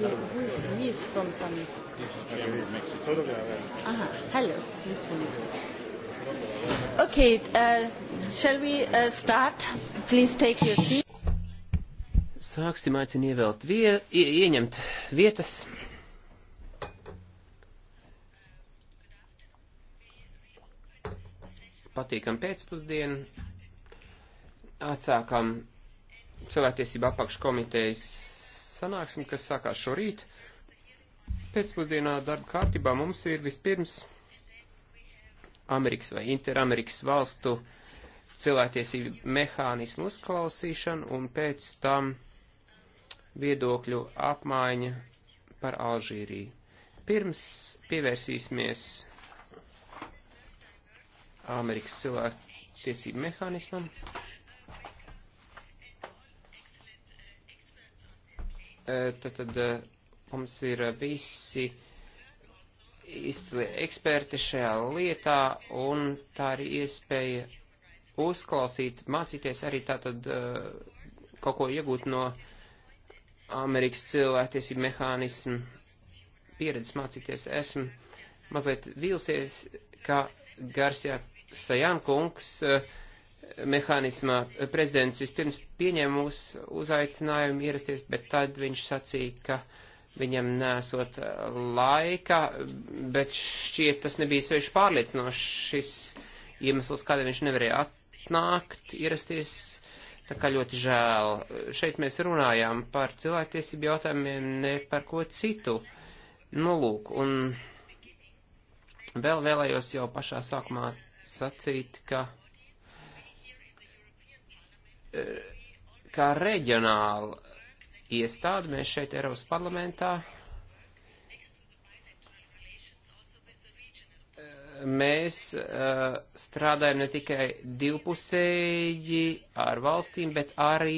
he, he is from some. Ah, hello, nice to meet you. Okay, uh, shall we uh, start? Please take your seat. Sāksim aicinu ievelt vie, ie, ieņemt vietas. Patīkam pēcpusdienu. Atsākam cilvēktiesība apakškomitejas sanāksmi, kas sākās šorīt. Pēcpusdienā darba kārtībā mums ir vispirms Amerikas vai Interamerikas valstu cilvēktiesību mehānismu uzklausīšana un pēc tam viedokļu apmaiņa par Alžīriju. Pirms pievērsīsimies Amerikas cilvēktiesību mehānismam. Eh, tad, tad eh, mums ir eh, visi izcili eksperti šajā lietā, un tā ir iespēja uzklausīt, mācīties arī tātad kaut ko iegūt no Amerikas cilvēktiesību mehānismu pieredzes mācīties. Esmu mazliet vīlsies, ka Garsjā Sajankungs uh, mehānismā prezidents vispirms pieņēma mūsu uzaicinājumu ierasties, bet tad viņš sacīja, ka viņam nesot laika, bet šķiet tas nebija sevišķi pārliecinoši šis iemesls, kādēļ viņš nevarēja atnākt, ierasties. Tā kā ļoti žēl. Šeit mēs runājām par cilvēktiesību jautājumiem, ne par ko citu. Nolūk, nu, un vēl vēlējos jau pašā sākumā sacīt, ka kā reģionāla iestāde mēs šeit Eiropas parlamentā mēs uh, strādājam ne tikai divpusēji ar valstīm, bet arī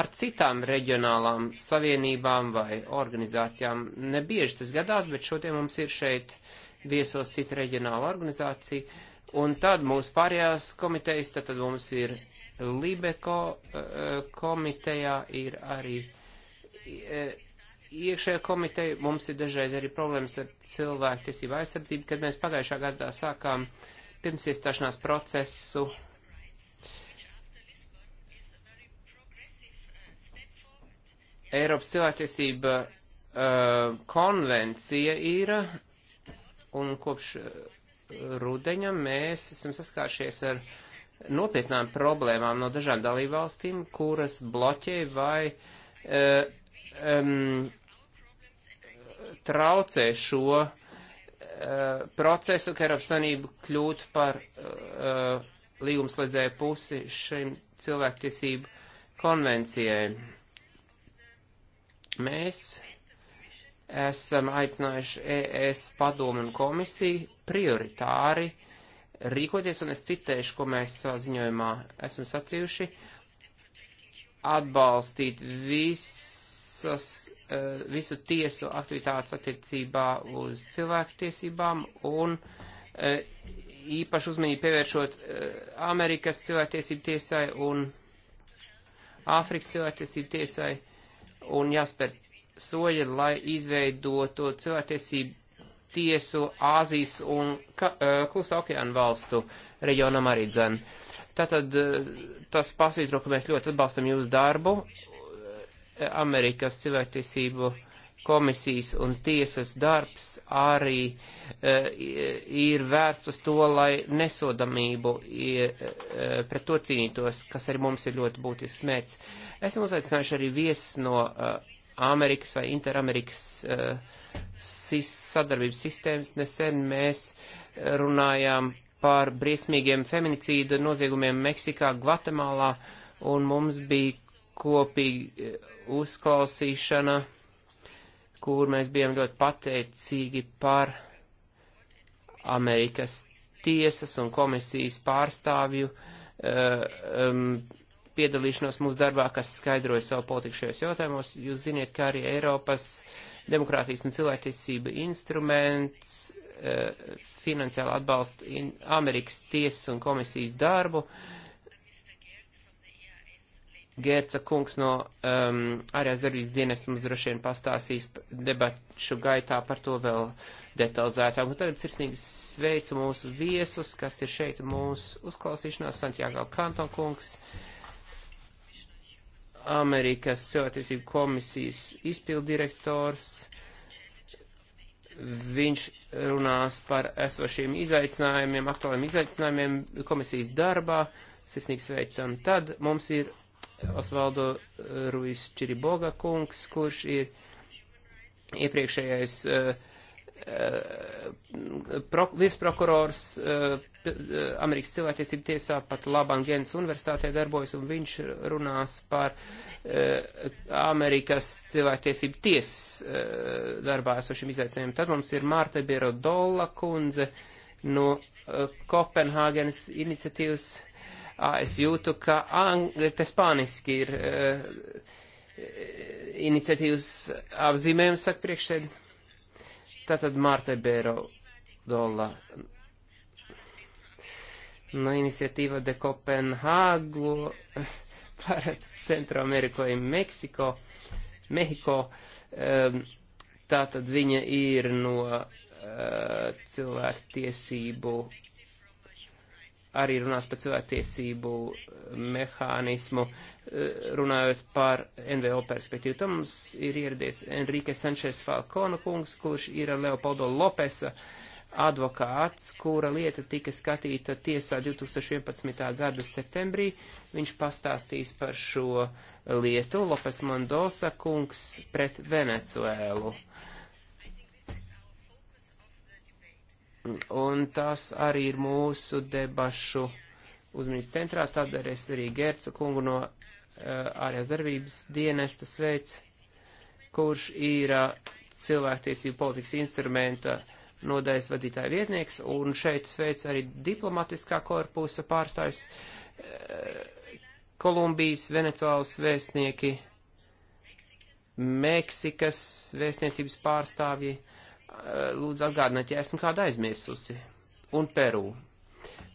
ar citām reģionālām savienībām vai organizācijām. Nebieži tas gadās, bet šodien mums ir šeit viesos cita reģionāla organizācija. Un tad mūsu pārējās komitejas, tad, tad mums ir Libeko eh, komitejā ir arī eh, iekšējā komiteja. Mums ir dažreiz arī problēmas ar cilvēku tiesību aizsardzību, kad mēs pagājušā gadā sākām pirms iestāšanās procesu. Eiropas cilvēktiesība uh, konvencija ir, un kopš rudeņa mēs esam saskāršies ar uh, nopietnām problēmām no dažām dalībvalstīm, kuras bloķē vai uh, um, traucē šo uh, procesu, ka Eiropas Sanība kļūt par uh, līgumslēdzēju pusi šim cilvēktiesību konvencijai. Mēs esam aicinājuši ES padomu un komisiju prioritāri uh, rīkoties, un es citēšu, ko mēs savā ziņojumā esam sacījuši, atbalstīt visas, eh, visu tiesu aktivitātes attiecībā uz cilvēku tiesībām un eh, īpaši uzmanību pievēršot eh, Amerikas cilvēktiesību tiesai un Āfrikas cilvēktiesību tiesai un jāspēr soļi, lai izveidotu cilvēktiesību tiesu Āzijas un e, Klusa okeāna valstu reģionam arī dzen. Tātad e, tas pasvītro, ka mēs ļoti atbalstam jūsu darbu e, Amerikas cilvēktiesību komisijas un tiesas darbs arī uh, ir vērts uz to, lai nesodamību ir, uh, pret to cīnītos, kas arī mums ir ļoti būtisks mērķis. Esam uzaicinājuši arī viesus no uh, Amerikas vai Interamerikas uh, SIS sadarbības sistēmas. Nesen mēs runājām par briesmīgiem feminicīda noziegumiem Meksikā, Gvatemalā, un mums bija kopīga uzklausīšana, kur mēs bijām ļoti pateicīgi par Amerikas tiesas un komisijas pārstāvju uh, um, piedalīšanos mūsu darbā, kas skaidroja savu politiku šajos jautājumos. Jūs ziniet, ka arī Eiropas uh, demokrātijas un cilvēktiesība instruments, eh, finansiāli atbalsta Amerikas tiesas un komisijas darbu. Gērca kungs no um, ārējās darbības dienas mums droši vien pastāstīs debašu gaitā par to vēl detalizētāk. Un tagad sirsnīgi sveicu mūsu viesus, kas ir šeit mūsu uzklausīšanās, Santiago Kanton kungs. Uh, Amerikas cilvēktiesību komisijas izpildirektors. Viņš runās par esošiem izaicinājumiem, aktuāliem izaicinājumiem komisijas darbā. Sirsnīgi sveicam. Tad mums ir Osvaldo Ruiz Čiriboga kungs, kurš ir iepriekšējais uh, uh, pro, virsprokurors uh, eh, Amerikas cilvēktiesību tiesā, pat Laban Gens universitātē darbojas, un viņš runās par uh, Amerikas cilvēktiesību tiesas uh, darbā esošiem izaicinājumiem. Tad mums ir Mārta Birodola kundze no uh, Kopenhāgenes iniciatīvas. Uh, es jūtu, ka ang te spāniski ir uh, iniciatīvas apzīmējums, saka priekšsēd. Tātad Mārta Birodola no inicijativa de Kopenhagu para Centroameriku un Meksiko, Mehiko. Um, tātad viņa ir no uh, eh, cilvēku tiesību, arī runās par cilvēku tiesību mehānismu, uh, runājot par NVO perspektīvu. Tam mums ir ieradies Enrique Sančes Falkona kungs, kurš ir Leopoldo Lopesa uh, advokāts, kura lieta tika skatīta tiesā 2011. gada septembrī. Viņš pastāstīs par šo lietu Lopes Mendoza kungs pret Venecuēlu. Un tas arī ir mūsu debašu uzmanības centrā, tādēļ es arī Gercu kungu no uh, ārējās darbības dienesta sveicu, kurš ir uh, cilvēktiesību politikas instrumenta uh, nodaļas vadītāja vietnieks, un šeit sveic arī diplomatiskā korpusa pārstājs eh, Kolumbijas, Venecuālas vēstnieki, Meksikas vēstniecības pārstāvji. Eh, lūdzu atgādināt, ja esmu kādu aizmirsusi. Un Peru.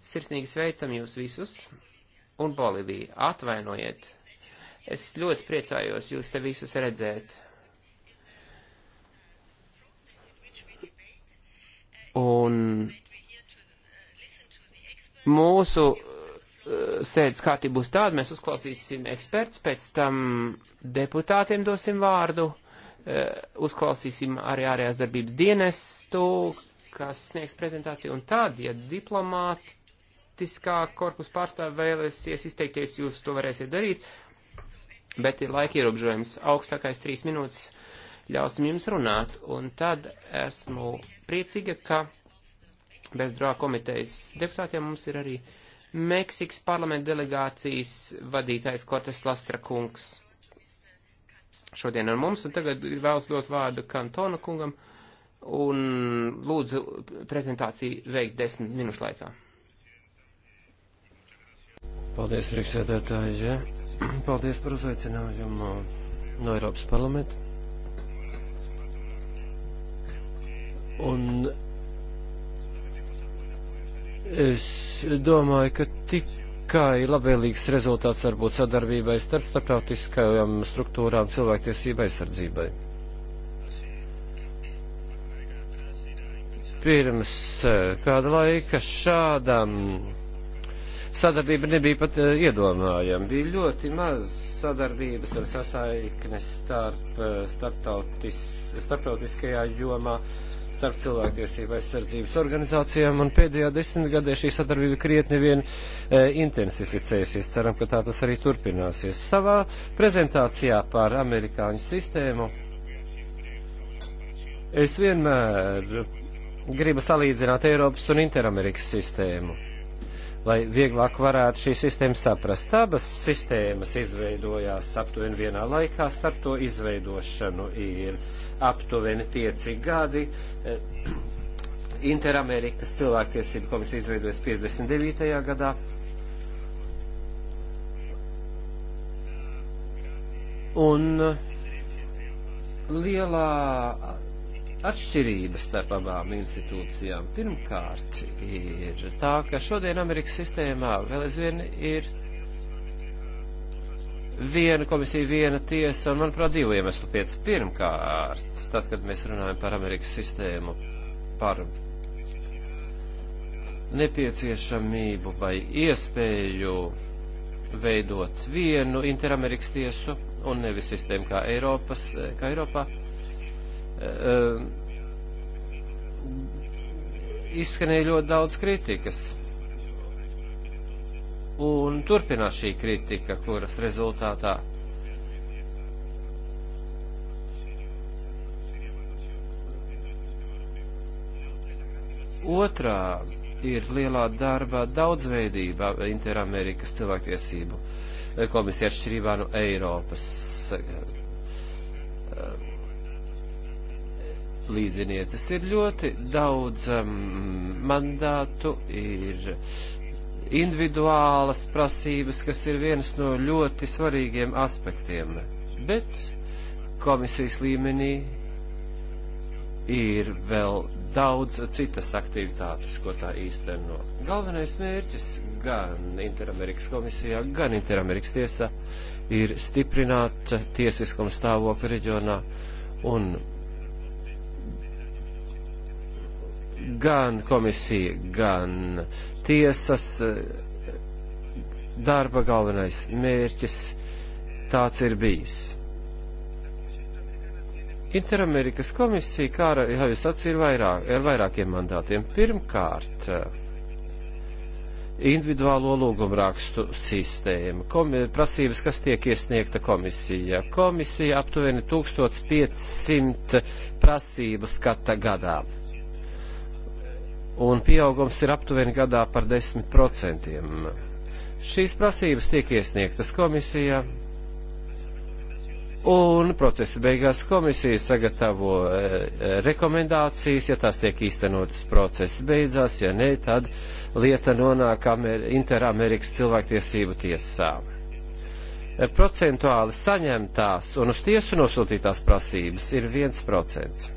Sirsnīgi sveicam jūs visus. Un Bolivija. Atvainojiet. Es ļoti priecājos jūs te visus redzēt. Un mūsu uh, sēdes kārtība būs tāda, mēs uzklausīsim eksperts, pēc tam deputātiem dosim vārdu, uh, uzklausīsim arī ārējās darbības dienestu, kas sniegs prezentāciju, un tad, ja diplomātiskā korpusa pārstāve vēlēsies izteikties, jūs to varēsiet darīt, bet ir laika ierobežojums augstākais trīs minūtes ļausim jums runāt. Un tad esmu priecīga, ka bez drā komitejas deputātiem mums ir arī Meksikas parlamenta delegācijas vadītājs Kortes Lastra kungs šodien ar mums, un tagad vēlas dot vārdu Kantona kungam, un lūdzu prezentāciju veikt desmit minūšu laikā. Paldies, priekšsēdētāji, ja. Paldies par uzaicinājumu no Eiropas parlamenta. Un es domāju, ka tikai labvēlīgs rezultāts var būt sadarbībai starp starptautiskajām struktūrām cilvēktiesība aizsardzībai. Pirms eh, kāda laika šādam sadarbība nebija pat uh, iedomājama. Bija ļoti maz sadarbības un sasaiknes starp uh, starptautis, starptautiskajā jomā. Uh, starp cilvēktiesību aizsardzības organizācijām, un pēdējā desmitgadē šī sadarbība krietni vien e, intensificēsies. Ceram, ka tā tas arī turpināsies. Savā prezentācijā par amerikāņu sistēmu es vienmēr gribu salīdzināt Eiropas un Interamerikas sistēmu lai vieglāk varētu šī sistēma saprast. Abas sistēmas izveidojās aptuveni vienā laikā, starp to izveidošanu ir aptuveni pieci gadi. Eh, Interamerikas cilvēktiesību komisija izveidojas 59. gadā. Un eh, lielā atšķirība starp abām institūcijām pirmkārt ir tā, ka šodien Amerikas sistēmā vēl aizvien ir viena komisija, viena tiesa, un, manuprāt, divu iemeslu pēc. Pirmkārt, tad, kad mēs runājam par Amerikas sistēmu, par nepieciešamību vai iespēju veidot vienu interamerikas tiesu un nevis sistēmu kā, Eiropas, kā Eiropā, eh, eh, izskanēja ļoti daudz kritikas un turpinās šī kritika, kuras rezultātā otrā ir lielā darbā daudzveidība Interamerikas cilvēktiesību komisija atšķirībā no Eiropas eh, līdzinieces. Ir ļoti daudz um, mandātu, ir uh, individuālas prasības, kas ir viens no ļoti svarīgiem aspektiem. Bet komisijas līmenī ir vēl daudz citas aktivitātes, ko tā īsteno. Galvenais mērķis gan Interamerikas komisijā, gan Interamerikas tiesā ir stiprināt tiesiskumu stāvokli reģionā un gan komisija, gan tiesas darba galvenais mērķis tāds ir bijis. Interamerikas komisija, kā jau es atsīju, ir vairāk, ar vairākiem mandātiem. Pirmkārt, individuālo lūgumrakstu sistēmu, komi, prasības, kas tiek iesniegta komisijā. Komisija aptuveni 1500 prasību skata gadā un pieaugums ir aptuveni gadā par 10%. Šīs prasības tiek iesniegtas komisijā, un procesa beigās komisija sagatavo eh, rekomendācijas, ja tās tiek īstenotas procesa beidzās, ja nē, tad lieta nonāk Amer Interamerikas cilvēktiesību tiesā. Procentuāli saņemtās un uz tiesu nosūtītās prasības ir 1%.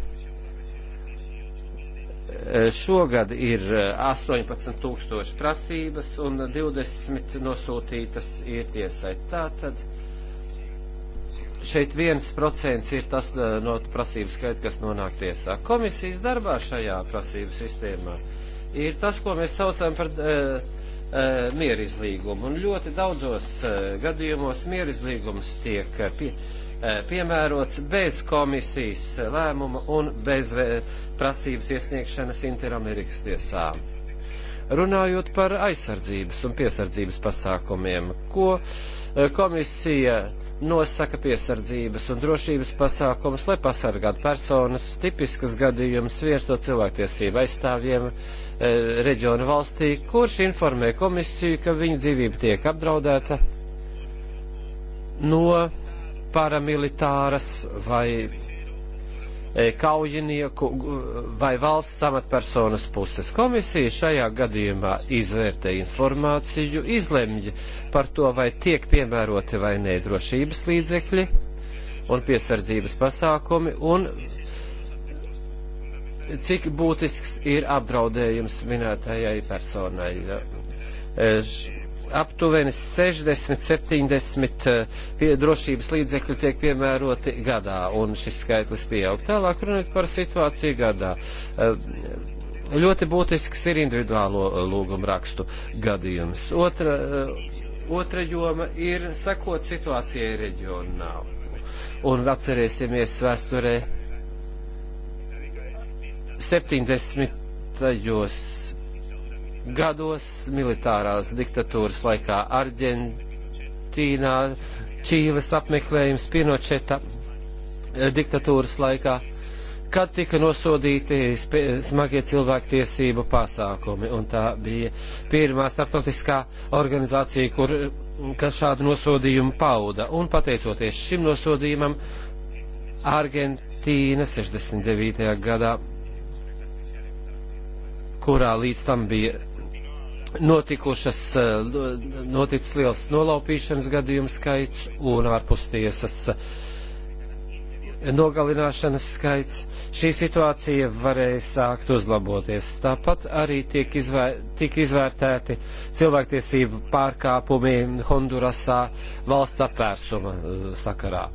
Šogad ir 18 eh, tūkstoši prasības un 20 nosūtītas ir tiesai. Tātad šeit viens procents ir tas eh, no prasības skaita, kas nonāk tiesā. Komisijas darbā šajā prasību sistēmā ir tas, ko mēs saucam par uh, uh, mierizlīgumu. Un ļoti daudzos uh, gadījumos mierizlīgums tiek pie. Uh, E, piemērots bez komisijas lēmuma un bez e, prasības iesniegšanas Interamerikas tiesā. Runājot par aizsardzības un piesardzības pasākumiem, ko e, komisija nosaka piesardzības un drošības pasākumus, lai pasargātu personas tipiskas gadījumus viens no cilvēktiesību aizstāvjiem e, reģiona valstī, kurš informē komisiju, ka viņa dzīvība tiek apdraudēta no paramilitāras vai e, kaujinieku vai valsts amatpersonas puses. Komisija šajā gadījumā izvērtē informāciju, izlemj par to, vai tiek piemēroti vai nē drošības līdzekļi un piesardzības pasākumi un cik būtisks ir apdraudējums minētajai personai. Ž e, aptuveni 60-70 eh, drošības līdzekļu tiek piemēroti gadā, un šis skaitlis pieaug. Tālāk runāt par situāciju gadā. Eh, ļoti būtisks ir individuālo eh, lūgumu rakstu gadījums. Otra, otra joma ir sakot situācijai reģionā. Un atcerēsimies vēsturē 70. 70 gados militārās diktatūras laikā Argentīnā, Čīles apmeklējums, Pinočeta eh, diktatūras laikā, kad tika nosodīti smagie cilvēktiesību pasākumi. Un tā bija pirmā starptautiskā organizācija, kur, kas šādu nosodījumu pauda. Un pateicoties šim nosodījumam, Argentīna 69. gadā kurā līdz tam bija notikušas, eh, noticis liels nolaupīšanas gadījumu skaits un ārpus tiesas eh, nogalināšanas skaits. Šī situācija varēja sākt uzlaboties. Tāpat arī tiek izvēr, tika izvērtēti cilvēktiesību pārkāpumi Hondurasā valsts apvērsuma eh, sakarā.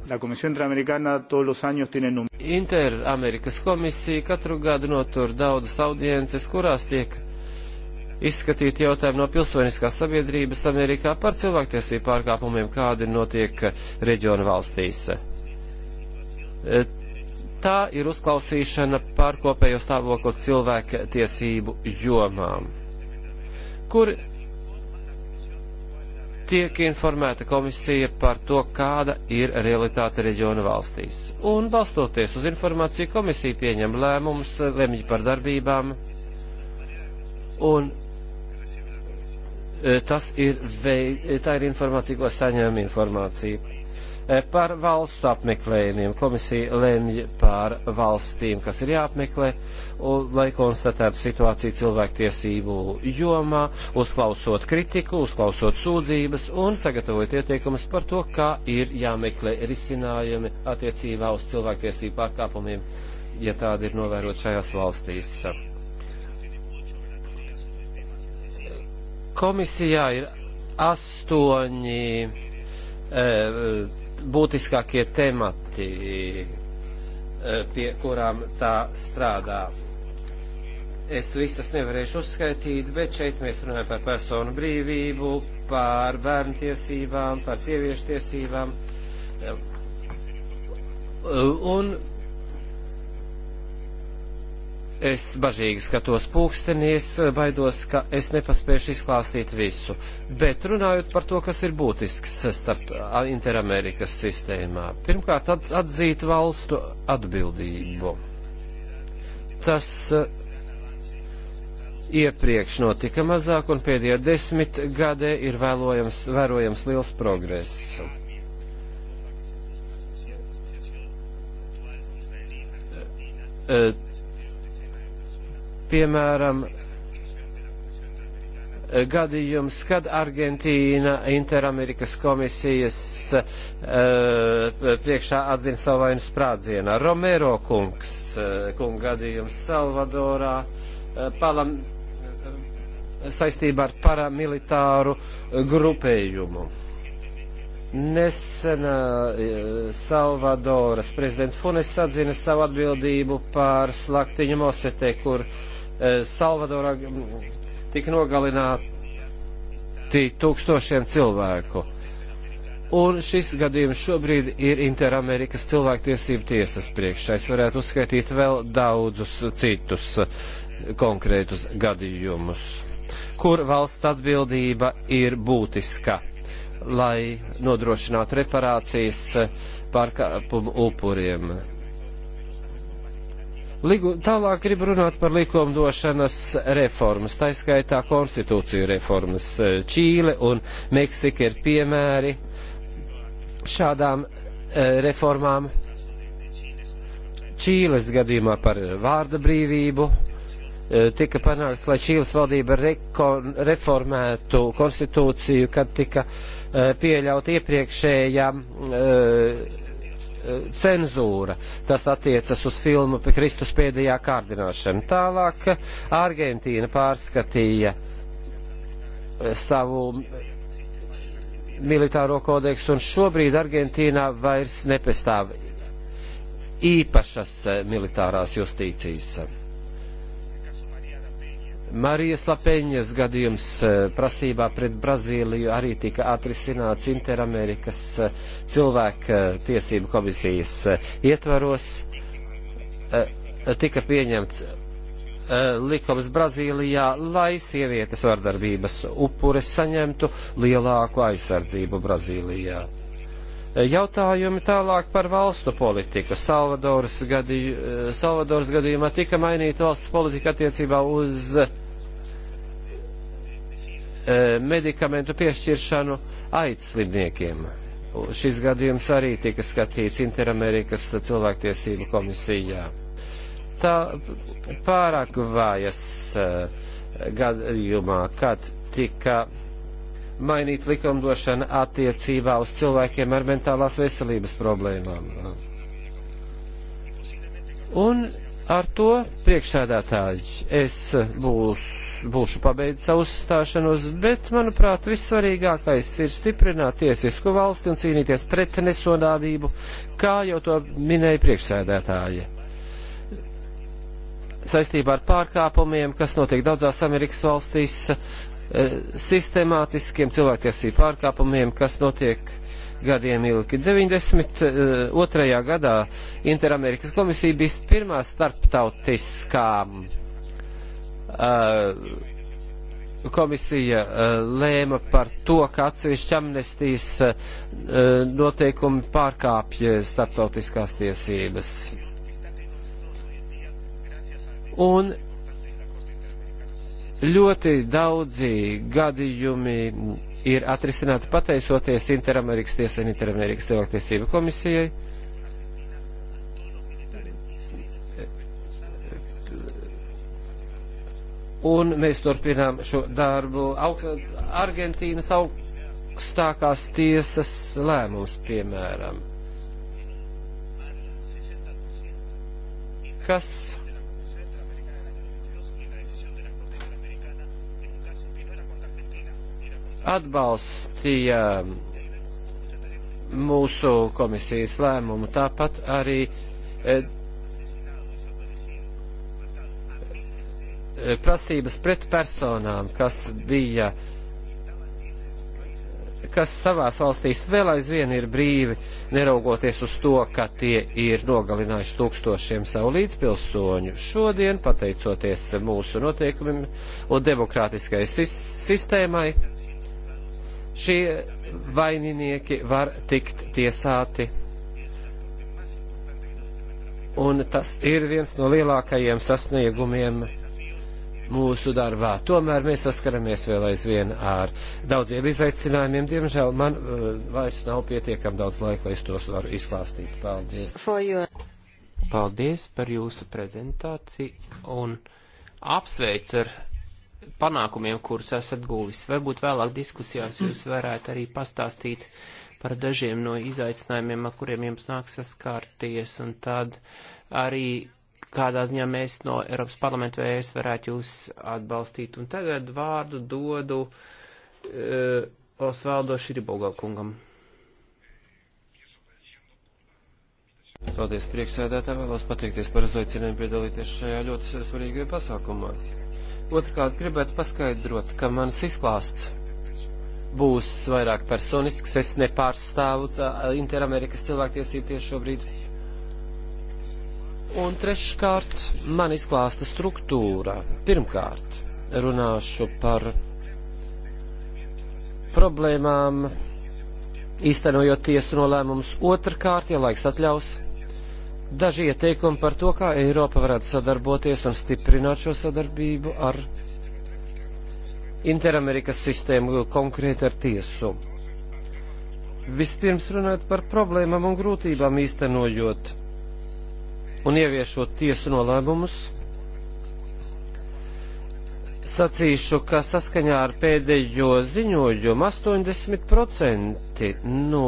Interamerikas komisija katru gadu notur daudzas audiences, kurās tiek izskatīt jautājumu no pilsoniskās sabiedrības Amerikā par cilvēktiesību pārkāpumiem, kādi notiek reģionu valstīs. E, tā ir uzklausīšana par kopējo stāvokli cilvēka tiesību jomām, kur tiek informēta komisija par to, kāda ir realitāte reģiona valstīs. Un balstoties uz informāciju, komisija pieņem lēmumus, lemj par darbībām. Un E, tas ir, vei, e, tā ir informācija, ko saņēma informācija. E, par valstu apmeklējumiem komisija lemj par valstīm, kas ir jāapmeklē, un, lai konstatētu situāciju cilvēktiesību jomā, uzklausot kritiku, uzklausot sūdzības un sagatavot ieteikumus par to, kā ir jāmeklē risinājumi attiecībā uz cilvēktiesību pārkāpumiem, ja tādi ir novērot šajās valstīs. Komisijā ir astoņi e, būtiskākie temati, e, pie kurām tā strādā. Es visas nevarēšu uzskaitīt, bet šeit mēs runājam par personu brīvību, par bērnu tiesībām, par sieviešu tiesībām. E, un Es bažīgi skatos pulkstenies, baidos, ka es nepaspēšu izklāstīt visu. Bet runājot par to, kas ir būtisks starp Interamerikas sistēmā, pirmkārt atzīt valstu atbildību. Tas iepriekš notika mazāk un pēdējā desmit gadē ir vēlojams, vērojams liels progress. Uh, Piemēram, gadījums, kad Argentīna Interamerikas komisijas uh, priekšā atzina savu vainu sprādzienā. Romero kungs, uh, kunga gadījums Salvadorā, uh, palam, saistībā ar paramilitāru grupējumu. Nesenā Salvadoras prezidents Funes atzina savu atbildību par slaktiņu Mosetē, kur uh, Eh, Salvadorā mm, tika nogalināti tūkstošiem cilvēku. Un šis gadījums šobrīd ir Interamerikas cilvēktiesību tiesas priekšā. Es varētu uzskaitīt vēl daudzus citus eh, konkrētus gadījumus, kur valsts atbildība ir būtiska, lai nodrošinātu reparācijas eh, pārkāpumu upuriem. Ligu, tālāk gribu runāt par likumdošanas reformas, tā skaitā konstitūciju reformas. Eh, Čīle un Meksika ir piemēri šādām eh, reformām. Čīles gadījumā par vārda brīvību eh, tika panākts, lai Čīles valdība rekon, reformētu konstitūciju, kad tika pieļaut iepriekšējā cenzūra. Tas attiecas uz filmu Kristus pēdējā kārdināšana. Tālāk Argentīna pārskatīja eh, savu militāro kodeksu, un šobrīd Argentīnā vairs nepastāv īpašas eh, militārās justīcijas. Marijas Lapeņas gadījums eh, prasībā pret Brazīliju arī tika atrisināts Interamerikas eh, cilvēka eh, tiesību komisijas ietvaros. Tika pieņemts likums Brazīlijā, lai sievietes vardarbības upures saņemtu lielāku aizsardzību Brazīlijā. Jautājumi tālāk par valstu politiku. Salvadoras, gadī, eh, Salvadoras gadījumā tika mainīta valsts politika attiecībā uz eh, medikamentu piešķiršanu aids slimniekiem. Šis gadījums arī tika skatīts Interamerikas cilvēktiesību komisijā. Tā pārāk vājas eh, gadījumā, kad tika mainīt likumdošanu attiecībā uz cilvēkiem ar mentālās veselības problēmām. Un ar to priekšsēdētāji es būs, būšu pabeidzis savu uzstāšanos, bet, manuprāt, vissvarīgākais ir stiprināt tiesisku valsti un cīnīties pret nesodāvību, kā jau to minēja priekšsēdētāji saistībā ar pārkāpumiem, kas notiek daudzās Amerikas valstīs, E, sistemātiskiem cilvēktiesību pārkāpumiem, kas notiek gadiem ilgi. 92. E, gadā Interamerikas komisija bija pirmā starptautiskā uh, komisija uh, lēma par to, ka atsevišķi amnestijas uh, noteikumi pārkāpja starptautiskās tiesības. Un Ļoti daudzi gadījumi ir atrisināti pateicoties Interamerikas tiesai un Interamerikas cilvēktiesību komisijai. Un mēs turpinām šo darbu. Augst, Argentīnas augstākās tiesas lēmums, piemēram. Kas atbalstīja mūsu komisijas lēmumu, tāpat arī e, e, prasības pret personām, kas bija, kas savās valstīs vēl aizvien ir brīvi, neraugoties uz to, ka tie ir nogalinājuši tūkstošiem savu līdzpilsoņu. Šodien, pateicoties mūsu noteikumiem un demokrātiskai sistēmai, Šie vaininieki var tikt tiesāti. Un tas ir viens no lielākajiem sasniegumiem mūsu darbā. Tomēr mēs saskaramies vēl aizvien ar daudziem izaicinājumiem. Diemžēl man uh, vairs nav pietiekam daudz laika, lai es tos varu izklāstīt. Paldies! Paldies par jūsu prezentāciju un apsveicu ar panākumiem, kurus esat guvis. Varbūt vēlāk diskusijās jūs varētu arī pastāstīt par dažiem no izaicinājumiem, ar kuriem jums nāk saskārties, un tad arī kādā ziņā mēs no Eiropas parlamenta vai es varētu jūs atbalstīt. Un tagad vārdu dodu uh, Osvaldo Širibogalkungam. Paldies priekšsēdētājiem, vēlos pateikties par uzaicinājumu piedalīties šajā ļoti svarīgajā pasākumā. Otrkārt, gribētu paskaidrot, ka mans izklāsts būs vairāk personisks. Es nepārstāvu Interamerikas cilvēktiesību tieši šobrīd. Un treškārt, man izklāsta struktūra. Pirmkārt, runāšu par problēmām, īstenojot tiesu nolēmumus. Otrkārt, ja laiks atļaus, daži ieteikumi par to, kā Eiropa varētu sadarboties un stiprināt šo sadarbību ar Interamerikas sistēmu, konkrēti ar tiesu. Vispirms runāt par problēmām un grūtībām īstenojot un ieviešot tiesu nolēmumus. Sacīšu, ka saskaņā ar pēdējo ziņojumu 80% no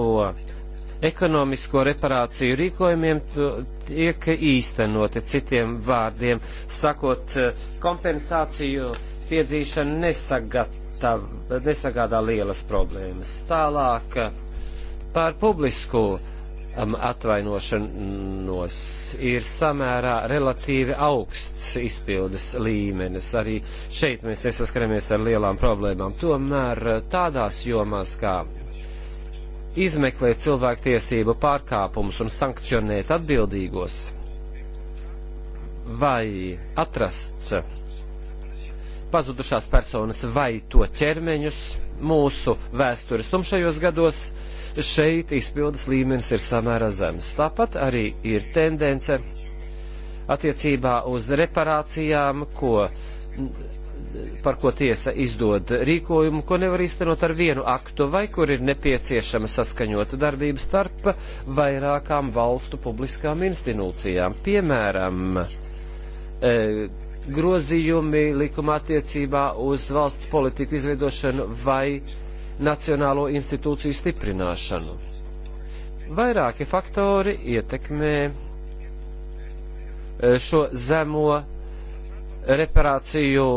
ekonomisko reparāciju rīkojumiem tiek īstenoti. Citiem vārdiem sakot, eh, kompensāciju piedzīšana nesagatav, nesagādā lielas problēmas. Tālāk eh, par publisku um, atvainošanos ir samērā relatīvi augsts izpildes līmenis. Arī šeit mēs nesaskaramies ar lielām problēmām. Tomēr eh, tādās jomās kā izmeklēt cilvēktiesību pārkāpumus un sankcionēt atbildīgos, vai atrast pazudušās personas vai to ķermeņus mūsu vēstures tumšajos gados, šeit izpildes līmenis ir samērā zems. Tāpat arī ir tendence attiecībā uz reparācijām, ko par ko tiesa izdod rīkojumu, ko nevar iztenot ar vienu aktu, vai kur ir nepieciešama saskaņota darbība starp vairākām valstu publiskām institūcijām. Piemēram, e, grozījumi likumā attiecībā uz valsts politiku izveidošanu vai nacionālo institūciju stiprināšanu. Vairāki faktori ietekmē e, šo zemo reparāciju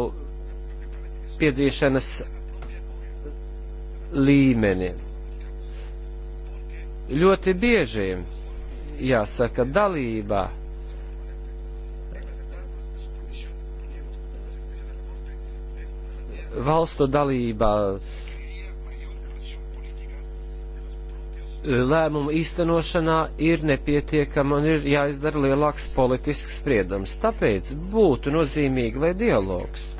nospiedzīšanas līmeni. Ļoti bieži, jāsaka, dalība valstu dalībā lēmumu īstenošanā ir nepietiekama un ir jāizdara lielāks politisks spriedums. Tāpēc būtu nozīmīgi, lai dialogs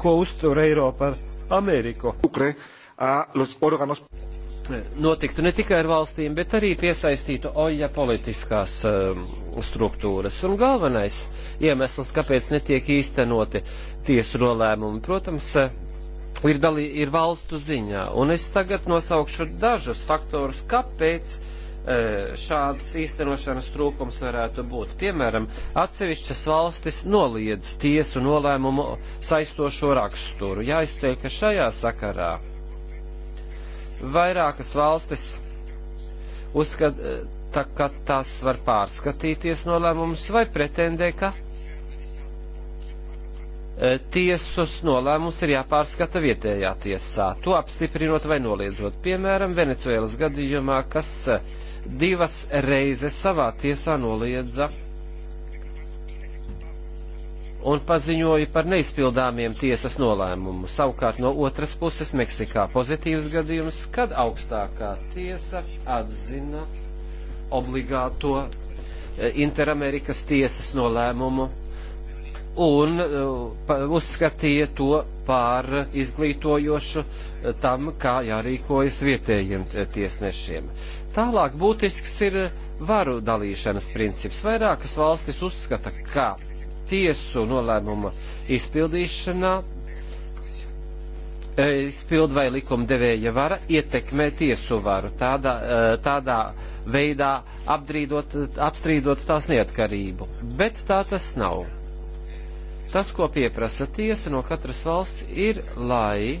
ko uztur Eiropa ar Ameriku. Ukre, uh, notiktu ne tikai ar valstīm, bet arī piesaistītu OJA politiskās um, struktūras. Un galvenais iemesls, kāpēc netiek īstenoti tiesu nolēmumi, protams, eh, ir, dalī, ir valstu ziņā. Un es tagad nosaukšu dažus faktorus, kāpēc uh, E, šāds īstenošanas trūkums varētu būt. Piemēram, atsevišķas valstis noliedz tiesu nolēmumu saistošo raksturu. Jāizceļ, ka šajā sakarā vairākas valstis uzskata, e, ka tas var pārskatīties nolēmumus vai pretendē, ka e, tiesas nolēmums ir jāpārskata vietējā tiesā, to apstiprinot vai noliedzot. Piemēram, Venecuēlas gadījumā, kas uh, divas reizes savā tiesā noliedza un paziņoja par neizpildāmiem tiesas nolēmumu. Savukārt no otras puses Meksikā pozitīvs gadījums, kad augstākā tiesa atzina obligāto e, Interamerikas tiesas nolēmumu un e, uzskatīja to par izglītojošu e, tam, kā jārīkojas vietējiem tiesnešiem. Tālāk būtisks ir eh, varu dalīšanas princips. Vairākas valstis uzskata, ka tiesu nolēmuma izpildīšanā eh, izpild vai likumdevēja vara ietekmē tiesu varu, tādā, eh, tādā veidā apdrīdot, apstrīdot tās neatkarību. Bet tā tas nav. Tas, ko pieprasa tiesa no katras valsts, ir, lai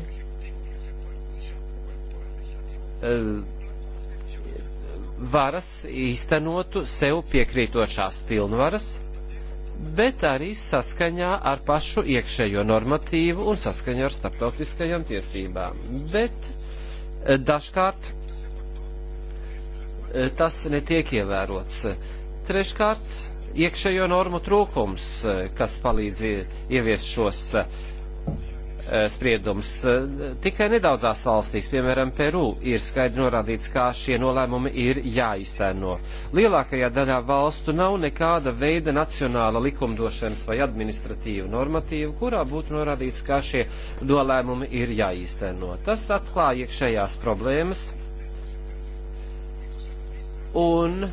varas īstenotu sev piekrītošās pilnvaras, bet arī saskaņā ar pašu iekšējo normatīvu un saskaņā ar starptautiskajām tiesībām. Bet eh, dažkārt eh, tas netiek ievērots. Treškārt, iekšējo normu trūkums, eh, kas palīdz ievies šos E, spriedums. E, tikai nedaudzās valstīs, piemēram, Peru, ir skaidri norādīts, kā šie nolēmumi ir jāiztēno. Lielākajā daļā valstu nav nekāda veida nacionāla likumdošanas vai administratīva normatīva, kurā būtu norādīts, kā šie nolēmumi ir jāiztēno. Tas atklāja iekšējās problēmas un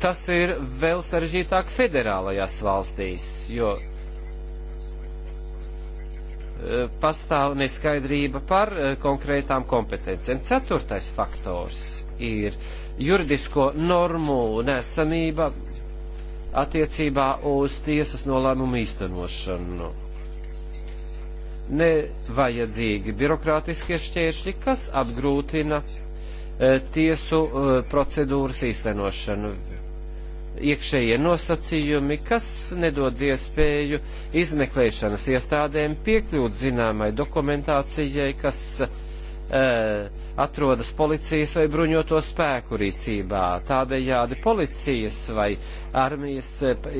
tas ir vēl sarežģītāk federālajās valstīs, jo Eh, pastāv neskaidrība par eh, konkrētām kompetencijām. Ceturtais faktors ir juridisko normu nesamība attiecībā uz tiesas nolēmumu īstenošanu. Nevajadzīgi birokrātiskie šķēršļi, kas apgrūtina eh, tiesu procedūras īstenošanu iekšējie nosacījumi, kas nedod iespēju izmeklēšanas iestādēm piekļūt zināmai dokumentācijai, kas eh, atrodas policijas vai bruņoto spēku rīcībā. Tādējādi policijas vai armijas eh,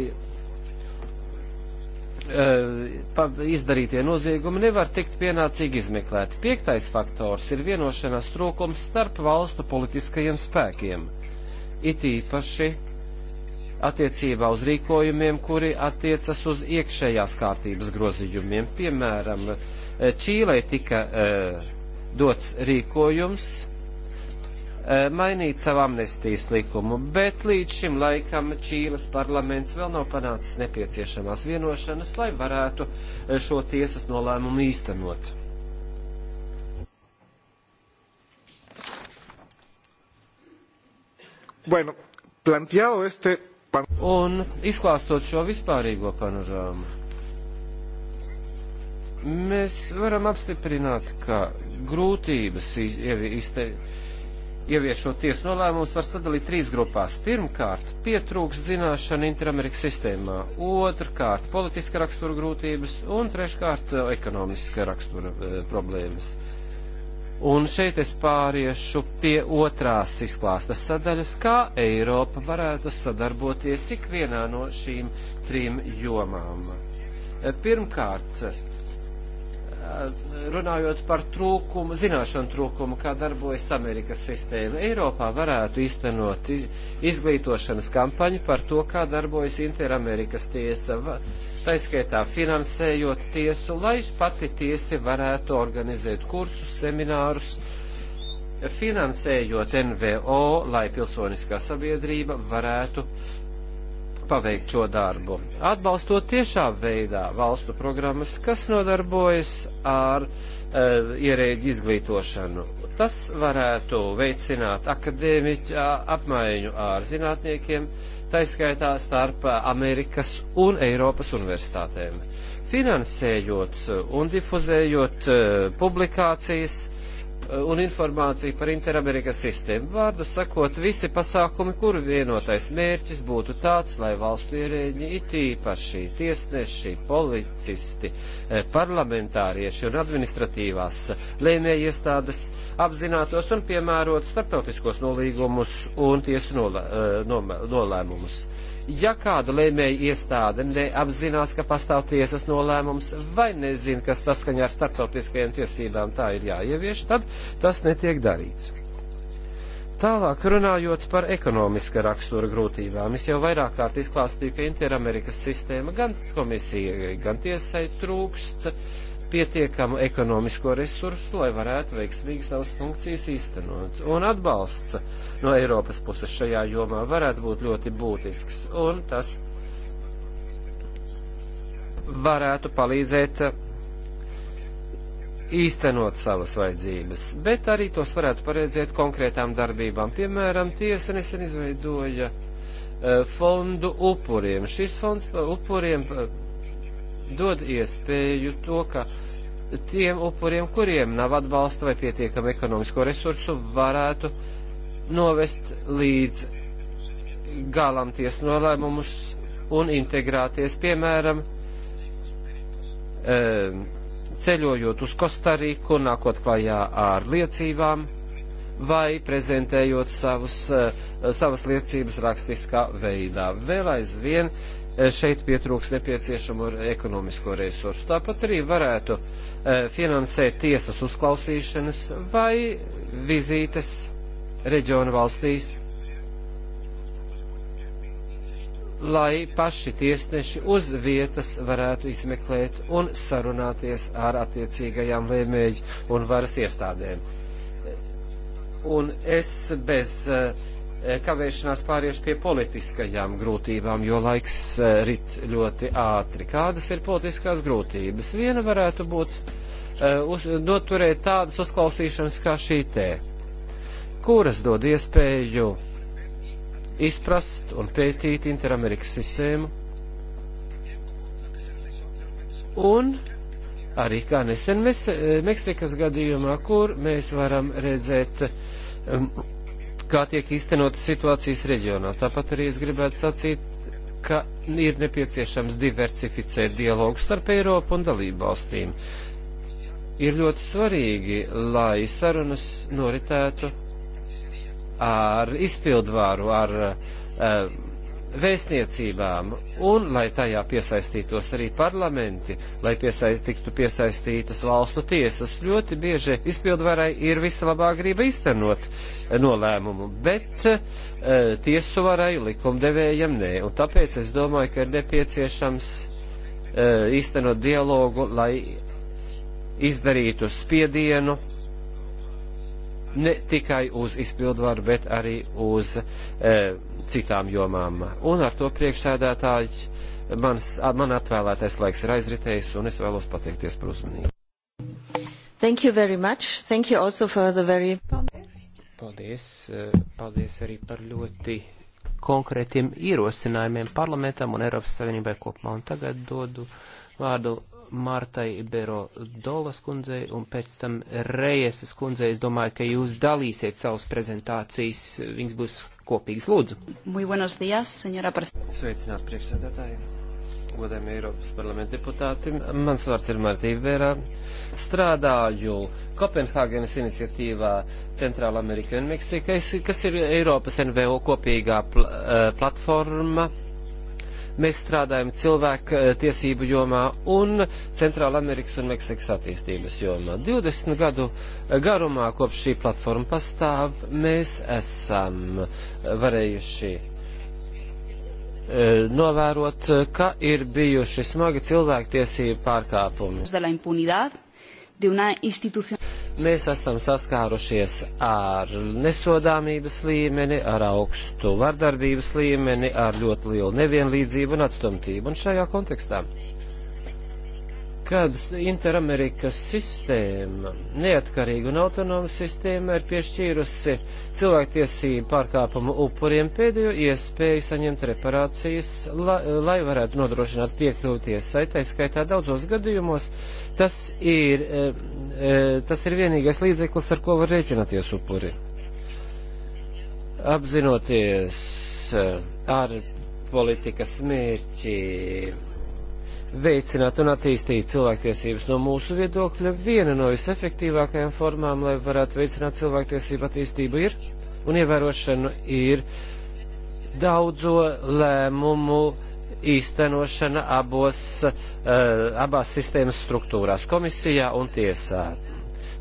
eh, izdarītie noziegumi nevar tikt pienācīgi izmeklēti. Piektais faktors ir vienošanās trūkums starp valstu politiskajiem spēkiem. It īpaši attiecībā uz rīkojumiem, kuri attiecas uz iekšējās kārtības grozījumiem. Piemēram, eh, Čīlei tika uh, dots rīkojums uh, mainīt savu amnestijas likumu, bet līdz šim laikam Čīles parlaments vēl nav panācis nepieciešamās vienošanas, lai varētu šo tiesas nolēmumu īstenot. Bueno, planteado este Un izklāstot šo vispārīgo panorāmu, mēs varam apstiprināt, ka grūtības izte, ieviešot tiesu nolēmumus var sadalīt trīs grupās. Pirmkārt, pietrūks zināšana Interamerikas sistēmā, otrkārt, politiska rakstura grūtības un treškārt, ekonomiska rakstura e, problēmas. Un šeit es pāriešu pie otrās izklāstas sadaļas, kā Eiropa varētu sadarboties ikvienā no šīm trim jomām. Pirmkārt, runājot par trūkumu, zināšanu trūkumu, kā darbojas Amerikas sistēma, Eiropā varētu iztenot izglītošanas kampaņu par to, kā darbojas Interamerikas tiesa taiskaitā finansējot tiesu, lai pati tiesa varētu organizēt kursus, seminārus, finansējot NVO, lai pilsoniskā sabiedrība varētu paveikt šo darbu, atbalstot tiešā veidā valstu programmas, kas nodarbojas ar e, ierēģi izglītošanu. Tas varētu veicināt akadēmiķu apmaiņu ar zinātniekiem, taiskaitā starp uh, Amerikas un Eiropas universitātēm. Finansējot uh, un difuzējot uh, publikācijas, Eh, un informāciju par Interamerikas sistēmu. Vārdu sakot, visi pasākumi, kuru vienotais mērķis būtu tāds, lai valstu ierēģi, it īpaši tiesneši, policisti, eh, parlamentārieši un administratīvās lēmēja iestādes apzinātos un piemērot starptautiskos nolīgumus un tiesu eh, nolēmumus. Ja kāda lēmēja iestāde neapzinās, ka pastāv tiesas nolēmums vai nezina, kas saskaņā ar starptautiskajām tiesībām tā ir jāievieš, tad tas netiek darīts. Tālāk runājot par ekonomiska rakstura grūtībām, es jau vairāk kārt izklāstīju, ka Interamerikas sistēma gan komisija, gan tiesai trūkst pietiekamu ekonomisko resursu, lai varētu veiksmīgi savas funkcijas īstenot. Un atbalsts no Eiropas puses šajā jomā varētu būt ļoti būtisks, un tas varētu palīdzēt uh, īstenot savas vajadzības, bet arī tos varētu paredzēt konkrētām darbībām. Piemēram, tiesa nesen izveidoja uh, fondu upuriem. Šis fonds uh, upuriem dod iespēju to, ka tiem upuriem, kuriem nav atbalsta vai pietiekami ekonomisko resursu, varētu uh, novest līdz galam tiesu nolēmumus un integrēties, piemēram, ceļojot uz Kostariku, nākot klajā ar liecībām vai prezentējot savus, eh, savas liecības rakstiskā veidā. Vēl aizvien eh, šeit pietrūks nepieciešamo ekonomisko resursu. Tāpat arī varētu eh, finansēt tiesas uzklausīšanas vai vizītes reģionu valstīs, lai paši tiesneši uz vietas varētu izmeklēt un sarunāties ar attiecīgajām lēmēju un varas iestādēm. Un es bez eh, kavēšanās pāriešu pie politiskajām grūtībām, jo laiks eh, rit ļoti ātri. Kādas ir politiskās grūtības? Viena varētu būt uh, noturēt tādas uzklausīšanas kā šī tēma kuras dod iespēju izprast un pētīt Interamerikas sistēmu un arī kā nesen mēs, Meksikas gadījumā, kur mēs varam redzēt, um, kā tiek iztenota situācijas reģionā. Tāpat arī es gribētu sacīt, ka ir nepieciešams diversificēt dialogu starp Eiropu un dalību valstīm. Ir ļoti svarīgi, lai sarunas noritētu ar izpildvāru, ar uh, vēstniecībām, un lai tajā piesaistītos arī parlamenti, lai piesaist, tiktu piesaistītas valstu tiesas. Ļoti bieži izpildvarai ir vislabā grība iztenot eh, nolēmumu, bet uh, tiesu varai likumdevējam nē, un tāpēc es domāju, ka ir nepieciešams uh, iztenot dialogu, lai izdarītu spiedienu ne tikai uz izpildvaru, bet arī uz e, citām jomām. Un ar to priekšsēdētāji mans, man atvēlētais laiks ir aizritējis, un es vēlos pateikties par uzmanību. Thank you very much. Thank you also for the very... Paldies. Eh, paldies arī par ļoti konkrētiem ierosinājumiem parlamentam un Eiropas Savienībai kopumā. Un tagad dodu vārdu Martai Ibero Dolas kundzei un pēc tam Rejeses kundzei. Es domāju, ka jūs dalīsiet savas prezentācijas. Viņas būs kopīgas lūdzu. Muy buenos días, senora presidente. Sveicināt priekšsēdētāji, godējumi Eiropas parlamenta deputāti. Mans vārds ir Marta Ibero. Strādāju Kopenhāgenes iniciatīvā Centrāla Amerika un Meksika, kas ir Eiropas NVO kopīgā pl eh, platforma. Uh, Mēs strādājam cilvēku eh, tiesību jomā un Centrāla Amerikas un Meksikas attīstības jomā. 20 gadu eh, garumā, kopš šī platforma pastāv, mēs esam eh, varējuši novērot, ka ir bijuši smagi cilvēktiesību pārkāpumi de una institución. Mēs esam saskārušies ar nesodāmības līmeni, ar augstu vardarbības līmeni, ar ļoti lielu nevienlīdzību un atstumtību. Un šajā kontekstā, kad Interamerikas sistēma, neatkarīga un autonoma sistēma, ir piešķīrusi cilvēktiesību pārkāpumu upuriem pēdējo iespēju saņemt reparācijas, lai, lai varētu nodrošināt piekļuvi tiesai, tā skaitā daudzos gadījumos Tas ir, eh, eh, tas ir vienīgais līdzeklis, ar ko var rēķināties upuri. Apzinoties eh, ar politikas mērķi veicināt un attīstīt cilvēktiesības no mūsu viedokļa, viena no visefektīvākajām formām, lai varētu veicināt cilvēktiesību attīstību ir un ievērošanu ir daudzo lēmumu īstenošana abos, eh, abās sistēmas struktūrās - komisijā un tiesā.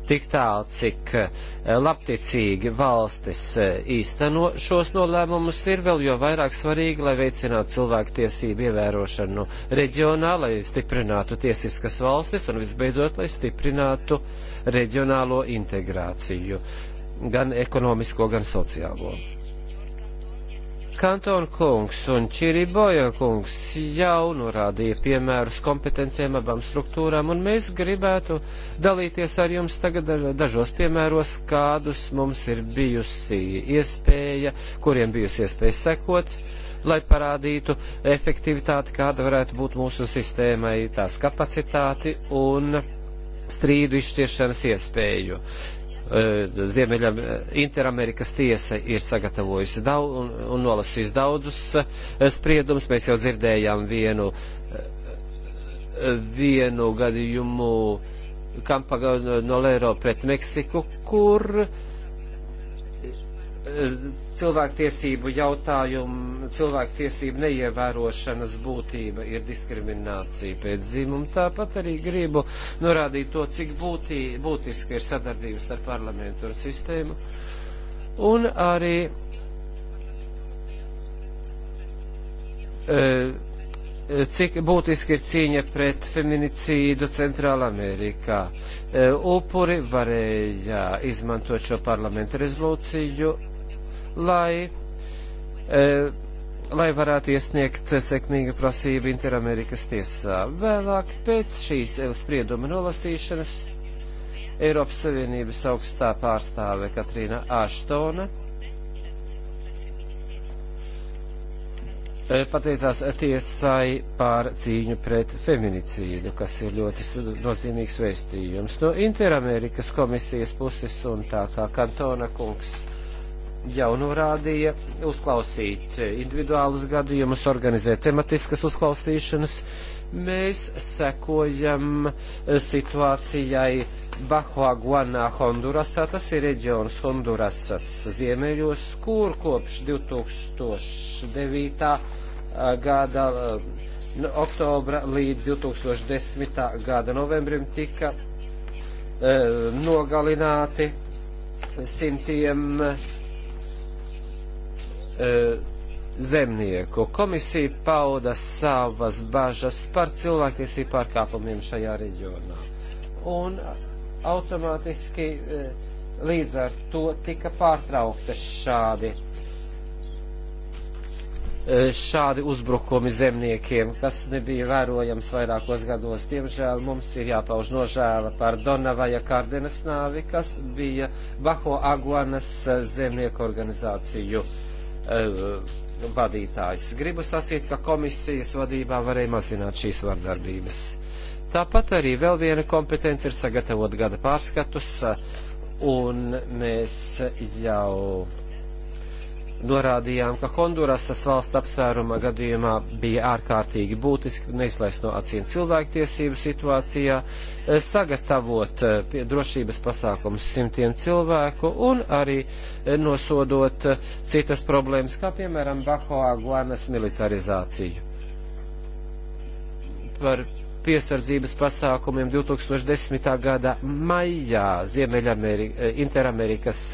Tik tālu, cik eh, labticīgi valstis eh, īsteno šos nolēmumus, ir vēl jo vairāk svarīgi, lai veicinātu cilvēku tiesību ievērošanu reģionā, lai stiprinātu tiesiskas valstis un visbeidzot, lai stiprinātu reģionālo integrāciju, gan ekonomisko, gan sociālo. Kantona kungs un Čiriboja kungs jau norādīja piemērus kompetencijām abām struktūrām, un mēs gribētu dalīties ar jums tagad dažos piemēros, kādus mums ir bijusi iespēja, kuriem bijusi iespēja sekot lai parādītu efektivitāti, kāda varētu būt mūsu sistēmai, tās kapacitāti un strīdu izšķiršanas iespēju. Eh, Ziemeļam eh, Interamerikas tiesa ir sagatavojusi daudz un, un nolasījusi daudzus eh, spriedumus. Mēs jau dzirdējām vienu, vienu gadījumu Kampaga Nolero pret Meksiku, kur cilvēktiesību jautājumu, cilvēktiesību neievērošanas būtība ir diskriminācija pēc dzimuma. Tāpat arī gribu norādīt to, cik būtī, būtiski ir sadarbības ar parlamentu un sistēmu. Un arī e, e, cik būtiski ir cīņa pret feminicīdu Centrāla Amerikā. E, upuri varēja izmantot šo parlamentu rezolūciju lai, e, lai varētu iesniegt sekmīgu prasību Interamerikas tiesā. Vēlāk pēc šīs sprieduma nolasīšanas Eiropas Savienības augstā pārstāve Katrīna Aštona e, pateicās tiesai par cīņu pret feminicīdu, kas ir ļoti nozīmīgs vēstījums. No Interamerikas komisijas puses un tā kā kantona kungs jau norādīja, uzklausīt individuālus gadījumus, organizēt tematiskas uzklausīšanas. Mēs sekojam situācijai Bahua Guanā Hondurasā, tas ir reģions Hondurasas ziemeļos, kur kopš 2009. Eh, gada no eh, oktobra līdz 2010. gada novembrim tika eh, nogalināti simtiem E, zemnieku. Komisija pauda savas bažas par cilvēktiesību pārkāpumiem šajā reģionā. Un automātiski e, līdz ar to tika pārtraukta šādi, e, šādi uzbrukumi zemniekiem, kas nebija vērojams vairākos gados. Diemžēl mums ir jāpauž nožēla par Donavaja Kardenas nāvi, kas bija Baho Aguanas zemnieku organizāciju. Uh, Eh, vadītājs. Gribu sacīt, ka komisijas vadībā varēja mazināt šīs vardarbības. Tāpat arī vēl viena kompetence ir sagatavot gada pārskatus, eh, un mēs jau norādījām, ka Hondurasas valsts apsvēruma gadījumā bija ārkārtīgi būtiski neizlaist no acīm cilvēktiesību situācijā, eh, sagatavot eh, drošības pasākumus simtiem cilvēku un arī eh, nosodot citas problēmas, kā piemēram Bahoā Guanas militarizāciju. Par piesardzības pasākumiem 2010. gada maijā Ziemeļamerikas Interamerikas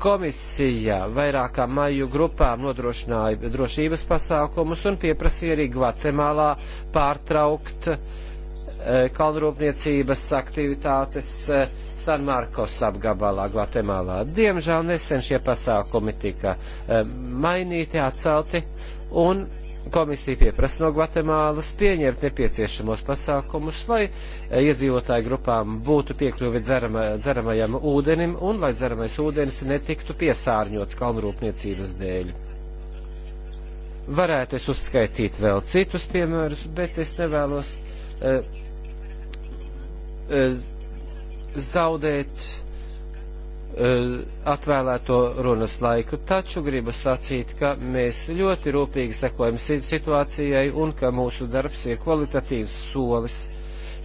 Komisija vairākām maiju grupām nodrošināja drošības pasākumus un pieprasīja arī Gvatemalā pārtraukt eh, kalnrūpniecības aktivitātes eh, San Marcos apgabalā Gvatemalā. Diemžēl nesen šie pasākumi tika eh, mainīti, atcelti un Komisija pieprasa no Gvatemālas pieņemt nepieciešamos pasākumus, lai e, iedzīvotāju grupām būtu piekļuvi dzerama, dzeramajam ūdenim un lai dzeramais ūdenis netiktu piesārņots kalnrūpniecības dēļ. Varētu es uzskaitīt vēl citus piemērus, bet es nevēlos uh, uh, zaudēt Eh, atvēlēto runas laiku, taču gribu sacīt, ka mēs ļoti rūpīgi sekojam situācijai un ka mūsu darbs ir kvalitatīvs solis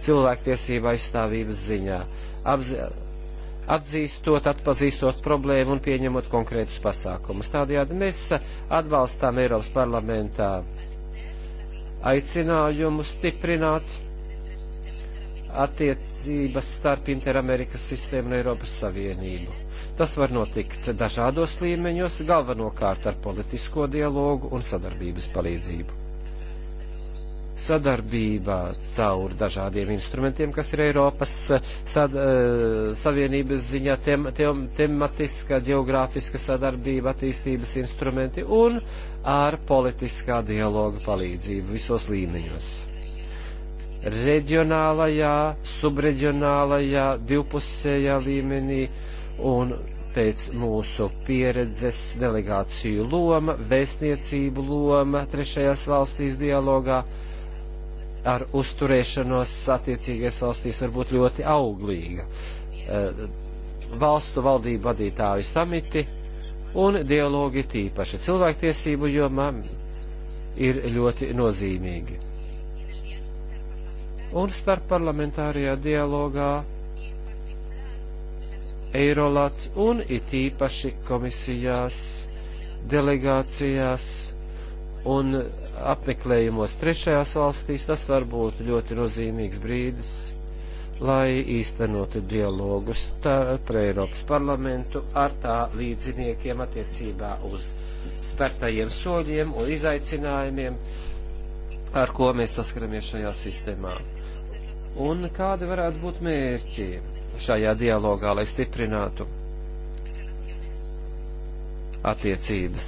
cilvēktiesība aizstāvības ziņā, apzi atzīstot, atpazīstot problēmu un pieņemot konkrētus pasākumus. Tādējādi mēs atbalstām Eiropas parlamentā aicinājumu stiprināt attiecības starp Interamerikas sistēmu un Eiropas Savienību. Tas var notikt dažādos līmeņos, galvenokārt ar politisko dialogu un sadarbības palīdzību. Sadarbībā caur dažādiem instrumentiem, kas ir Eiropas eh, sad, uh, Savienības ziņā, tem, tem, tematiskā, geogrāfiska sadarbība, attīstības instrumenti un ar politiskā dialoga palīdzību visos līmeņos reģionālajā, subreģionālajā, divpusējā līmenī un pēc mūsu pieredzes delegāciju loma, vēstniecību loma trešajās valstīs dialogā ar uzturēšanos attiecīgais valstīs var būt ļoti auglīga. Eh, valstu valdību vadītāju samiti un dialogi tīpaši cilvēktiesību jomā ir ļoti nozīmīgi un starpparlamentārajā dialogā Eirolats un it īpaši komisijās, delegācijās un apmeklējumos trešajās valstīs, tas var būt ļoti nozīmīgs brīdis, lai īstenotu dialogu starp Eiropas parlamentu ar tā līdziniekiem attiecībā uz spērtajiem soļiem un izaicinājumiem, ar ko mēs saskaramies šajā sistēmā. Un kādi varētu būt mērķi šajā dialogā, lai stiprinātu attiecības?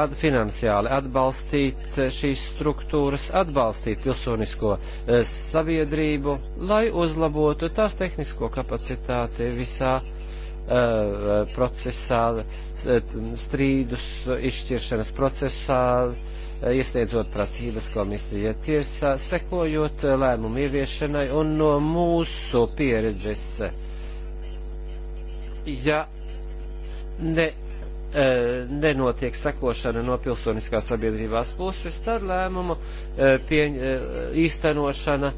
At, finansiāli atbalstīt šīs struktūras, atbalstīt pilsonisko eh, sabiedrību, lai uzlabotu tās tehnisko kapacitāti visā eh, procesā, eh, strīdus izšķiršanas procesā, iesniedzot prasības komisija tiesā, sekojot lēmumu ieviešanai un no mūsu pieredzes, ja ne, e, nenotiek sekošana no pilsoniskā sabiedrībās puses, tad lēmumu e, pieņ, e, īstenošana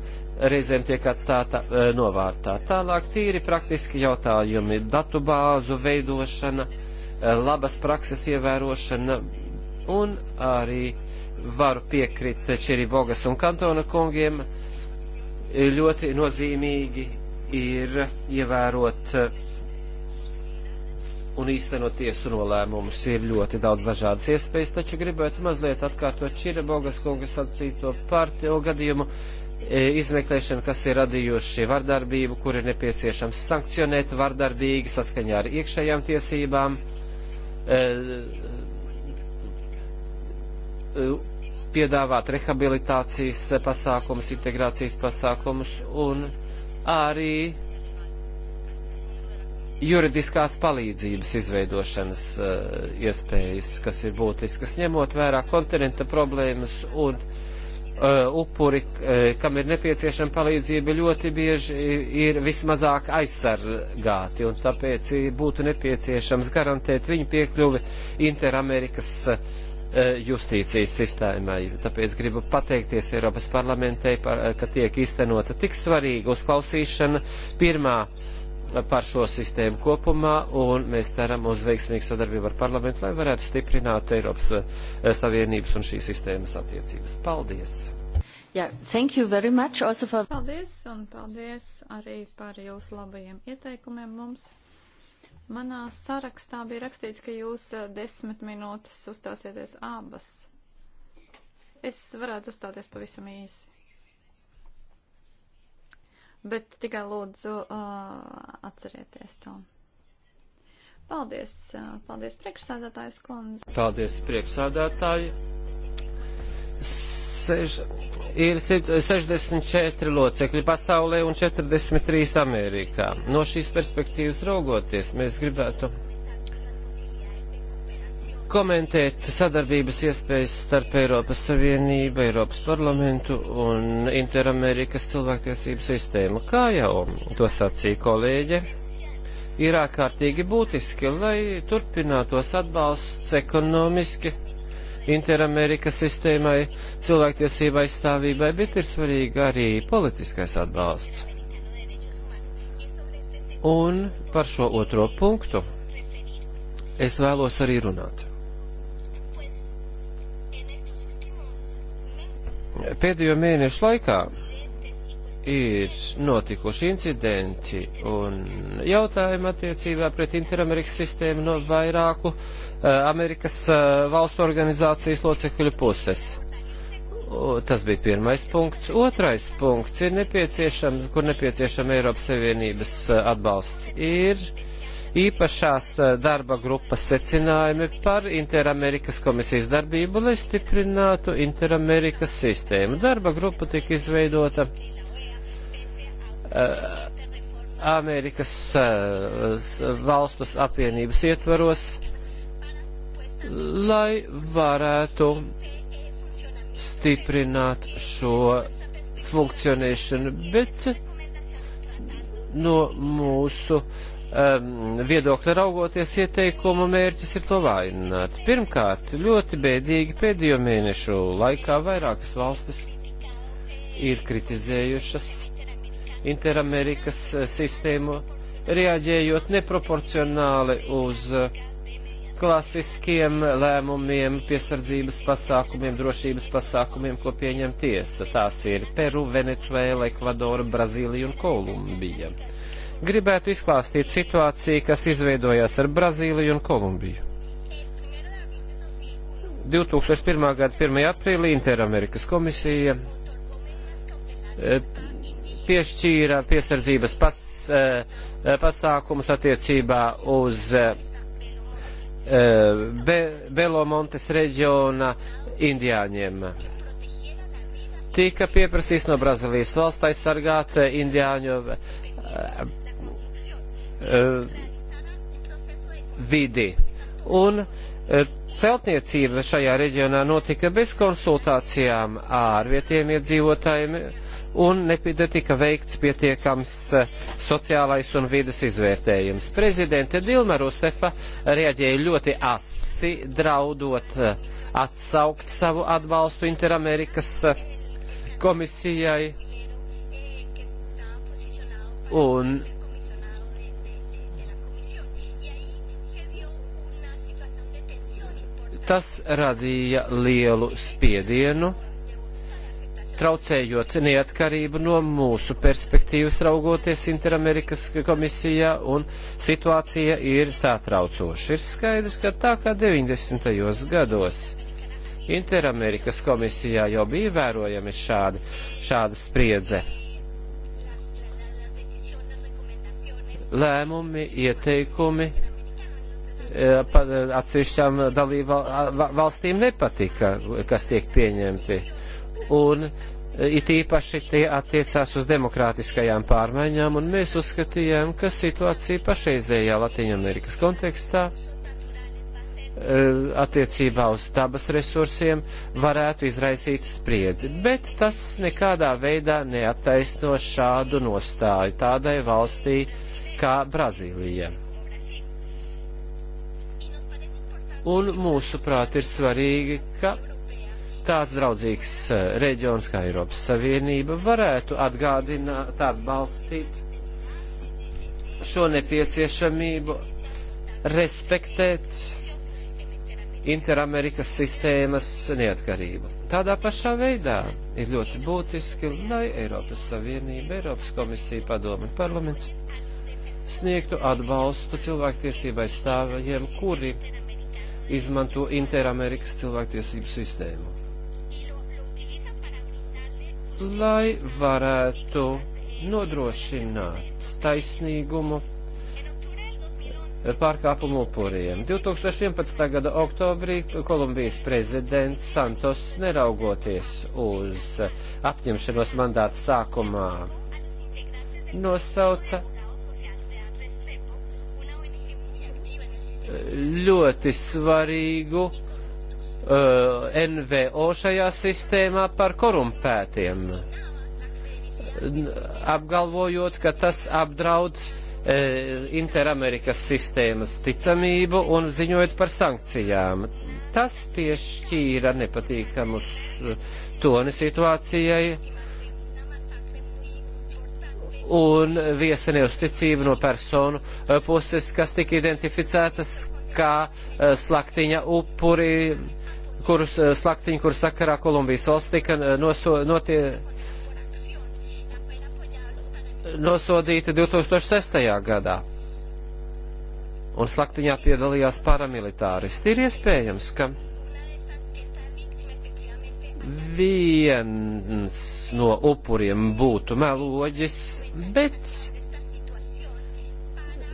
reizēm tiek atstāta e, novārtā. Tālāk tīri praktiski jautājumi - datu bāzu veidošana, e, labas prakses ievērošana un arī varu piekrist Čeribogas un Kantona kungiem. Ļoti nozīmīgi ir ievērot un īstenot tiesu nolēmumus. Ir ļoti daudz dažādas iespējas, taču gribētu mazliet atkārtot Čiribogas kungas sacīto par to gadījumu e, izmeklēšanu, kas ir radījuši vardarbību, kur ir nepieciešams sankcionēt vardarbīgi saskaņā ar iekšējām tiesībām e, e, piedāvāt rehabilitācijas pasākumus, integrācijas pasākumus un arī juridiskās palīdzības izveidošanas uh, iespējas, kas ir būtiskas, ņemot vērā kontinenta problēmas un uh, upuri, uh, kam ir nepieciešama palīdzība, ļoti bieži ir vismazāk aizsargāti, un tāpēc būtu nepieciešams garantēt viņu piekļuvi Interamerikas uh, Eh, justīcijas sistēmai. Tāpēc gribu pateikties Eiropas parlamentei, par, eh, ka tiek iztenota tik svarīga uzklausīšana pirmā eh, par šo sistēmu kopumā, un mēs ceram uz veiksmīgu sadarbību ar parlamentu, lai varētu stiprināt Eiropas Savienības un šīs sistēmas attiecības. Paldies! Yeah, thank you very much also for... Paldies, un paldies arī par jūsu labajiem ieteikumiem mums. Manā sarakstā bija rakstīts, ka jūs eh, desmit minūtes uzstāsieties abas. Es varētu uzstāties pavisam īsi. Bet tikai lūdzu uh, atcerieties to. Paldies, uh, paldies priekšsādātājs kundze. Paldies priekšsādātāji. Sež ir 64 locekļi pasaulē un 43 Amerikā. No šīs perspektīvas raugoties, mēs gribētu komentēt sadarbības iespējas starp Eiropas Savienību, Eiropas parlamentu un Interamerikas cilvēktiesību sistēmu. Kā jau to sacīja kolēģe, ir ārkārtīgi būtiski, lai turpinātos atbalsts ekonomiski Interamerikas sistēmai, cilvēktiesība aizstāvībai, bet ir svarīgi arī politiskais atbalsts. Un par šo otro punktu es vēlos arī runāt. Pēdējo mēnešu laikā ir notikuši incidenti un jautājumi attiecībā pret Interamerikas sistēmu no vairāku Eh, Amerikas eh, valstu organizācijas locekļu puses. Tas bija pirmais punkts. Otrais punkts, ir nepieciešams, kur nepieciešama Eiropas Savienības eh, atbalsts, ir īpašās darba grupas secinājumi par Interamerikas komisijas darbību, lai stiprinātu Interamerikas sistēmu. Darba grupa tika izveidota uh, Amerikas uh, valstus apvienības ietvaros. Uh, lai varētu stiprināt šo funkcionēšanu, bet no mūsu um, viedokļa raugoties ieteikumu mērķis ir to vājināt. Pirmkārt, ļoti bēdīgi pēdējo mēnešu laikā vairākas valstis ir kritizējušas Interamerikas uh, sistēmu, reaģējot neproporcionāli uz uh, klasiskiem lēmumiem, piesardzības pasākumiem, drošības pasākumiem, ko pieņem tiesa. Tās ir Peru, Venecuēla, Ekvadora, Brazīlija un Kolumbija. Gribētu izklāstīt situāciju, kas izveidojās ar Brazīliju un Kolumbiju. 2001. gada 1. aprīlī Interamerikas komisija eh, piešķīra piesardzības pas, eh, eh, pasākumus attiecībā uz Eh, Be, Belomontes reģiona indiāņiem. Tika pieprasīts no Brazīlijas valsts aizsargāt eh, indiāņu eh, vidi. Un celtniecība šajā reģionā notika bez konsultācijām ar vietiem iedzīvotājiem un netika veikts pietiekams eh, sociālais un vidas izvērtējums. Prezidente Dilma Rusefa reaģēja ļoti asi, draudot eh, atsaukt savu atbalstu Interamerikas eh, komisijai. Un tas radīja lielu spiedienu traucējot neatkarību no mūsu perspektīvas raugoties Interamerikas komisijā, un situācija ir satraucoša. Ir skaidrs, ka tā kā 90. gados Interamerikas komisijā jau bija vērojami šādi, šāda spriedze. Lēmumi, ieteikumi e, atsevišķām dalību valstīm nepatika, kas tiek pieņemti. Un It īpaši tie attiecās uz demokrātiskajām pārmaiņām, un mēs uzskatījām, ka situācija pašreizējā Latvijas-Amerikas kontekstā e, attiecībā uz dabas resursiem varētu izraisīt spriedzi, bet tas nekādā veidā neattaisno šādu nostāju tādai valstī kā Brazīlija. Un mūsuprāt ir svarīgi, ka tāds draudzīgs eh, reģions kā Eiropas Savienība varētu atgādināt, atbalstīt šo nepieciešamību respektēt Interamerikas sistēmas neatkarību. Tādā pašā veidā ir ļoti būtiski, lai Eiropas Savienība, Eiropas komisija, padomi un parlaments sniegtu atbalstu cilvēktiesībai stāvajiem, kuri izmanto Interamerikas cilvēktiesību sistēmu lai varētu nodrošināt taisnīgumu pārkāpumu upuriem. 2011. gada oktobrī Kolumbijas prezidents Santos, neraugoties uz apņemšanos mandāta sākumā, nosauca ļoti svarīgu Uh, NVO šajā sistēmā par korumpētiem, apgalvojot, ka tas apdraud uh, Interamerikas sistēmas ticamību un ziņojot par sankcijām. Tas piešķīra nepatīkamus uh, toni situācijai un viesa neusticība no personu puses, kas tika identificētas kā slaktiņa upuri kurus eh, slaktiņi, kur sakarā Kolumbijas valsts tika eh, noso, notie, nosodīta 2006. gadā. Un slaktiņā piedalījās paramilitāristi. Ir iespējams, ka viens no upuriem būtu meloģis, bet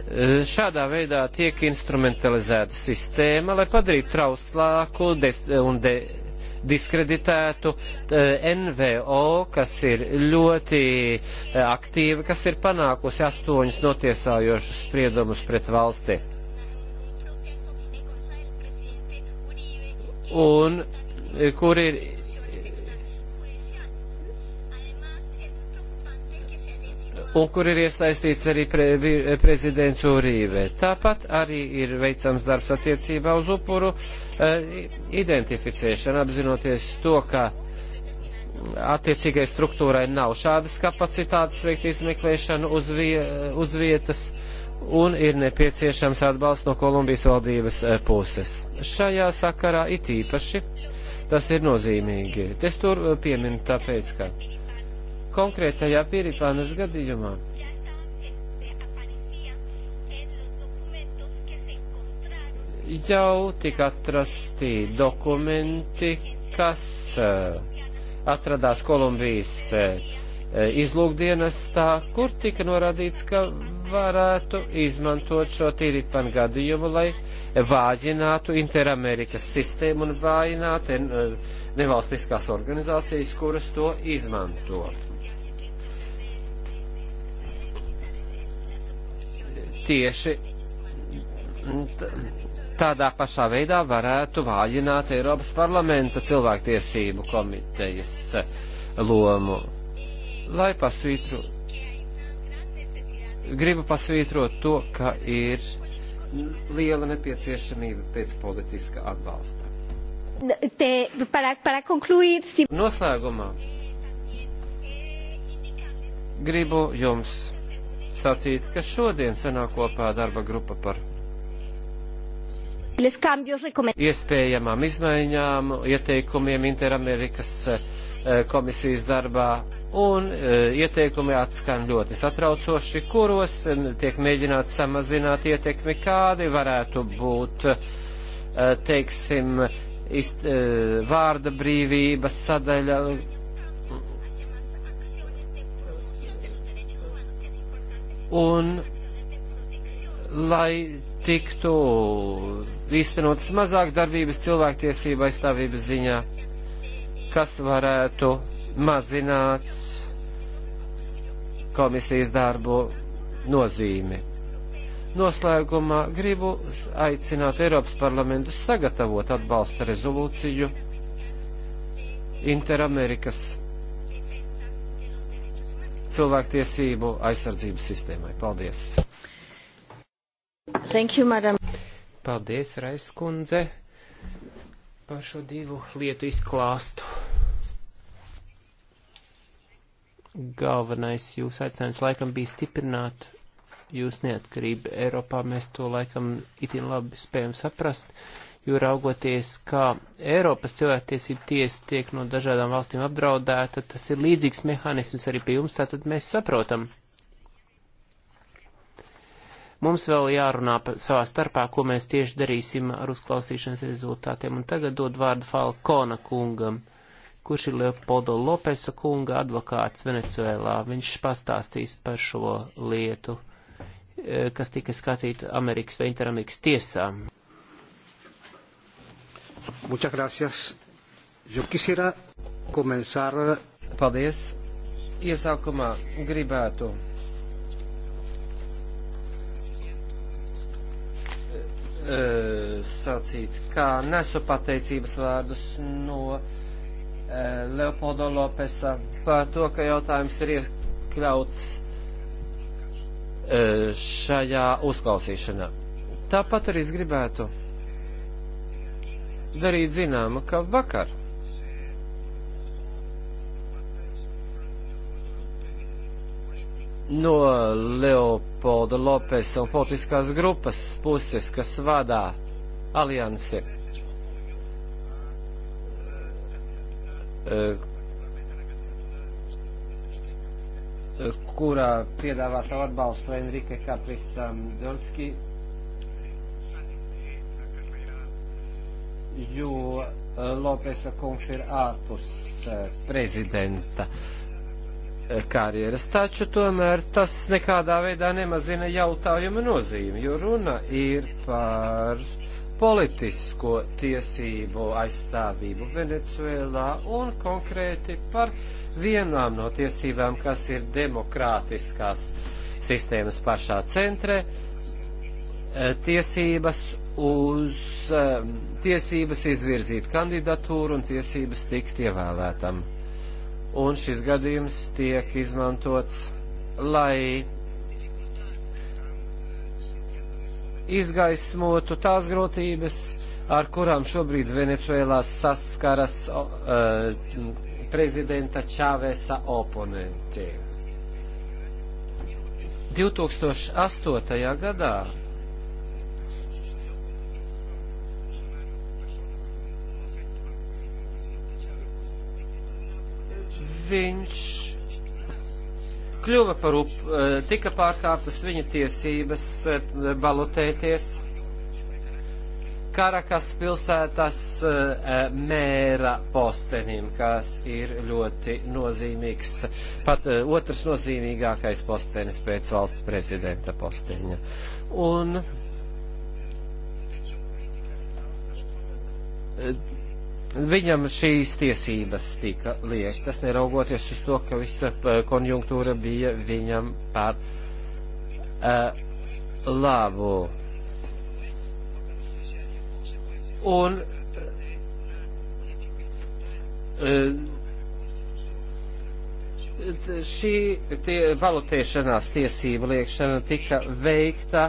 E, šādā veidā tiek instrumentalizēta sistēma, lai padarītu trauslāku un de, diskreditētu e, NVO, kas ir ļoti e, aktīva, kas ir panākusi astoņus notiesājošus spriedumus pret valsti. Un kur ir un kur ir iesaistīts arī pre, eh, prezidents Urīve. Tāpat arī ir veicams darbs attiecībā uz upuru eh, identificēšanu, apzinoties to, ka attiecīgai struktūrai nav šādas kapacitātes veikt izmeklēšanu uz, vie, eh, uz vietas un ir nepieciešams atbalsts no Kolumbijas valdības puses. Šajā sakarā it īpaši tas ir nozīmīgi. Es tur pieminu tāpēc, ka konkrētajā Piripānas gadījumā. Jau tika atrasti dokumenti, kas eh, atradās Kolumbijas eh, izlūkdienestā, kur tika norādīts, ka varētu izmantot šo tīripanu gadījumu, lai vāģinātu Interamerikas sistēmu un vājinātu eh, nevalstiskās organizācijas, kuras to izmanto. tieši tādā pašā veidā varētu vājināt Eiropas parlamenta cilvēktiesību komitejas eh, lomu. Lai pasvītru, gribu pasvītrot to, ka ir liela nepieciešamība pēc politiska atbalsta. Te, para, para concluir, si... Noslēgumā gribu jums sacīt, ka šodien sanāk kopā darba grupa par iespējamām izmaiņām, ieteikumiem Interamerikas eh, komisijas darbā, un eh, ieteikumi atskan ļoti satraucoši, kuros eh, tiek mēģināts samazināt ietekmi, kādi varētu būt, teiksim, izt, vārda brīvības sadaļa, un lai tiktu īstenotas mazāk darbības cilvēktiesība aizstāvības ziņā, kas varētu mazināt komisijas darbu nozīmi. Noslēgumā gribu aicināt Eiropas parlamentu sagatavot atbalsta rezolūciju Interamerikas cilvēktiesību aizsardzības sistēmai. Paldies! Thank you, madam. Paldies, Raiskundze, par šo divu lietu izklāstu. Galvenais jūsu aicinājums laikam bija stiprināt jūs neatkarību Eiropā. Mēs to laikam itin labi spējam saprast. Uh, jo raugoties, kā Eiropas cilvēktiesība tiesa tiek no dažādām valstīm apdraudēta, tas ir līdzīgs mehānisms arī pie jums, tātad mēs saprotam. Mums vēl jārunā savā starpā, ko mēs tieši darīsim ar uzklausīšanas rezultātiem, un tagad dod vārdu Falkona kungam, kurš ir Leopoldo Lopesa kunga advokāts Venecuēlā. Viņš pastāstīs par šo lietu, eh, kas tika skatīta Amerikas vai Interamerikas tiesām. Muchas gracias. Yo quisiera comenzar. Paldies. Iesākumā gribētu eh, sacīt, kā nesu pateicības vārdus no eh, Leopoldo Lopesa par to, ka jautājums ir iekļauts eh, šajā uzklausīšanā. Tāpat arī es gribētu darīt zināma, ka vakar no Leopolda Lopesa un politiskās grupas puses, kas vadā aliansi, eh, kurā piedāvā savu atbalstu Enrike Kaprisam Dorski jo eh, Lopesa kungs ir ārpus eh, prezidenta eh, karjeras, taču tomēr tas nekādā veidā nemazina jautājuma nozīmi, jo runa ir par politisko tiesību aizstāvību Venecuēlā un konkrēti par vienām no tiesībām, kas ir demokrātiskās sistēmas pašā centrē, tiesības uz um, tiesības izvirzīt kandidatūru un tiesības tikt ievēlētam. Un šis gadījums tiek izmantots, lai izgaismotu tās grūtības, ar kurām šobrīd Venecuēlā saskaras uh, prezidenta Čāvēsa oponenti. 2008. gadā viņš kļuva par up, eh, tika pārkāptas viņa tiesības eh, balotēties Karakas pilsētas eh, mēra postenim, kas ir ļoti nozīmīgs, pat otrs nozīmīgākais postenis pēc valsts prezidenta posteņa. Un viņam šīs tiesības tika liektas, neraugoties uz to, ka visa eh, konjunktūra bija viņam par uh, labu. Un uh, šī tie, valutēšanās tiesība liekšana tika veikta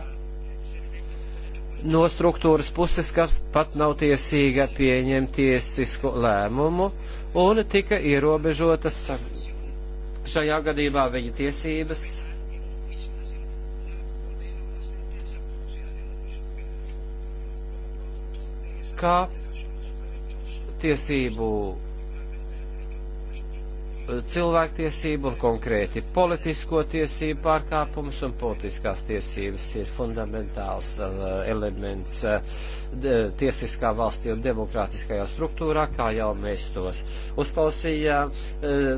no struktūras puses, ka pat nav tiesīga pieņemt tiesisku lēmumu, un tika ierobežotas šajā gadījumā viņa tiesības. Kā tiesību cilvēktiesību un konkrēti politisko tiesību pārkāpumus un politiskās tiesības ir fundamentāls uh, elements uh, tiesiskā valstī un demokrātiskajā struktūrā, kā jau mēs tos uzklausījām. Uh,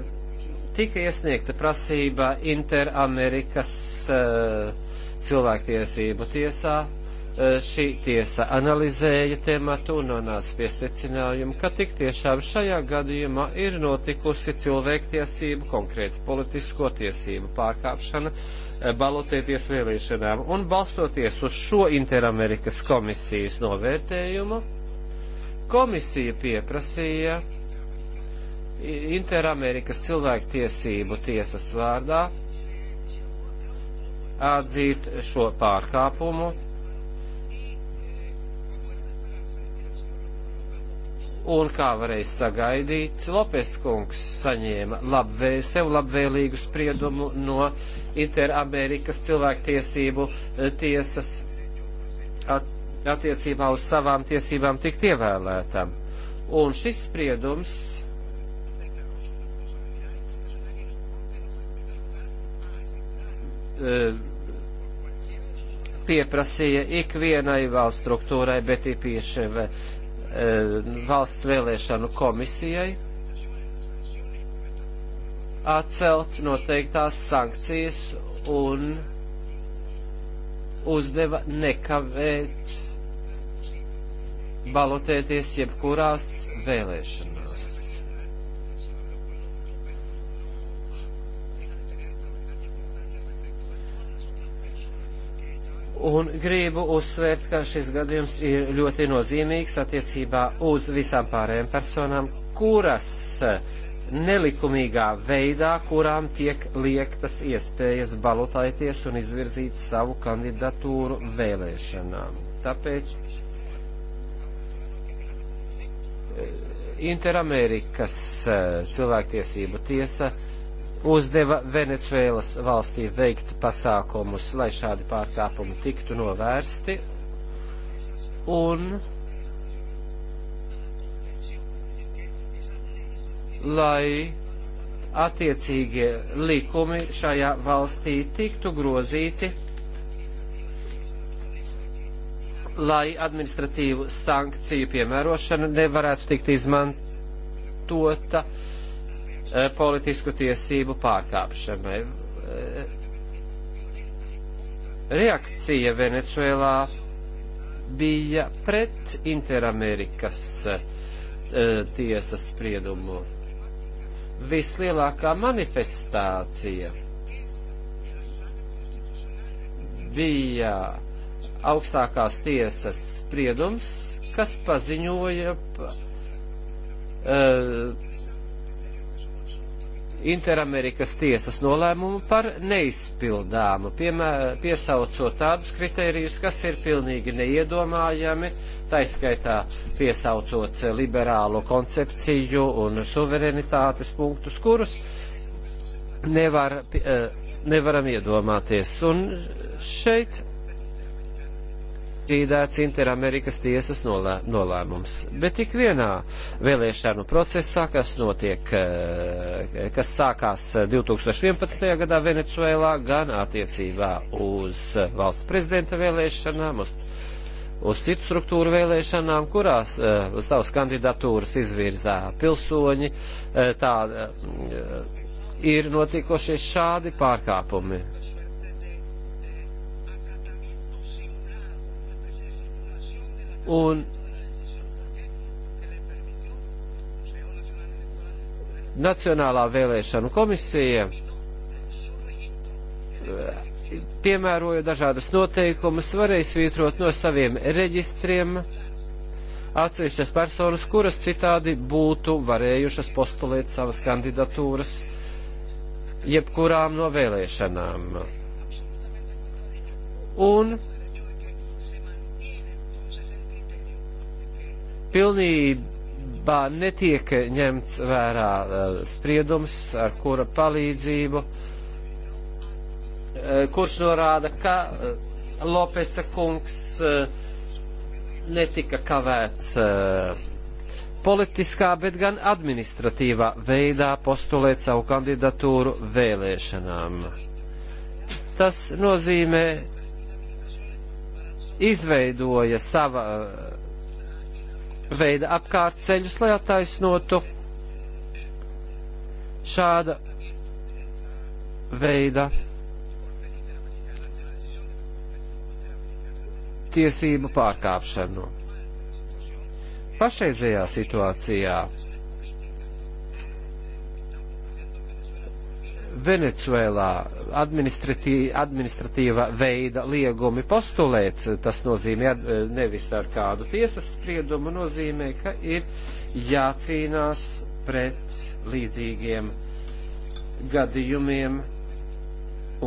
tika iesniegta prasība Interamerikas cilvēktiesību tiesā Eh, šī tiesa analizēja tematu un nonāca pie secinājuma, ka tik tiešām šajā gadījumā ir notikusi cilvēktiesību, konkrēti politisko tiesību pārkāpšana, eh, balotēties vēlēšanām. Un balstoties uz šo Interamerikas komisijas novērtējumu, komisija pieprasīja Interamerikas cilvēktiesību tiesas vārdā atzīt šo pārkāpumu un kā varēja sagaidīt, Lopes kungs saņēma labvē, sev labvēlīgu spriedumu no Interamerikas cilvēktiesību eh, tiesas at, attiecībā uz savām tiesībām tikt ievēlētam. Un šis spriedums uh, pieprasīja ikvienai valsts struktūrai, bet īpaši Eh, valsts vēlēšanu komisijai atcelt noteiktās sankcijas un uzdeva nekavēt balotēties jebkurās vēlēšanās. Un gribu uzsvērt, ka šis gadījums ir ļoti nozīmīgs attiecībā uz visām pārējām personām, kuras eh, nelikumīgā veidā, kurām tiek liektas iespējas balotaities un izvirzīt savu kandidatūru vēlēšanām. Tāpēc eh, Interamerikas eh, cilvēktiesību tiesa uh, uzdeva Venecuēlas valstī veikt pasākumus, lai šādi pārkāpumi tiktu novērsti. Un lai attiecīgie likumi šajā valstī tiktu grozīti, lai administratīvu sankciju piemērošana nevarētu tikt izmantota uh, Eh, politisku tiesību pārkāpšanai. Eh, reakcija Venecuēlā bija pret Interamerikas eh, tiesas spriedumu. Vislielākā manifestācija bija augstākās tiesas spriedums, kas paziņoja uh, Interamerikas tiesas nolēmumu par neizpildāmu, piemēr, piesaucot tādus kritērijus, kas ir pilnīgi neiedomājami, taiskaitā piesaucot liberālu koncepciju un suverenitātes punktus, kurus nevar, eh, nevaram iedomāties. Un šeit apstrīdēts Interamerikas tiesas nolē, nolēmums. Bet tik vienā vēlēšanu procesā, kas notiek, eh, kas sākās 2011. gadā Venecuēlā, gan attiecībā uz valsts prezidenta vēlēšanām, uz uz citu struktūru vēlēšanām, kurās uh, savas kandidatūras izvirzā pilsoņi. Uh, tā uh, ir notikošie šādi pārkāpumi. Un Nacionālā vēlēšanu komisija piemēroja dažādas noteikumus, varēja svītrot no saviem reģistriem atsevišķas personas, kuras citādi būtu varējušas postulēt savas kandidatūras jebkurām no vēlēšanām. Un pilnībā netiek ņemts vērā eh, spriedums, ar kura palīdzību, eh, kurš norāda, ka eh, Lopesa kungs netika kavēts politiskā, bet gan administratīvā veidā postulēt savu kandidatūru vēlēšanām. Tas nozīmē, izveidoja sava veida apkārtceļus, lai attaisnotu šāda veida tiesību pārkāpšanu. Pašreizējā situācijā Venecuēlā administratīva veida liegumi postulēt, tas nozīmē eh, nevis ar kādu tiesas spriedumu, nozīmē, ka ir jācīnās pret līdzīgiem gadījumiem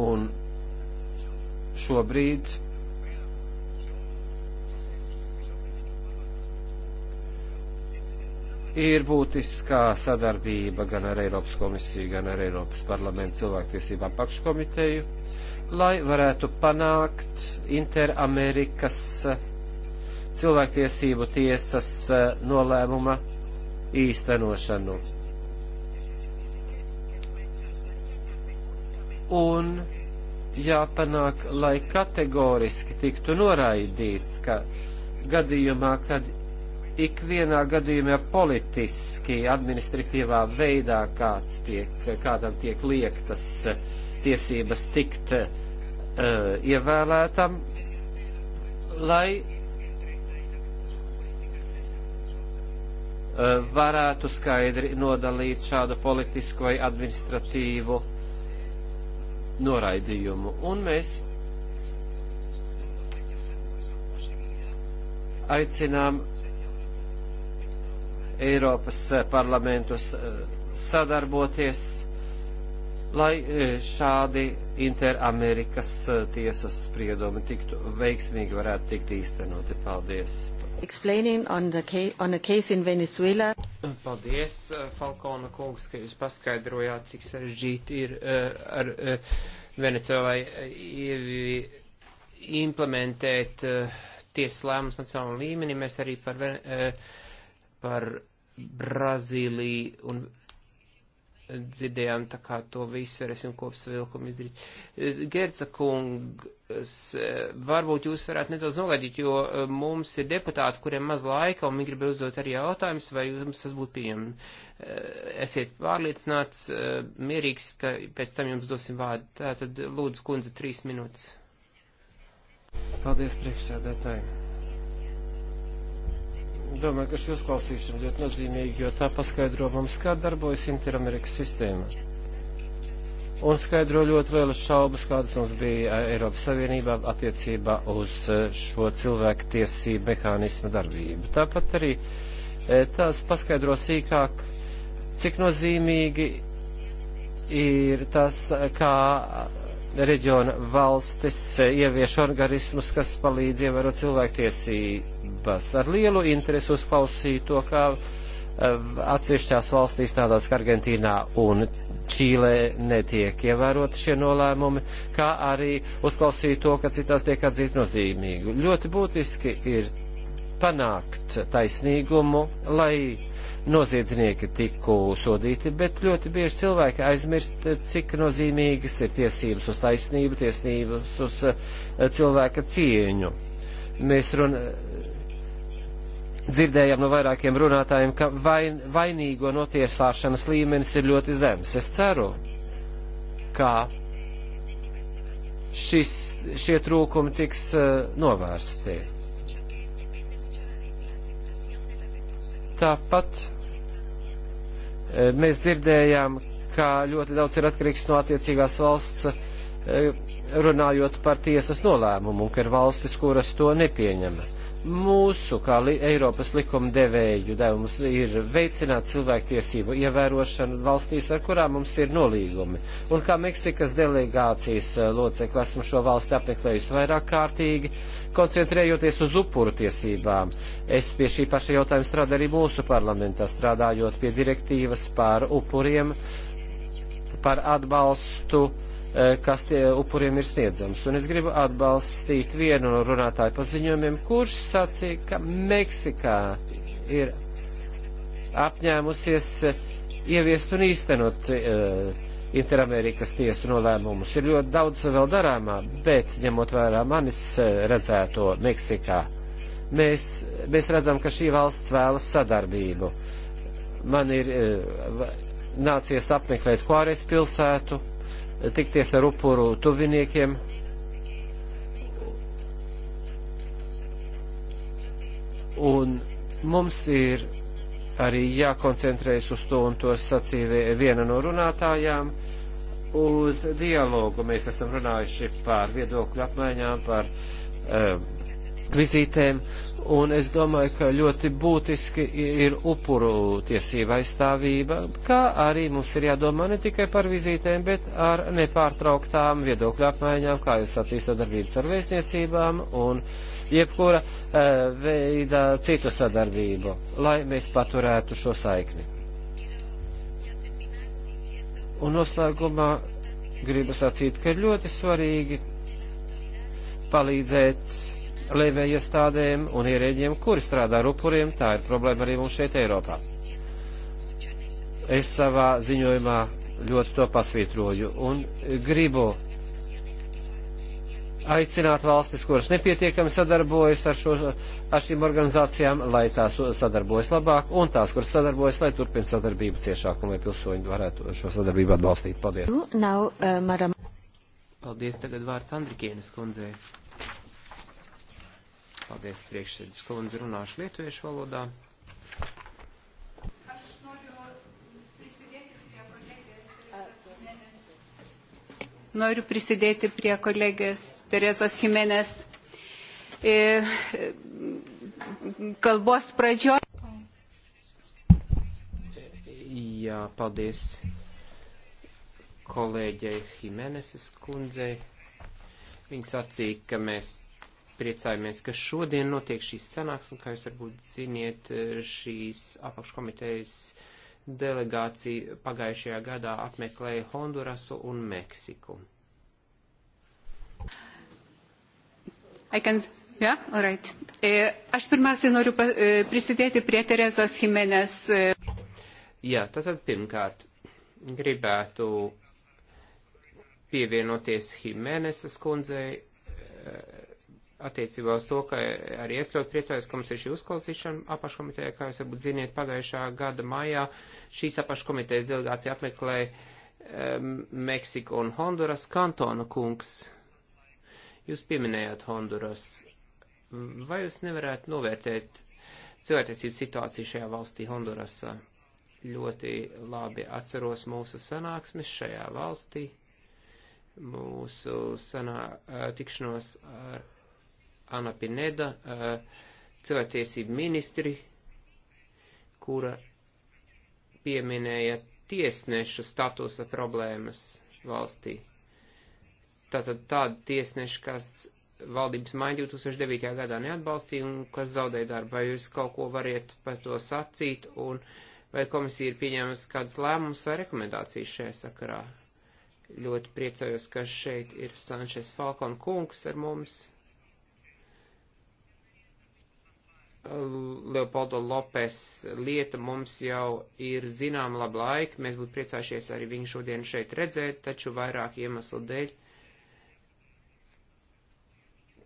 un šobrīd ir būtiskā sadarbība gan ar Eiropas komisiju, gan ar Eiropas parlamentu cilvēktiesību apakškomiteju, lai varētu panākt Interamerikas eh, cilvēktiesību tiesas eh, nolēmuma īstenošanu. Un jāpanāk, lai kategoriski tiktu noraidīts, ka gadījumā, kad ikvienā gadījumā politiski, administratīvā veidā kāds tiek, kādam tiek liektas tiesības tikt uh, ievēlētam, lai uh, varētu skaidri nodalīt šādu politisku vai administratīvu noraidījumu. Un mēs aicinām Eiropas eh, parlamentus eh, sadarboties, lai eh, šādi Interamerikas tiesas spriedumi tiktu veiksmīgi varētu tikt īstenoti. Paldies! Explaining on, the case, on a case in Venezuela. Paldies, Falkona kungs, ka jūs paskaidrojāt, cik sarežģīti ir uh, ar uh, Venecuēlai uh, implementēt uh, tiesas lēmumus nacionālā līmenī. Mēs arī par uh, par Brazīliju un dzirdējām tā kā to visu varēsim kopsavilkumu izdarīt. Gerca kungs, varbūt jūs varētu nedaudz nogaidīt, jo e, mums ir deputāti, kuriem maz laika, un viņi grib uzdot arī jautājumus, vai jums tas būtu pieņemami. E, esiet pārliecināts, e, mierīgs, ka pēc tam jums dosim vārdu. Tātad, lūdzu, kundze, trīs minūtes. Paldies, priekšsēdētāji. Domāju, ka šī uzklausīšana ļoti nozīmīga, jo tā paskaidro mums, kā darbojas Interamerikas sistēma. Un skaidro ļoti lielas šaubas, kādas mums bija eh, Eiropas Savienībā attiecībā uz eh, šo cilvēku tiesību mehānismu darbību. Tāpat arī eh, tās paskaidro sīkāk, cik nozīmīgi ir tas, kā reģiona valstis ievieš organismus, kas palīdz ievērot cilvēktiesības. Ar lielu interesi uzklausīju to, kā eh, atsevišķās valstīs, tādās kā Argentīnā un Čīlē, netiek ievēroti šie nolēmumi, kā arī uzklausīju to, ka citās tiek atzīt nozīmīgi. Ļoti būtiski ir panākt taisnīgumu, lai noziedznieki tiku sodīti, bet ļoti bieži cilvēki aizmirst, cik nozīmīgas ir tiesības uz taisnību, tiesības uz eh, cilvēka cieņu. Mēs run... dzirdējām no vairākiem runātājiem, ka vain... vainīgo notiesāšanas līmenis ir ļoti zems. Es ceru, ka šis, šie trūkumi tiks eh, novērsti. Tāpat Eh, mēs dzirdējām, ka ļoti daudz ir atkarīgs no attiecīgās valsts, eh, runājot par tiesas nolēmumu, un ka ir valstis, kuras to nepieņem mūsu, kā li Eiropas likumdevēju devums, ir veicināt cilvēktiesību ievērošanu valstīs, ar kurām mums ir nolīgumi. Un kā Meksikas delegācijas eh, locekli esmu šo valsti apmeklējusi vairāk kārtīgi, koncentrējoties uz upuru tiesībām. Es pie šī paša jautājuma strādāju arī mūsu parlamentā, strādājot pie direktīvas par upuriem, par atbalstu Eh, kas tie upuriem ir sniedzams. Un es gribu atbalstīt vienu no runātāju paziņojumiem, kurš sacīja, ka Meksikā ir apņēmusies eh, ieviest un īstenot uh, Interamerikas tiesu nolēmumus. Ir ļoti daudz vēl darāmā, bet ņemot vērā manis redzēto Meksikā, mēs, mēs redzam, ka šī valsts vēlas sadarbību. Man ir uh, nācies apmeklēt Kuāres pilsētu, tikties ar upuru tuviniekiem. Un mums ir arī jākoncentrējas uz to, un to sacīja viena no runātājām, uz dialogu. Mēs esam runājuši par viedokļu apmaiņām, par um, vizītēm. Uh, Un es domāju, ka ļoti būtiski ir upuru tiesība aizstāvība, kā arī mums ir jādomā ne tikai par vizītēm, bet ar nepārtrauktām viedokļu apmaiņām, kā jūs sacīs sadarbības ar vēstniecībām un jebkura uh, veida citu sadarbību, lai mēs paturētu šo saikni. Un noslēgumā gribu sacīt, ka ir ļoti svarīgi palīdzēt lēmējiestādēm un ierēģiem, kuri strādā ar upuriem, tā ir problēma arī mums šeit Eiropā. Es savā ziņojumā ļoti to pasvītroju un gribu aicināt valstis, kuras nepietiekami sadarbojas ar, šo, ar šīm organizācijām, lai tās sadarbojas labāk, un tās, kuras sadarbojas, lai turpina sadarbību ciešāk, un lai pilsoņi varētu šo sadarbību atbalstīt. Paldies! Nu, nav, uh, eh, maram. Paldies, tagad vārds Andrikienes kundzei. Paldies, priekšsēdus kundze, runāšu lietuviešu valodā. Noriu prisidėti prie kolegės Terezos Jimenez e, kalbos pradžios. Jā, paldies kolēģei Jimenezes kundzei. Viņa sacīja, ka mēs priecājamies, ka šodien notiek šīs sanāksmes, un kā jūs varbūt ziniet, šīs apakškomitejas delegācija pagājušajā gadā apmeklēja Hondurasu un Meksiku. I can, yeah, all right. Eh, Aš pirmiausiai noriu prisidėti eh, prie Terezos Jimenez. Eh. Jā, tātad pirmkārt gribētu pievienoties Jimenezas kundzei attiecībā uz to, ka arī es ļoti priecājos, ka mums ir šī uzklausīšana apaškomitejā, kā jūs varbūt ziniet, pagājušā gada maijā šīs apaškomitejas delegācija apmeklēja um, Meksiku un Honduras kantona kungs. Jūs pieminējāt Honduras. Vai jūs nevarētu novērtēt cilvēktiesību situāciju šajā valstī Hondurasā? Ļoti labi atceros mūsu sanāksmes šajā valstī mūsu sanā, tikšanos ar Anna Pineda, eh, cilvēktiesību ministri, kura pieminēja tiesnešu statusa problēmas valstī. Tātad tādi tiesneši, kas valdības maiņu 2009. gadā neatbalstīja un kas zaudēja darbu. Vai jūs kaut ko variet par to sacīt un vai komisija ir pieņēmusi kādas lēmumus vai rekomendācijas šajā sakarā? Ļoti priecājos, ka šeit ir Sančes Falkon kungs ar mums. Leopoldo Lopes lieta mums jau ir zinām labu laiku, mēs būtu priecājušies arī viņu šodien šeit redzēt, taču vairāk iemeslu dēļ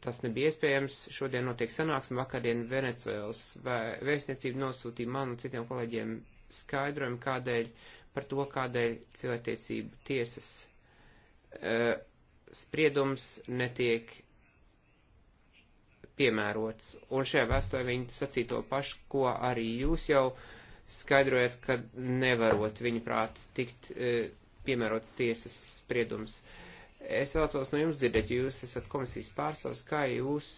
tas nebija iespējams. Šodien notiek sanāksme, vakardien Venecuēlas vēstniecība nosūtīja man un citiem kolēģiem skaidrojumu, kādēļ par to, kādēļ cilvēktiesību tiesas uh, spriedums netiek piemērots. Un šajā vēstulē viņi sacīja to pašu, ko arī jūs jau skaidrojat, ka nevarot viņu prāt tikt e, piemērots tiesas spriedums. Es vēlos no jums dzirdēt, jūs esat komisijas pārstāvs, kā jūs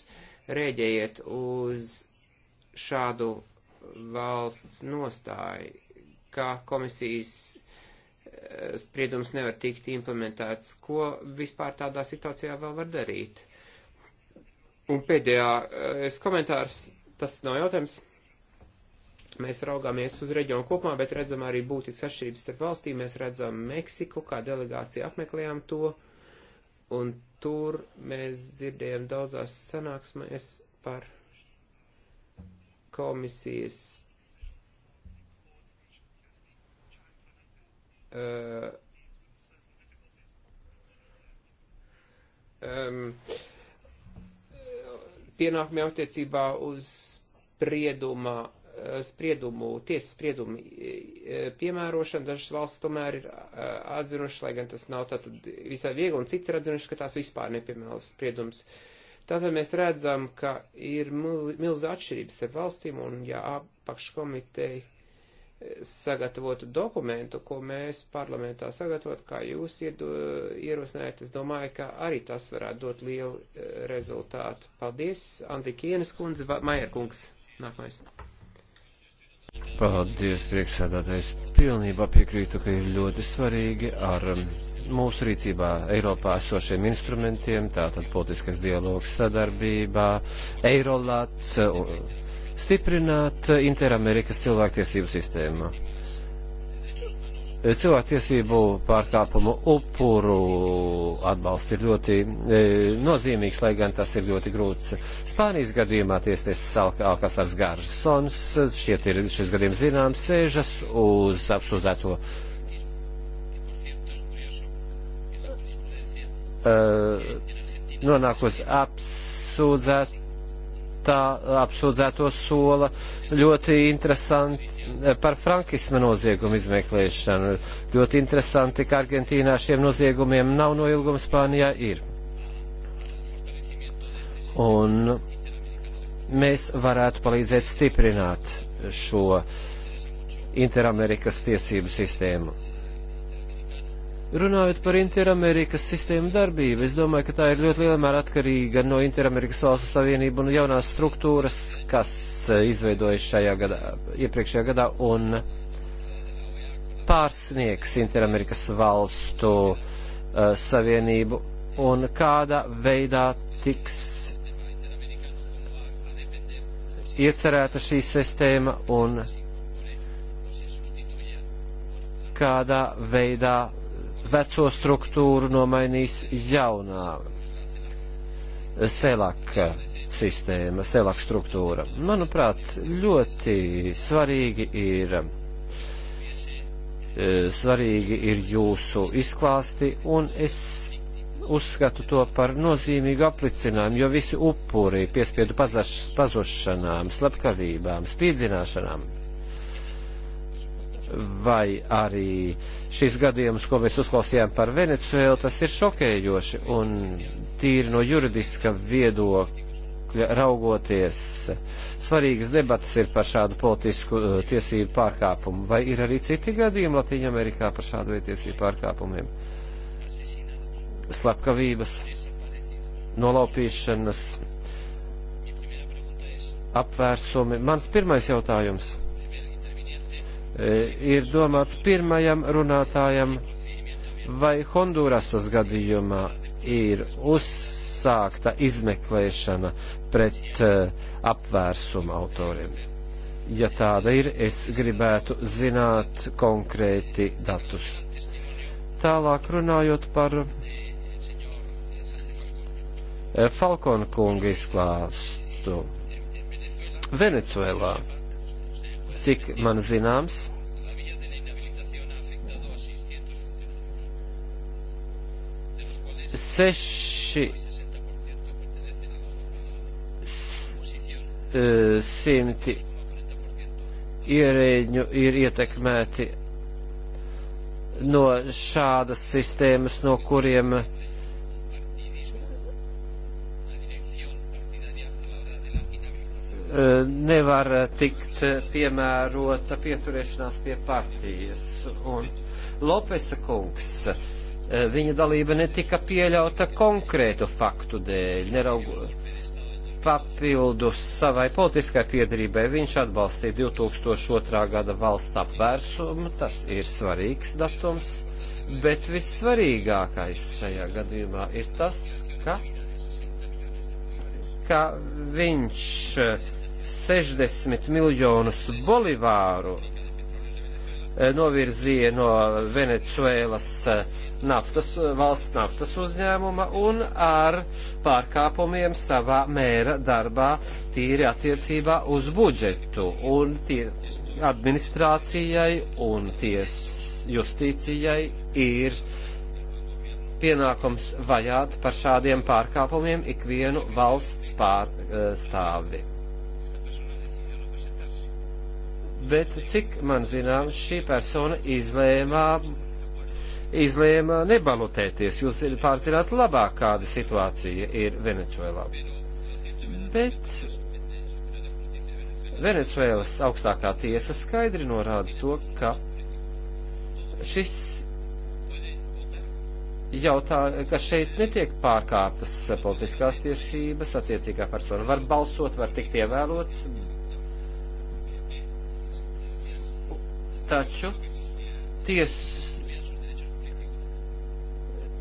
rēģējiet uz šādu valsts nostāju, kā komisijas e, spriedums nevar tikt implementēts, ko vispār tādā situācijā vēl var darīt Un pēdējais eh, komentārs, tas nav jautājums. Mēs raugāmies uz reģionu kopumā, bet redzam arī būtisks atšķirības starp valstīm. Mēs redzam Meksiku, kā delegācija apmeklējām to, un tur mēs dzirdējam daudzās sanāksmēs par komisijas um, um, pienākumiem attiecībā uz sprieduma, eh, spriedumu, tiesas spriedumu eh, piemērošanu. Dažas valsts tomēr ir eh, atzinušas, lai gan tas nav tātad visai viegli, un cits ir atzinušas, ka tās vispār nepiemēros spriedums. Tātad mēs redzam, ka ir milz atšķirības starp valstīm, un ja apakškomiteja sagatavotu dokumentu, ko mēs parlamentā sagatavot, kā jūs ierosinājāt, es domāju, ka arī tas varētu dot lielu e, rezultātu. Paldies, Andrikienes kundze, Majerkungs, nākamais. Paldies, priekšsēdātais. Pilnībā piekrītu, ka ir ļoti svarīgi ar mūsu rīcībā Eiropā esošiem instrumentiem, tātad politiskais dialogs sadarbībā, Eirolats. Un, stiprināt eh, Interamerikas cilvēktiesību sistēmu. Eh, cilvēktiesību pārkāpumu upuru atbalsts ir ļoti e, nozīmīgs, lai gan tas ir ļoti grūts. Spānijas gadījumā tiesnesis Alkasars Garsons, šķiet ir šis gadījums zināms, sēžas uz apsūdzēto. E, nonāk uz apsūdzēt tā apsūdzēto sola ļoti interesanti eh, par frankisma noziegumu izmeklēšanu. Ļoti interesanti, ka Argentīnā šiem noziegumiem nav noilgums, Spānijā ir. Un mēs varētu palīdzēt stiprināt šo Interamerikas tiesību sistēmu. Runājot par Interamerikas sistēmu darbību, es domāju, ka tā ir ļoti lielā mērā atkarīga no Interamerikas valstu savienību un jaunās struktūras, kas izveidojas šajā gadā, iepriekšējā gadā un pārsniegs Interamerikas valstu uh, savienību un kādā veidā tiks iecerēta šī sistēma un kādā veidā veco struktūru nomainīs jaunā selak sistēma, selak struktūra. Manuprāt, ļoti svarīgi ir, e, svarīgi ir jūsu izklāsti, un es uzskatu to par nozīmīgu aplicinājumu, jo visi upuri piespiedu pazaš, pazušanām, slepkavībām, spīdzināšanām vai arī šis gadījums, ko mēs uzklausījām par Venecuēlu, tas ir šokējoši un tīri no juridiska viedokļa raugoties. Svarīgas debatas ir par šādu politisku eh, tiesību pārkāpumu, vai ir arī citi gadījumi Latvijā Amerikā par šādu veidu tiesību pārkāpumiem? Slepkavības, nolaupīšanas, apvērsumi. Mans pirmais jautājums. E, ir domāts pirmajam runātājam, vai Hondurasas gadījumā ir uzsākta izmeklēšana pret e, apvērsuma autoriem. Ja tāda ir, es gribētu zināt konkrēti datus. Tālāk runājot par e, Falkona kunga izklāstu Venecuēlā cik man zināms. Seši eh, simti ierēģu ir ietekmēti no šādas sistēmas, no kuriem uh, Eh, nevar tikt piemērota pieturēšanās pie partijas. Un Lopesa kungs, eh, viņa dalība netika pieļauta konkrētu faktu dēļ, neraugu papildus savai politiskai piedarībai. Viņš atbalstīja 2002. gada valsts apvērsumu, tas ir svarīgs datums, bet vissvarīgākais šajā gadījumā ir tas, ka, ka viņš uh, 60 miljonus bolivāru eh, novirzīja no Venecuēlas eh, naftas, eh, valsts naftas uzņēmuma un ar pārkāpumiem savā mēra darbā tīri attiecībā uz budžetu un tie administrācijai un ties justīcijai ir pienākums vajāt par šādiem pārkāpumiem ikvienu valsts pārstāvi. bet cik man zināms, šī persona izlēmā, izlēmā nebalotēties. Jūs pārzināt labāk, kāda situācija ir Venecuēlā. Bet Venecuēlas augstākā tiesa skaidri norāda to, ka šis jautā, ka šeit netiek pārkāptas politiskās tiesības, attiecīgā persona var balsot, var tikt ievēlots, taču ties,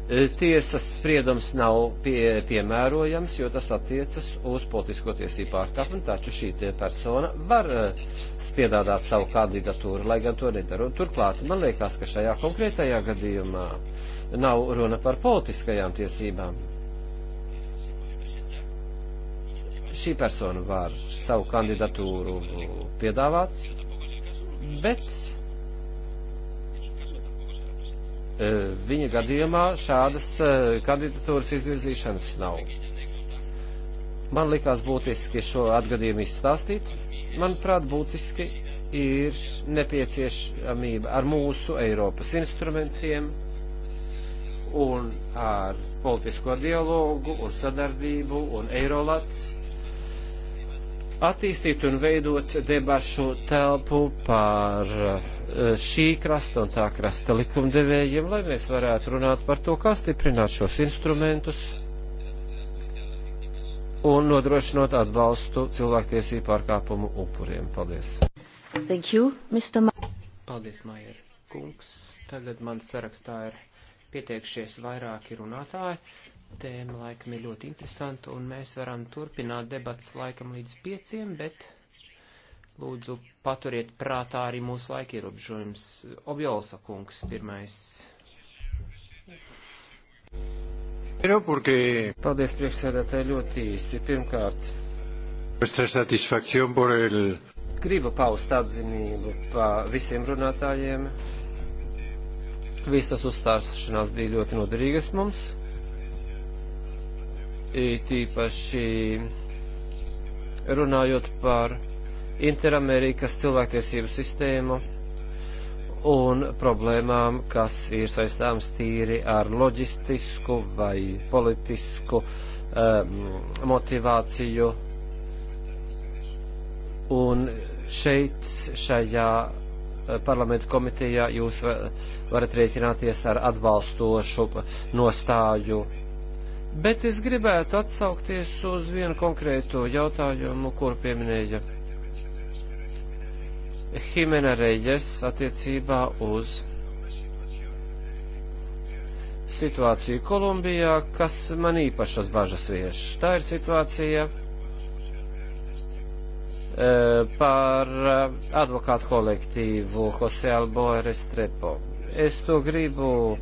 e, tiesas spriedums nav pie, piemērojams, jo tas attiecas uz politisko tiesību pārkāpumu, taču šī persona var e, spiedādāt savu kandidatūru, lai gan to nedara. Turklāt man liekas, ka šajā konkrētajā gadījumā nav runa par politiskajām tiesībām. Šī persona var savu kandidatūru piedāvāt, bet Eh, viņa gadījumā šādas eh, kandidatūras izvirzīšanas nav. Man likās būtiski šo atgadījumu izstāstīt. Manuprāt, būtiski ir nepieciešamība ar mūsu Eiropas instrumentiem un ar politisko dialogu un sadarbību un Eirolats attīstīt un veidot debašu telpu par uh, Eh, šī krasta un tā krasta likumdevējiem, lai mēs varētu runāt par to, kā stiprināt šos instrumentus un nodrošinot atbalstu cilvēktiesību pārkāpumu upuriem. Paldies! Thank you, Mr. Ma Paldies, Maier kungs. Tagad man sarakstā ir pieteikšies vairāki runātāji. Tēma laikam ir ļoti interesanta, un mēs varam turpināt debats laikam līdz pieciem, bet Lūdzu, paturiet prātā arī mūsu laika ierobežojums. Objolsa kungs pirmais. Paldies, priekšsēdētāji, ļoti īsi. Pirmkārt, gribu paust apzinību pa visiem runātājiem. Visas uzstāšanās bija ļoti noderīgas mums. It īpaši runājot par Interamerikas cilvēktiesību sistēmu un problēmām, kas ir saistāms tīri ar loģistisku vai politisku um, motivāciju. Un šeit, šajā uh, parlamentu komitejā, jūs varat rēķināties ar atbalstošu nostāju. Bet es gribētu atsaukties uz vienu konkrēto jautājumu, kuru pieminēja Himena Reģes attiecībā uz situāciju Kolumbijā, kas man īpašas bažas vieš. Tā ir situācija e, par e, advokātu kolektīvu Jose Alboa Restrepo. Es to gribu e,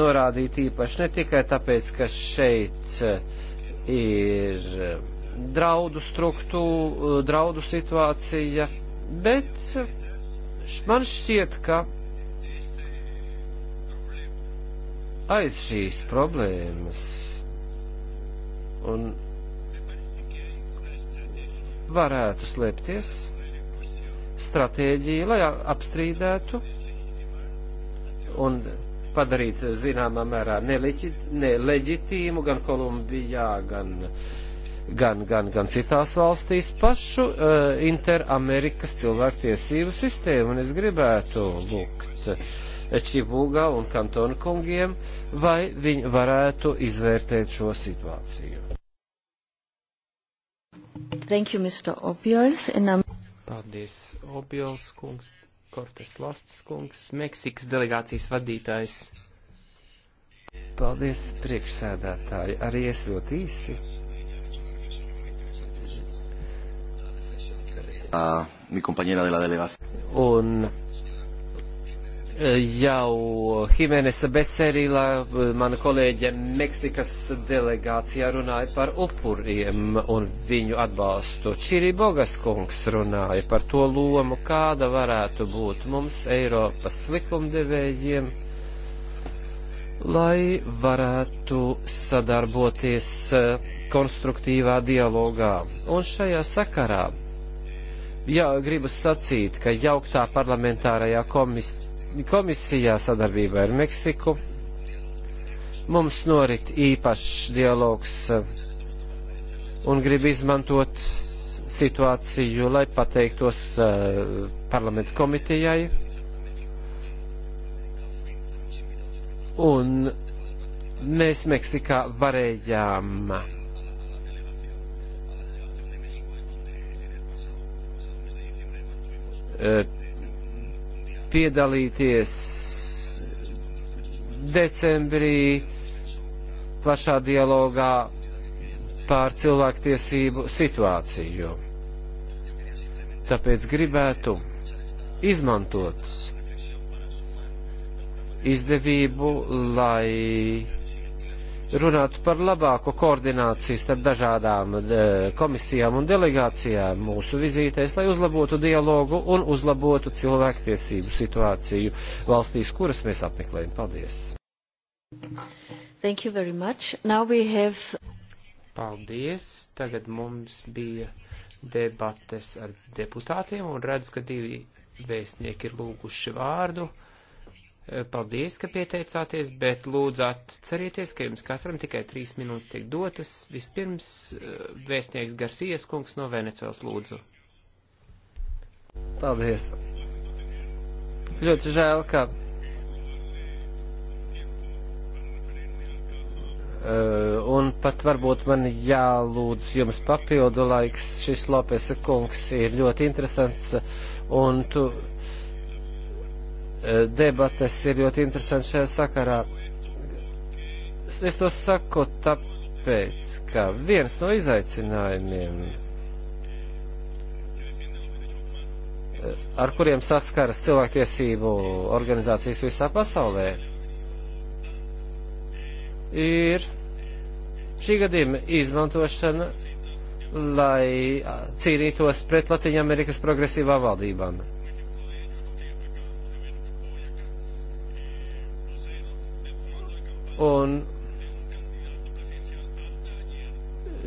norādīt īpaši ne tikai tāpēc, ka šeit ir draudu struktūra, draudu situācija, Bet man šķiet, ka aiz šīs problēmas un varētu slēpties stratēģija, lai apstrīdētu un padarīt zināmā mērā neleģitīmu gan Kolumbijā, gan uh, gan, gan, gan citās valstīs pašu uh, Interamerikas cilvēktiesību sistēmu, un es gribētu lūgt eh, Čibūgā un Kantona kungiem, vai viņi varētu izvērtēt šo situāciju. Thank you, Mr. Obiols. And, um... Paldies, Obiols kungs, Kortes Lastas kungs, Meksikas delegācijas vadītājs. Paldies, priekšsēdētāji, arī es ļoti īsi a mi compañera de la delegación. Un eh, jau Jimenesa Becerīlā, eh, mana kolēģe Meksikas delegācijā runāja par upuriem un viņu atbalstu. Čirī Bogas kungs runāja par to lomu, kāda varētu būt mums Eiropas likumdevējiem, lai varētu sadarboties eh, konstruktīvā dialogā. Un šajā sakarā jā, gribu sacīt, ka jauktā parlamentārajā komis, komisijā sadarbībā ar Meksiku mums norit īpašs dialogs eh, un gribu izmantot situāciju, lai pateiktos eh, parlamentu komitejai. Un mēs Meksikā varējām E, piedalīties decembrī plašā dialogā pār cilvēktiesību situāciju. Tāpēc gribētu izmantot izdevību, lai runātu par labāko koordināciju starp dažādām eh, komisijām un delegācijām mūsu vizītēs, lai uzlabotu dialogu un uzlabotu cilvēktiesību situāciju valstīs, kuras mēs apmeklējam. Paldies! Thank you very much. Now we have... Paldies! Tagad mums bija debates ar deputātiem un redz, ka divi vēstnieki ir lūguši vārdu. Eh, paldies, ka pieteicāties, bet lūdzāt cerieties, ka jums katram tikai trīs minūtes tiek dotas. Vispirms eh, vēstnieks Garcijas kungs no Venecijas lūdzu. Paldies. Ļoti žēl, ka. Uh, un pat varbūt man jālūdz jums papildu laiks. Šis Lopesa kungs ir ļoti interesants. Un tu debates ir ļoti interesanti šajā sakarā. Es to saku tāpēc, ka viens no izaicinājumiem, ar kuriem saskaras cilvēktiesību organizācijas visā pasaulē, ir šī gadījuma izmantošana, lai cīnītos pret Latviju Amerikas progresīvā valdībām. Un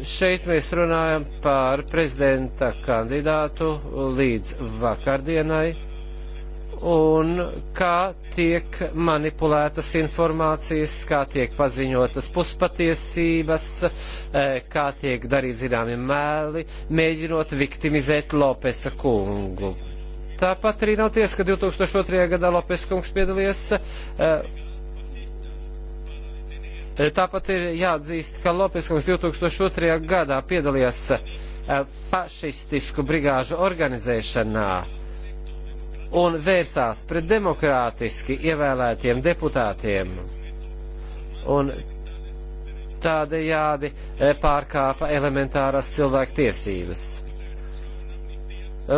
šeit mēs runājam par prezidenta kandidātu līdz vakardienai un kā tiek manipulētas informācijas, kā tiek paziņotas puspatiesības, eh, kā tiek darīt zināmi mēli, mēģinot viktimizēt Lopesa kungu. Tāpat arī nav tiesa, ka 2002. gadā Lopes kungs piedalījās eh, Tāpat ir jāatzīst, ka Lopeskungs 2002. gadā piedalījās eh, fašistisku brigāžu organizēšanā un vērsās pret demokrātiski ievēlētiem deputātiem. Un tādējādi eh, pārkāpa elementārās cilvēku tiesības.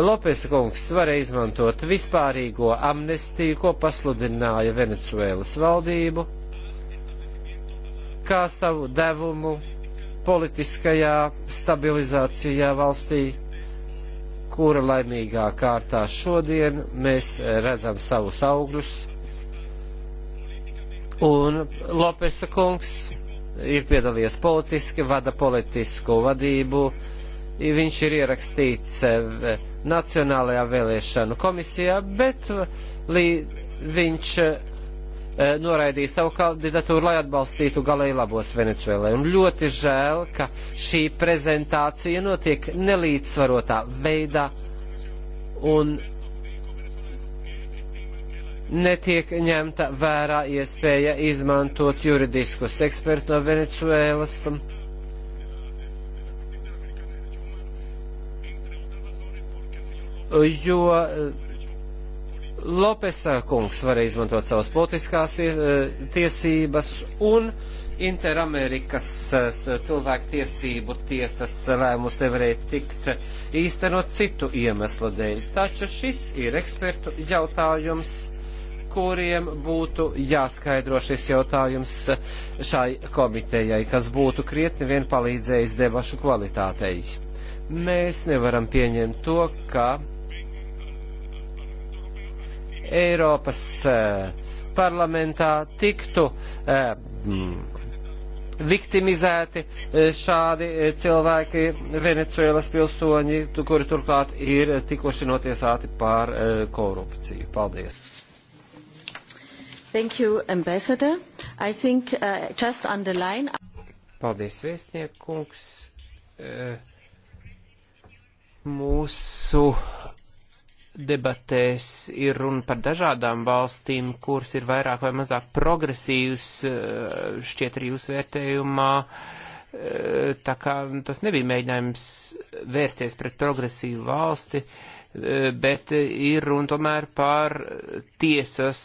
Lopes kungs varēja izmantot vispārīgo amnestiju, ko pasludināja Venecuēlas valdību kā savu devumu politiskajā stabilizācijā valstī, kura laimīgā kārtā šodien mēs redzam savus augļus. Un Lopesa kungs ir piedalījies politiski, vada politisku vadību. Viņš ir ierakstīts Nacionālajā vēlēšanu komisijā, bet līdz viņš Eh, noraidīja savu kandidatūru, lai atbalstītu galēji labos Venecuēlē. Un ļoti žēl, ka šī prezentācija notiek nelīdzsvarotā veidā un netiek ņemta vērā iespēja izmantot juridiskus ekspertus no Venecuēlas. Jo eh, Lopesā eh, kungs varēja izmantot savas politiskās eh, tiesības un Interamerikas eh, cilvēku tiesību tiesas lēmums nevarēja tikt īstenot citu iemeslu dēļ. Taču šis ir ekspertu jautājums, kuriem būtu jāskaidro šis jautājums šai komitejai, kas būtu krietni vien palīdzējis debašu kvalitātei. Mēs nevaram pieņemt to, ka Eiropas eh, parlamentā tiktu eh, viktimizēti eh, šādi cilvēki, Venecuēlas pilsoņi, kuri turklāt ir tikuši notiesāti par korupciju. Paldies! Thank you, Ambassador. I think uh, just underline. Paldies, viesniekungs. Uh, mūsu debatēs ir runa par dažādām valstīm, kuras ir vairāk vai mazāk progresīvas, eh, šķiet arī uzvērtējumā. Eh, tā kā tas nebija mēģinājums vērsties pret progresīvu valsti, eh, bet ir runa tomēr par tiesas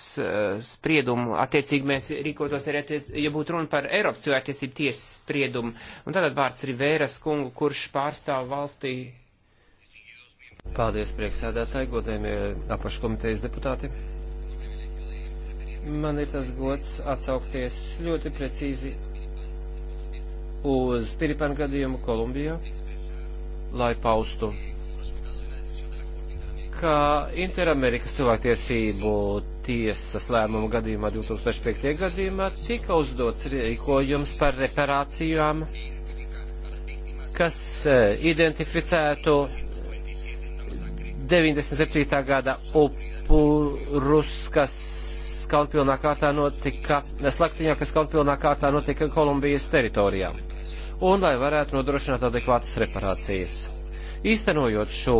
spriedumu. Attiecīgi mēs rīkotos arī, attiec, ja būtu runa par Eiropas cilvēktiesību tiesas spriedumu. Un tātad vārds arī Vēras kungu, kurš pārstāv valstī Paldies, prieksēdētāji, godējumie apaškomitejas deputāti. Man ir tas gods atsaukties ļoti precīzi uz Piripānu gadījumu Kolumbijā, lai paustu, ka Interamerikas cilvēktiesību tiesas lēmumu gadījumā 2005. gadījumā tika uzdots rīkojums par reparācijām, kas eh, identificētu 97. gada upurus, kas Skalpilnā kārtā notika, slaktiņā, kas Skalpilnā kārtā notika Kolumbijas teritorijā. Un lai varētu nodrošināt adekvātas reparācijas. Īstenojot šo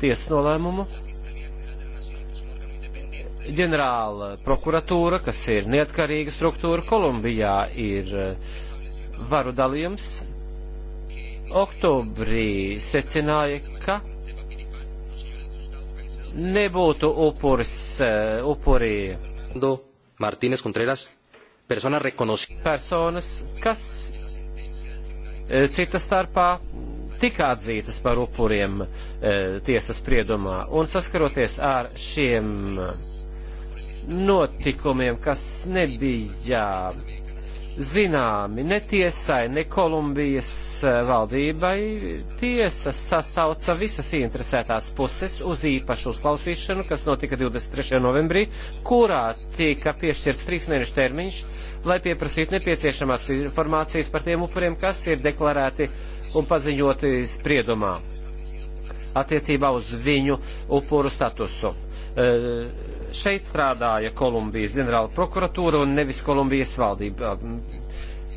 tiesas nolēmumu, ģenerāla prokuratūra, kas ir neatkarīga struktūra Kolumbijā, ir eh, varu dalījums. Oktobrī secināja, ka nebūtu upuris, eh, upurī. Martīnes Contreras, persona reconocida. Personas, kas eh, cita starpā tika atzītas par upuriem eh, tiesas spriedumā. Un saskaroties ar šiem notikumiem, kas nebija zināmi ne tiesai, ne Kolumbijas eh, valdībai. Tiesa sasauca visas ieinteresētās puses uz īpašu uzklausīšanu, kas notika 23. novembrī, kurā tika piešķirts trīs mēnešu termiņš, lai pieprasītu nepieciešamās informācijas par tiem upuriem, kas ir deklarēti un paziņoti spriedumā attiecībā uz viņu upuru statusu. Uh, šeit strādāja Kolumbijas ģenerāla prokuratūra un nevis Kolumbijas valdība.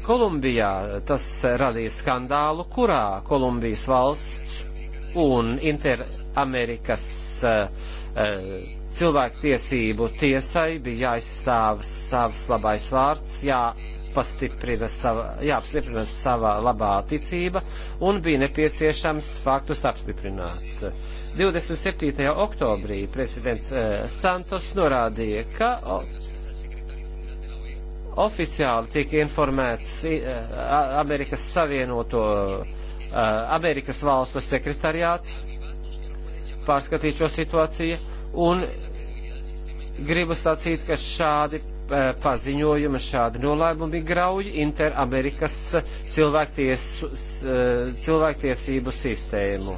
Kolumbijā tas radīja skandālu, kurā Kolumbijas valsts un Interamerikas uh, uh, cilvēktiesību tiesai bija jāizstāv savs labais vārds, jā, jāpastiprina sava, jāapstiprina savā labā ticība un bija nepieciešams faktus apstiprināt. 27. oktobrī prezidents eh, Santos norādīja, ka oficiāli tika informēts eh, Amerikas Savienoto eh, Amerikas valstu sekretariāts pārskatīt šo situāciju un gribu sacīt, ka šādi Eh, paziņojuma šādi nolēmumi grauj Interamerikas cilvēkties, eh, cilvēktiesību sistēmu.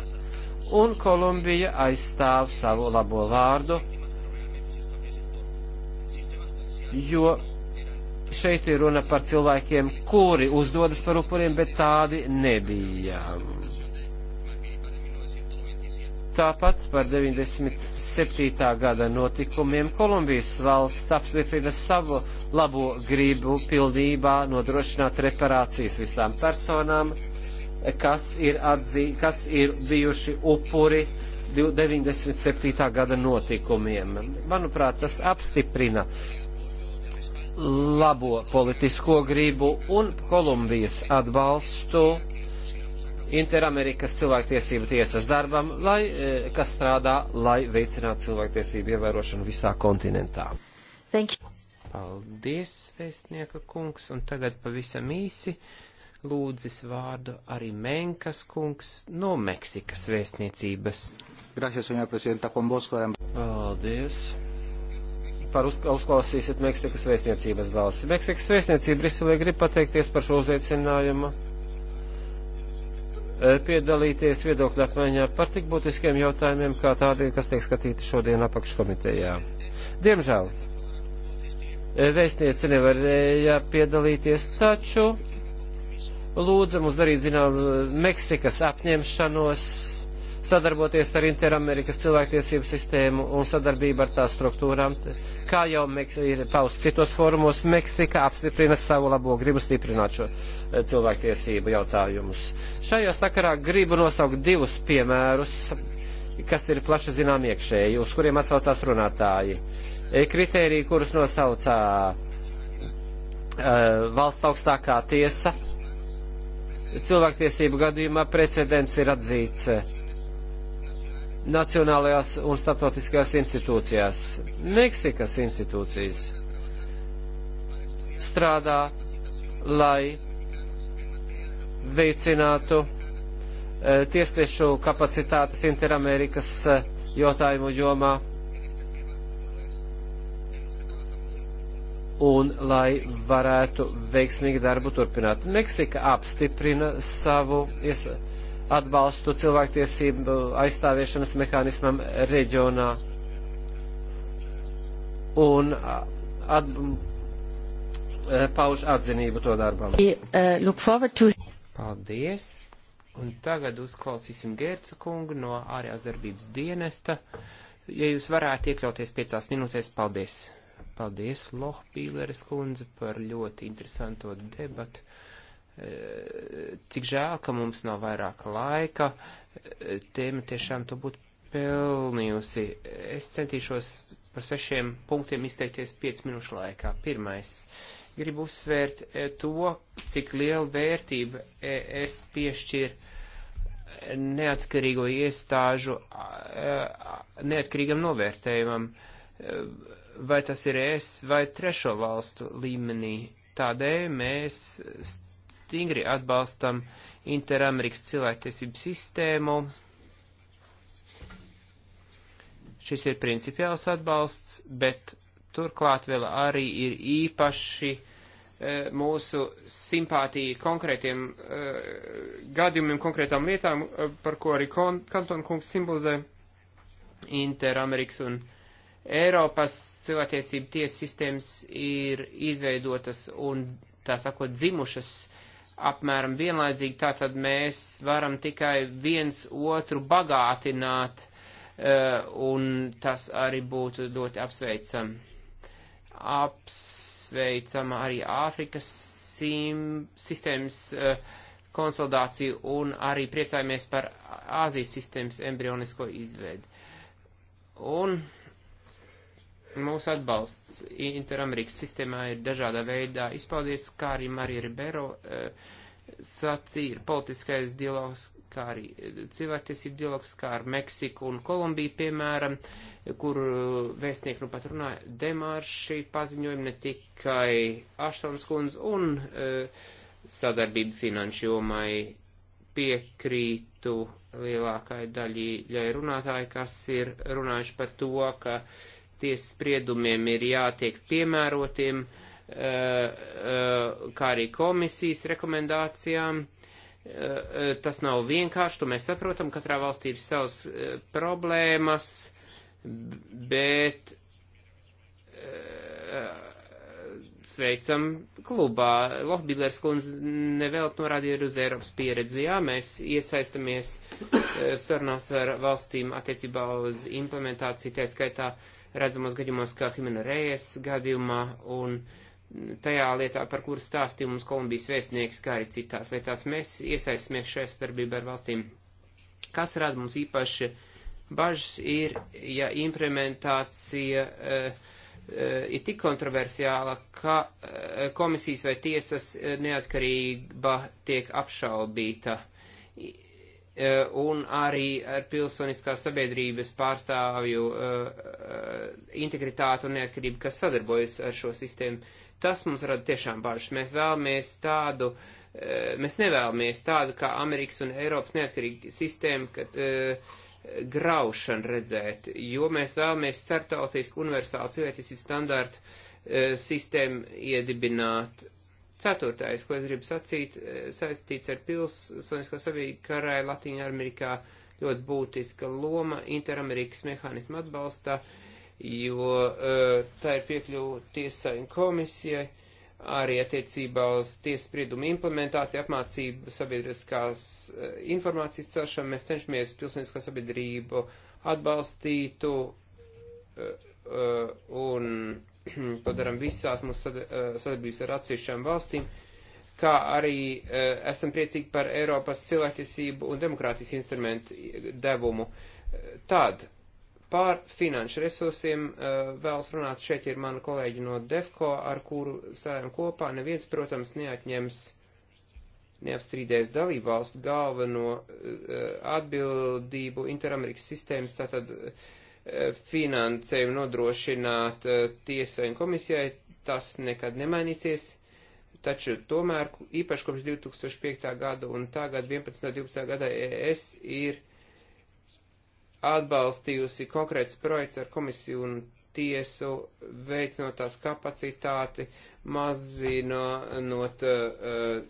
Un Kolumbija aizstāv savu labo vārdu, jo šeit ir runa par cilvēkiem, kuri uzdodas par upuriem, bet tādi nebija. Tāpat par 97. gada notikumiem Kolumbijas valsts apstiprina savu labo gribu pilnībā nodrošināt reparācijas visām personām, kas ir, atzī, kas ir bijuši upuri 97. gada notikumiem. Manuprāt, tas apstiprina labo politisko gribu un Kolumbijas atbalstu Interamerikas cilvēktiesību tiesas darbam, lai, e, kas strādā, lai veicinātu cilvēktiesību ievērošanu visā kontinentā. Thank you. Paldies, vēstnieka kungs, un tagad pavisam īsi lūdzis vārdu arī Menkas kungs no Meksikas vēstniecības. Gracias, señora presidenta, Juan Bosco. Paldies. Par uzklausīsiet Meksikas vēstniecības balsi. Meksikas vēstniecība Briselē grib pateikties par šo uzveicinājumu Eh, piedalīties viedokļu apmaiņā par tik būtiskiem jautājumiem, kā tādiem, kas tiek skatīti šodien apakškomitejā. Diemžēl eh, vēstniece nevarēja piedalīties, taču lūdza mums darīt zinām Meksikas apņemšanos sadarboties ar Interamerikas cilvēktiesību sistēmu un sadarbību ar tās struktūrām. T kā jau Meks ir pausts citos formos, Meksika apstiprina savu labo gribu stiprināt šo eh, cilvēktiesību jautājumus. Šajā sakarā gribu nosaukt divus piemērus, kas ir plaši zinām iekšēji, uz kuriem atsaucās runātāji. E, kritēriji, kurus nosaucā eh, valsts augstākā tiesa, cilvēktiesību gadījumā precedents ir atzīts eh, nacionālajās un starptautiskajās institūcijās. Meksikas institūcijas strādā, lai veicinātu e, tiesliešu kapacitātes Interamerikas e, jautājumu jomā un lai varētu veiksmīgi darbu turpināt. Meksika apstiprina savu iesaistību atbalstu cilvēktiesību aizstāviešanas mehānismam reģionā un at, e, pauž atzinību to darbam. E, paldies! Un tagad uzklausīsim Gērca kungu no ārējās darbības dienesta. Ja jūs varētu iekļauties piecās minūtēs, paldies! Paldies, Lohpīleres kundze, par ļoti interesanto debatu. Eh, cik žēl, ka mums nav vairāk laika, eh, tēma tiešām to būtu pelnījusi. Es centīšos par sešiem punktiem izteikties 5 minūšu laikā. Pirmais. Gribu uzsvērt eh, to, cik lielu vērtību es piešķiru neatkarīgo iestāžu neatkarīgam novērtējumam, vai tas ir es vai trešo valstu līmenī. Tādēļ mēs stingri atbalstam Interamerikas cilvēktiesību sistēmu. Šis ir principiāls atbalsts, bet turklāt vēl arī ir īpaši e, mūsu simpātija konkrētiem e, gadījumiem, konkrētām lietām, eh, par ko arī Kantona kungs simbolizē Interamerikas un Eiropas cilvēktiesību tiesas sistēmas ir izveidotas un, tā sakot, dzimušas apmēram vienlaicīgi, tātad mēs varam tikai viens otru bagātināt, eh, un tas arī būtu ļoti apsveicam. Apsveicama arī Āfrikas sistēmas eh, konsolidāciju un arī priecājamies par Āzijas sistēmas embrionisko izveidu. Un Mūsu atbalsts Interamerikas sistēmā ir dažādā veidā izpaudies, kā arī Marija Ribero eh, sacīja, ir politiskais dialogs, kā arī eh, cilvēktiesību dialogs, kā ar Meksiku un Kolumbiju, piemēram, kur eh, vēstnieki nu pat runāja, demārši paziņojumi ne tikai Aštons kundz un sadarbību finanšu jomai piekrītu lielākai daļai runātāji, kas ir runājuši par to, ka uh, tiesas spriedumiem ir jātiek piemērotiem, eh, eh, kā arī komisijas rekomendācijām. Eh, tas nav vienkārši, to mēs saprotam, katrā valstī ir savas problēmas, bet sveicam klubā. Lohbīlers kundze nevēlt norādīja uz Eiropas pieredzi. Jā, mēs iesaistamies sarunās ar valstīm attiecībā uz implementāciju, tā skaitā uh, redzamos gadījumos, kā Himena Rejas gadījumā un tajā lietā, par kuru stāstīja mums Kolumbijas vēstnieks, kā arī citās lietās. Mēs iesaistamies šajā sadarbībā ar valstīm. Kas rada mums īpaši bažas ir, ja implementācija uh, uh, ir tik kontroversiāla, ka uh, komisijas vai tiesas neatkarība tiek apšaubīta. Uh, Eh, un arī ar pilsoniskās sabiedrības pārstāvju eh, eh, integritātu un neatkarību, kas sadarbojas ar šo sistēmu. Tas mums rada tiešām bažas. Mēs vēlamies tādu, mēs nevēlamies tādu kā Amerikas un Eiropas neatkarīgu sistēmu, kad graušanu redzēt, jo mēs vēlamies startautisku universālu cilvēcības standārtu sistēmu iedibināt Ceturtais, ko es gribu sacīt, e, saistīts ar pilsonisko savienību karai Latīņā Amerikā ļoti būtiska loma Interamerikas mehānismu atbalstā, jo e, tā ir piekļuva tiesai un komisijai, arī attiecībā uz tiesaspriedumu implementāciju, apmācību sabiedriskās e, informācijas celšanu. Mēs cenšamies pilsonisko sabiedrību atbalstītu un to darām visās mūsu eh, sadarbības ar atsevišķām valstīm, kā arī eh, esam priecīgi par Eiropas cilvēktiesību un demokrātijas instrumentu eh, devumu. Tad pār finanšu resursiem vēlas runāt, šeit ir mana kolēģi no DEFCO, ar kuru strādājam kopā. Neviens, protams, neatņems neapstrīdēs dalībvalstu galveno atbildību Interamerikas sistēmas, tātad uh, finansējumu nodrošināt eh, tiesai un komisijai, tas nekad nemainīsies, taču tomēr īpaši kopš 2005. gada un tagad 11. 12. gada ES ir atbalstījusi konkrēts projekts ar komisiju un tiesu, veicinot tās kapacitāti, mazinot eh, eh,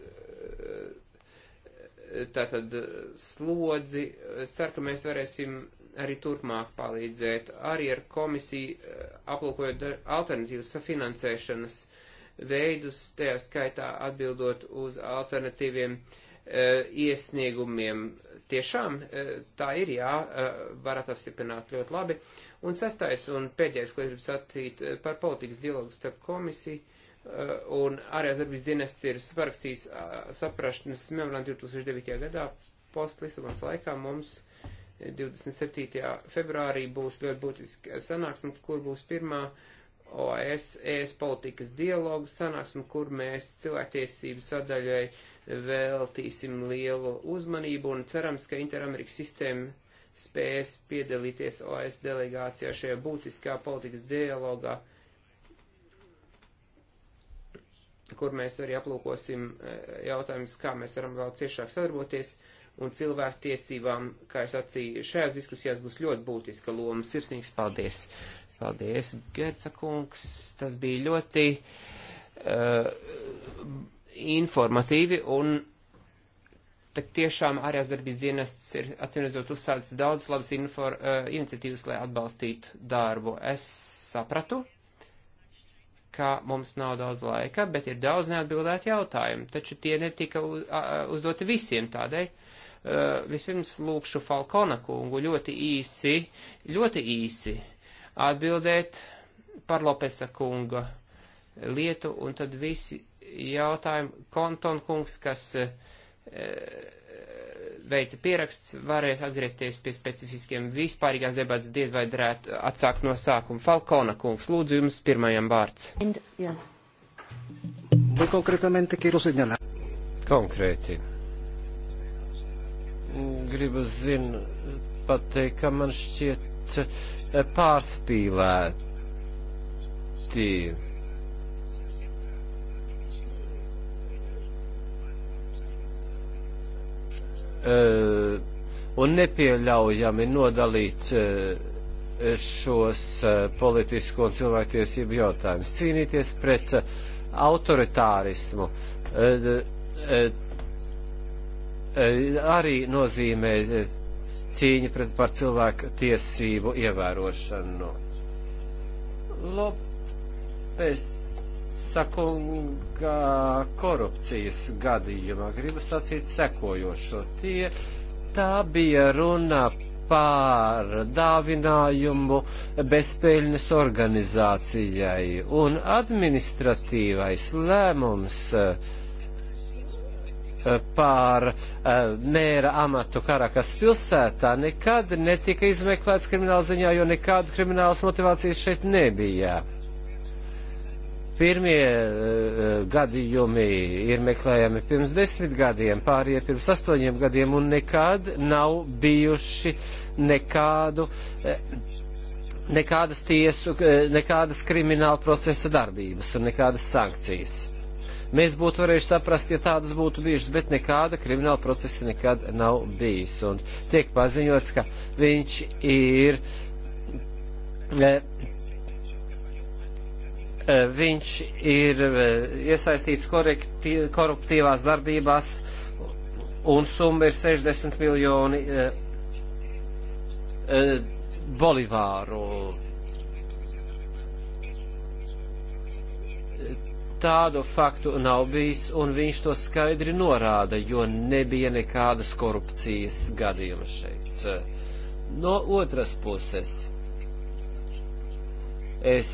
tātad slodzi. Es ceru, ka mēs varēsim arī turpmāk palīdzēt, arī ar komisiju eh, aplūkojot alternatīvas safinansēšanas veidus, tajā skaitā atbildot uz alternatīviem eh, iesniegumiem. Tiešām eh, tā ir, jā, varat apstiprināt ļoti labi. Un sastais un pēdējais, ko gribu sacīt par politikas dialogu starp komisiju un ārējās darbības dienests ir parakstījis saprašanas memorandu 2009. gadā post Lisabonas laikā mums 27. februārī būs ļoti būtiska sanāksme, kur būs pirmā OS ES politikas dialoga sanāksme, kur mēs cilvēktiesību sadaļai veltīsim lielu uzmanību un cerams, ka Interamerikas sistēma spēs piedalīties OS delegācijā šajā būtiskā politikas dialogā, kur mēs arī aplūkosim e, jautājumus, kā mēs varam vēl ciešāk sadarboties. Uh, un cilvēku tiesībām, kā es sacīju, šajās diskusijās būs ļoti būtiska loma. Sirsnīgs paldies! Paldies, Gerca kungs! Tas bija ļoti uh, informatīvi un tak tiešām ārējās darbības dienests ir atcīmredzot uzsācis daudz labas infor, uh, iniciatīvas, lai atbalstītu darbu. Es sapratu, ka mums nav daudz laika, bet ir daudz neatbildētu jautājumu, taču tie netika uzdoti visiem tādēļ Eh, vispirms lūkšu Falkona kungu ļoti īsi, ļoti īsi atbildēt par Lopesa kunga lietu, un tad visi jautājumi Konton kungs, kas e, veica pieraksts, varēs atgriezties pie specifiskiem vispārīgās debats, diez vai darētu atsākt no sākuma. Falkona kungs, lūdzu jums pirmajam vārds. Konkrēti gribu zin, pateikt, ka man šķiet eh, pārspīlēti. Uh, un nepieļaujami nodalīt eh, šos politisko un cilvēktiesību jautājumus. Cīnīties pret autoritārismu, Eh, arī nozīmē eh, cīņa pret par cilvēku tiesību ievērošanu. Lopes sakungā korupcijas gadījumā gribu sacīt sekojošo. Tie tā bija runa pār dāvinājumu bezpēļņas organizācijai un administratīvais lēmums uh, pār eh, mēra amatu Karakas pilsētā nekad netika izmeklēts krimināla ziņā, jo nekādu kriminālas motivācijas šeit nebija. Pirmie uh, gadījumi ir meklējami pirms desmit gadiem, pārējie pirms astoņiem gadiem, un nekad nav bijuši nekādu, eh, nekādas tiesu, nekādas krimināla procesa darbības un nekādas sankcijas mēs būtu varējuši saprast, ja tādas būtu bijušas, bet nekāda krimināla procesa nekad nav bijis. Un tiek paziņots, ka viņš ir. E, Viņš ir eh, iesaistīts korekti, koruptīvās darbībās, un summa ir 60 miljoni e, e, bolivāru tādu faktu nav bijis, un viņš to skaidri norāda, jo nebija nekādas korupcijas gadījuma šeit. No otras puses, es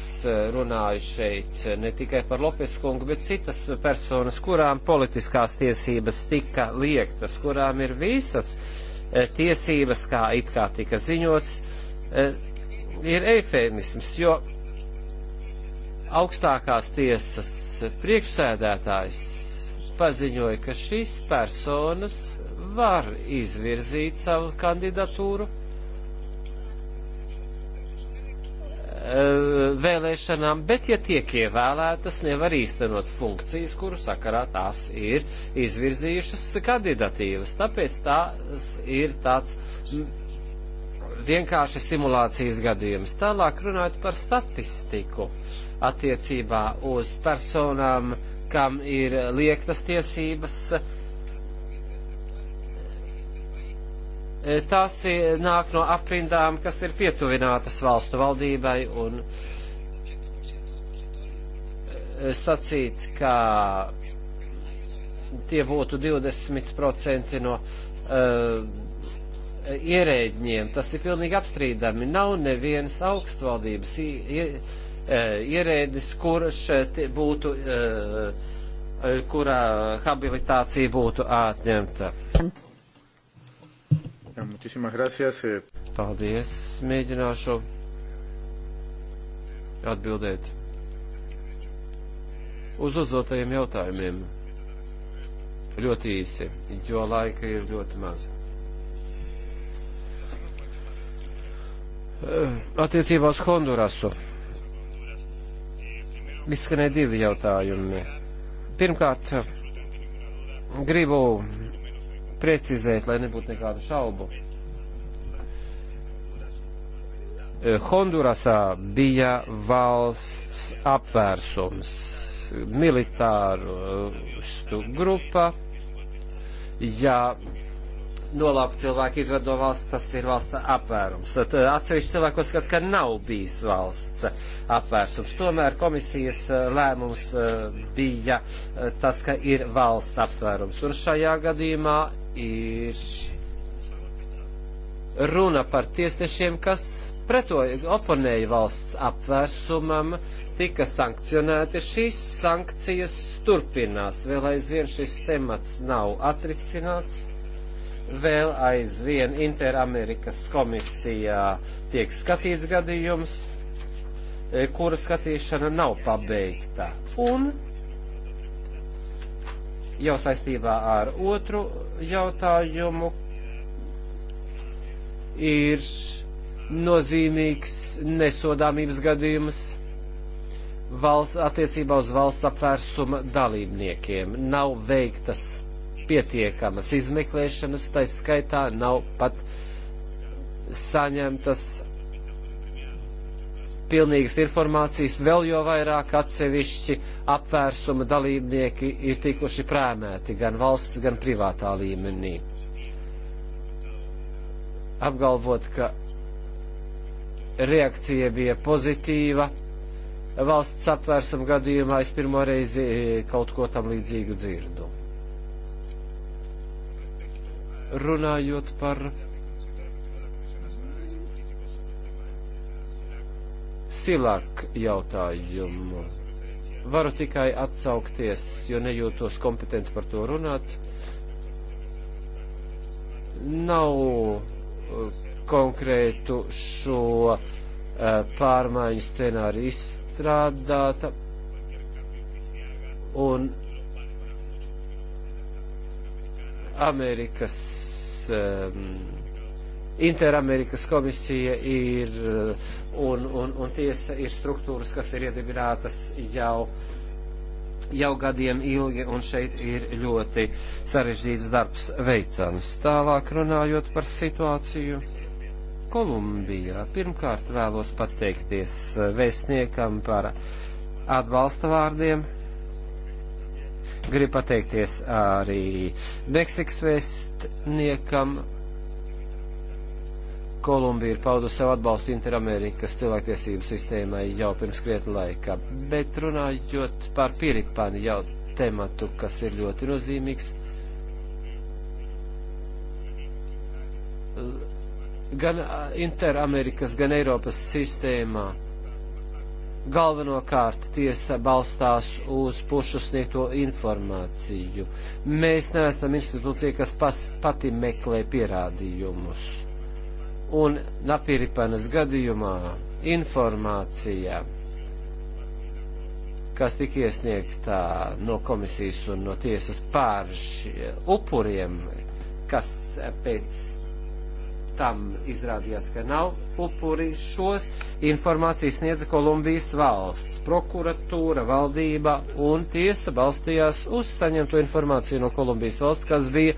runāju šeit ne tikai par Lopeskungu, bet citas personas, kurām politiskās tiesības tika liektas, kurām ir visas eh, tiesības, kā it kā tika ziņots, eh, ir eifēmisms, jo augstākās tiesas priekšsēdētājs paziņoja, ka šīs personas var izvirzīt savu kandidatūru eh, vēlēšanām, bet, ja tiek ievēlētas, nevar īstenot funkcijas, kuru sakarā tās ir izvirzījušas kandidatīvas. Tāpēc tās ir tāds vienkārši simulācijas gadījums. Tālāk runājot par statistiku. Uh, attiecībā uz personām, kam ir liektas tiesības. Tās nāk no aprindām, kas ir pietuvinātas valstu valdībai un e, sacīt, ka tie būtu 20% no uh, ierēģiem. Tas ir pilnīgi apstrīdami. Nav nevienas augstvaldības Eh, ierēdis, kurš eh, būtu, eh, kurā habilitācija būtu atņemta. Paldies, mēģināšu atbildēt uz uzdotajiem jautājumiem ļoti īsi, jo laika ir ļoti maz. Attiecībā uz Hondurasu izskanēja divi jautājumi. Pirmkārt, gribu precizēt, lai nebūtu nekādu šaubu. Hondurasā bija valsts apvērsums, militāru uh, grupa, ja nolaukt cilvēku izved no valsts, tas ir valsts apvērums. Eh, atsevišķi cilvēki uzskata, ka nav bijis valsts apvērsums. Tomēr komisijas eh, lēmums eh, bija tas, ka ir valsts apsvērums. Un šajā gadījumā ir runa par tiesnešiem, kas pretoja, oponēja valsts apvērsumam, tika sankcionēti. Šīs sankcijas turpinās. Vēl aizvien šis temats nav atrisināts vēl aizvien Interamerikas komisijā tiek skatīts gadījums, e, kura skatīšana nav pabeigta. Un jau saistībā ar otru jautājumu ir nozīmīgs nesodāmības gadījums valsts, attiecībā uz valsts apvērsuma dalībniekiem. Nav veiktas pietiekamas izmeklēšanas, tai skaitā nav pat saņemtas pilnīgas informācijas, vēl jo vairāk atsevišķi apvērsuma dalībnieki ir tikuši prēmēti gan valsts, gan privātā līmenī. Apgalvot, ka reakcija bija pozitīva, valsts apvērsuma gadījumā es pirmo reizi eh, kaut ko tam līdzīgu dzirdu runājot par silāk jautājumu. Varu tikai atsaukties, jo nejūtos kompetents par to runāt. Nav uh, konkrētu šo uh, pārmaiņu scenāriju izstrādāta, un Amerikas, um, Interamerikas komisija ir uh, un, un, un tiesa ir struktūras, kas ir iedibinātas jau jau gadiem ilgi, un šeit ir ļoti sarežģīts darbs veicams. Tālāk runājot par situāciju Kolumbijā, pirmkārt vēlos pateikties vēstniekam par atbalsta vārdiem. Gribu pateikties arī Meksikas vēstniekam. Kolumbija ir paudusi savu atbalstu Interamerikas cilvēktiesību sistēmai jau pirms krietni laika, bet runājot par Piripani jau tematu, kas ir ļoti nozīmīgs, gan Interamerikas, gan Eiropas sistēmā galvenokārt tiesa balstās uz pušu sniegto informāciju. Mēs neesam institūcija, kas pas, pati meklē pierādījumus. Un Napiripanas gadījumā informācija, kas tika iesniegtā no komisijas un no tiesas pār upuriem, kas pēc tam izrādījās, ka nav upuri. Šos informācijas sniedza Kolumbijas valsts, prokuratūra, valdība un tiesa balstījās uz saņemto informāciju no Kolumbijas valsts, kas bija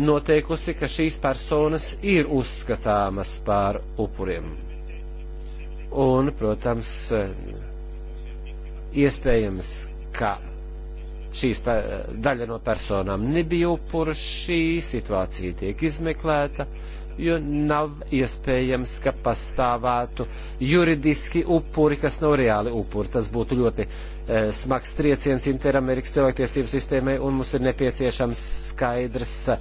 noteikusi, ka šīs personas ir uzskatāmas par upuriem. Un, protams, iespējams, ka šīs daļa no personām nebija upura, šī situācija tiek izmeklēta, jo nav iespējams, ka pastāvētu juridiski upuri, kas nav reāli upuri. Tas būtu ļoti e, smags trieciens Interamerikas cilvēktiesību sistēmai, un mums ir nepieciešams skaidrs e,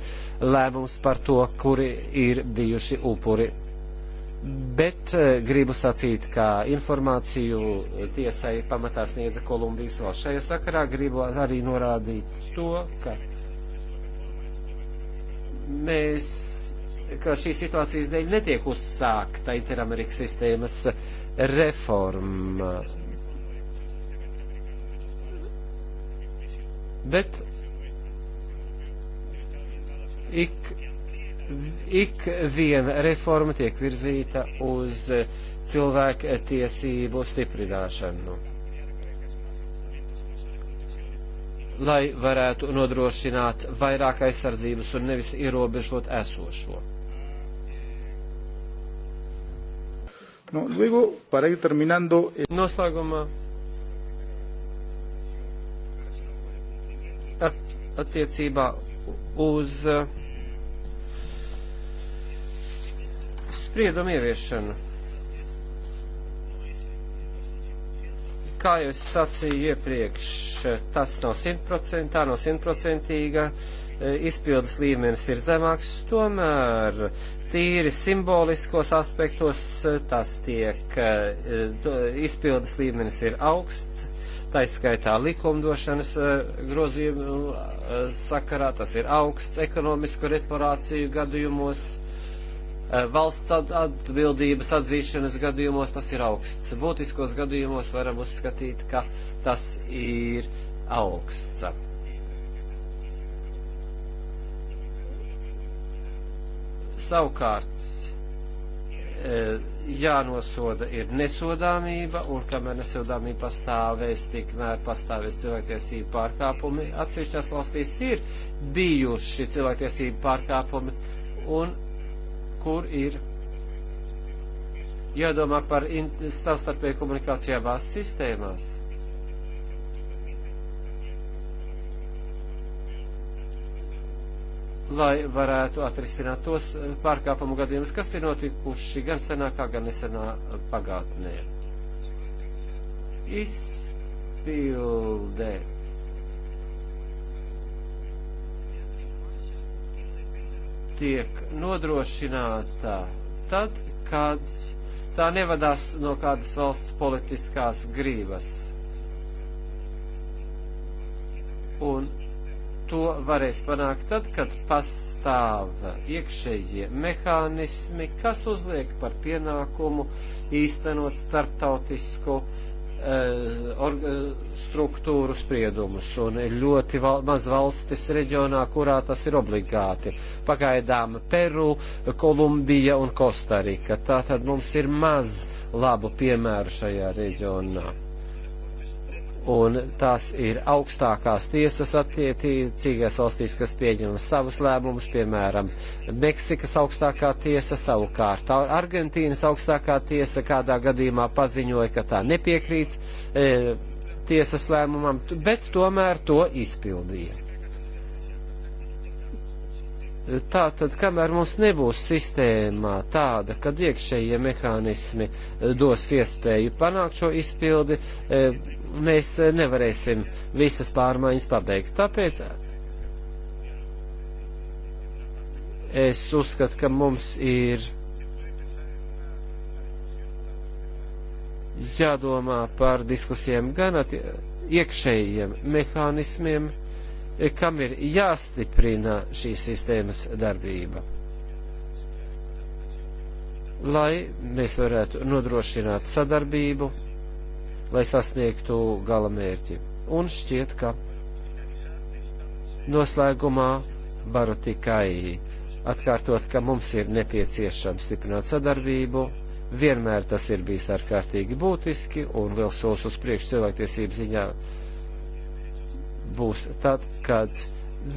lēmums par to, kuri ir bijuši upuri Bet eh, gribu sacīt, ka informāciju tiesai pamatā sniedza Kolumbijas valsts. Šajā sakarā gribu arī norādīt to, ka mēs, ka šīs situācijas dēļ netiek uzsākta Interamerikas sistēmas reforma. Bet ik ik viena reforma tiek virzīta uz cilvēku tiesību stiprināšanu. Lai varētu nodrošināt vairāk aizsardzības un nevis ierobežot esošo. No, luego, para ir terminando. Eh, Noslēgumā attiecībā uz uh, spriedumu ieviešanu. Kā jau es sacīju iepriekš, tas nav simtprocentīgi, tā nav simtprocentīga, e, izpildes līmenis ir zemāks, tomēr tīri simboliskos aspektos e, tas tiek, e, izpildes līmenis ir augsts, taiskaitā likumdošanas grozījumu sakarā, tas ir augsts ekonomisku reparāciju gadījumos, Eh, valsts atbildības atzīšanas gadījumos tas ir augsts. Būtiskos gadījumos varam uzskatīt, ka tas ir augsts. Savukārt, eh, jānosoda ir nesodāmība, un kamēr nesodāmība pastāvēs, tikmēr pastāvēs cilvēktiesību pārkāpumi. Atsevišķās valstīs ir bijuši cilvēktiesību pārkāpumi, un kur ir jādomā par savstarpēju komunikācijā bāzes sistēmās. lai varētu atrisināt tos pārkāpumu gadījumus, kas ir notikuši gan senākā, gan nesenā pagātnē. Izpilde tiek nodrošināta tad, kad tā nevadās no kādas valsts politiskās grības. Un to varēs panākt tad, kad pastāv iekšējie mehānismi, kas uzliek par pienākumu īstenot starptautisku uh, Eh, eh, struktūru spriedumus un ir ļoti val, maz valstis reģionā, kurā tas ir obligāti. Pagaidām Peru, Kolumbija un Kostarika. Tātad mums ir maz labu piemēru šajā reģionā un tās ir augstākās tiesas attiecīgās valstīs, kas pieņem savus lēmumus, piemēram, Meksikas augstākā tiesa, savukārt Argentīnas augstākā tiesa kādā gadījumā paziņoja, ka tā nepiekrīt e, tiesas lēmumam, bet tomēr to izpildīja. Tā tad, kamēr mums nebūs sistēmā tāda, kad iekšējie mehānismi eh, dos iespēju panākt šo izpildi, eh, mēs eh, nevarēsim visas pārmaiņas pabeigt. Tāpēc es uzskatu, ka mums ir jādomā par diskusijām gan iekšējiem mehānismiem, kam ir jāstiprina šīs sistēmas darbība. Lai mēs varētu nodrošināt sadarbību, lai sasniegtu gala mērķi. Un šķiet, ka noslēgumā varu tikai atkārtot, ka mums ir nepieciešams stiprināt sadarbību, vienmēr tas ir bijis ārkārtīgi būtiski un liels solis uz priekšu cilvēktiesību ziņā būs tad, kad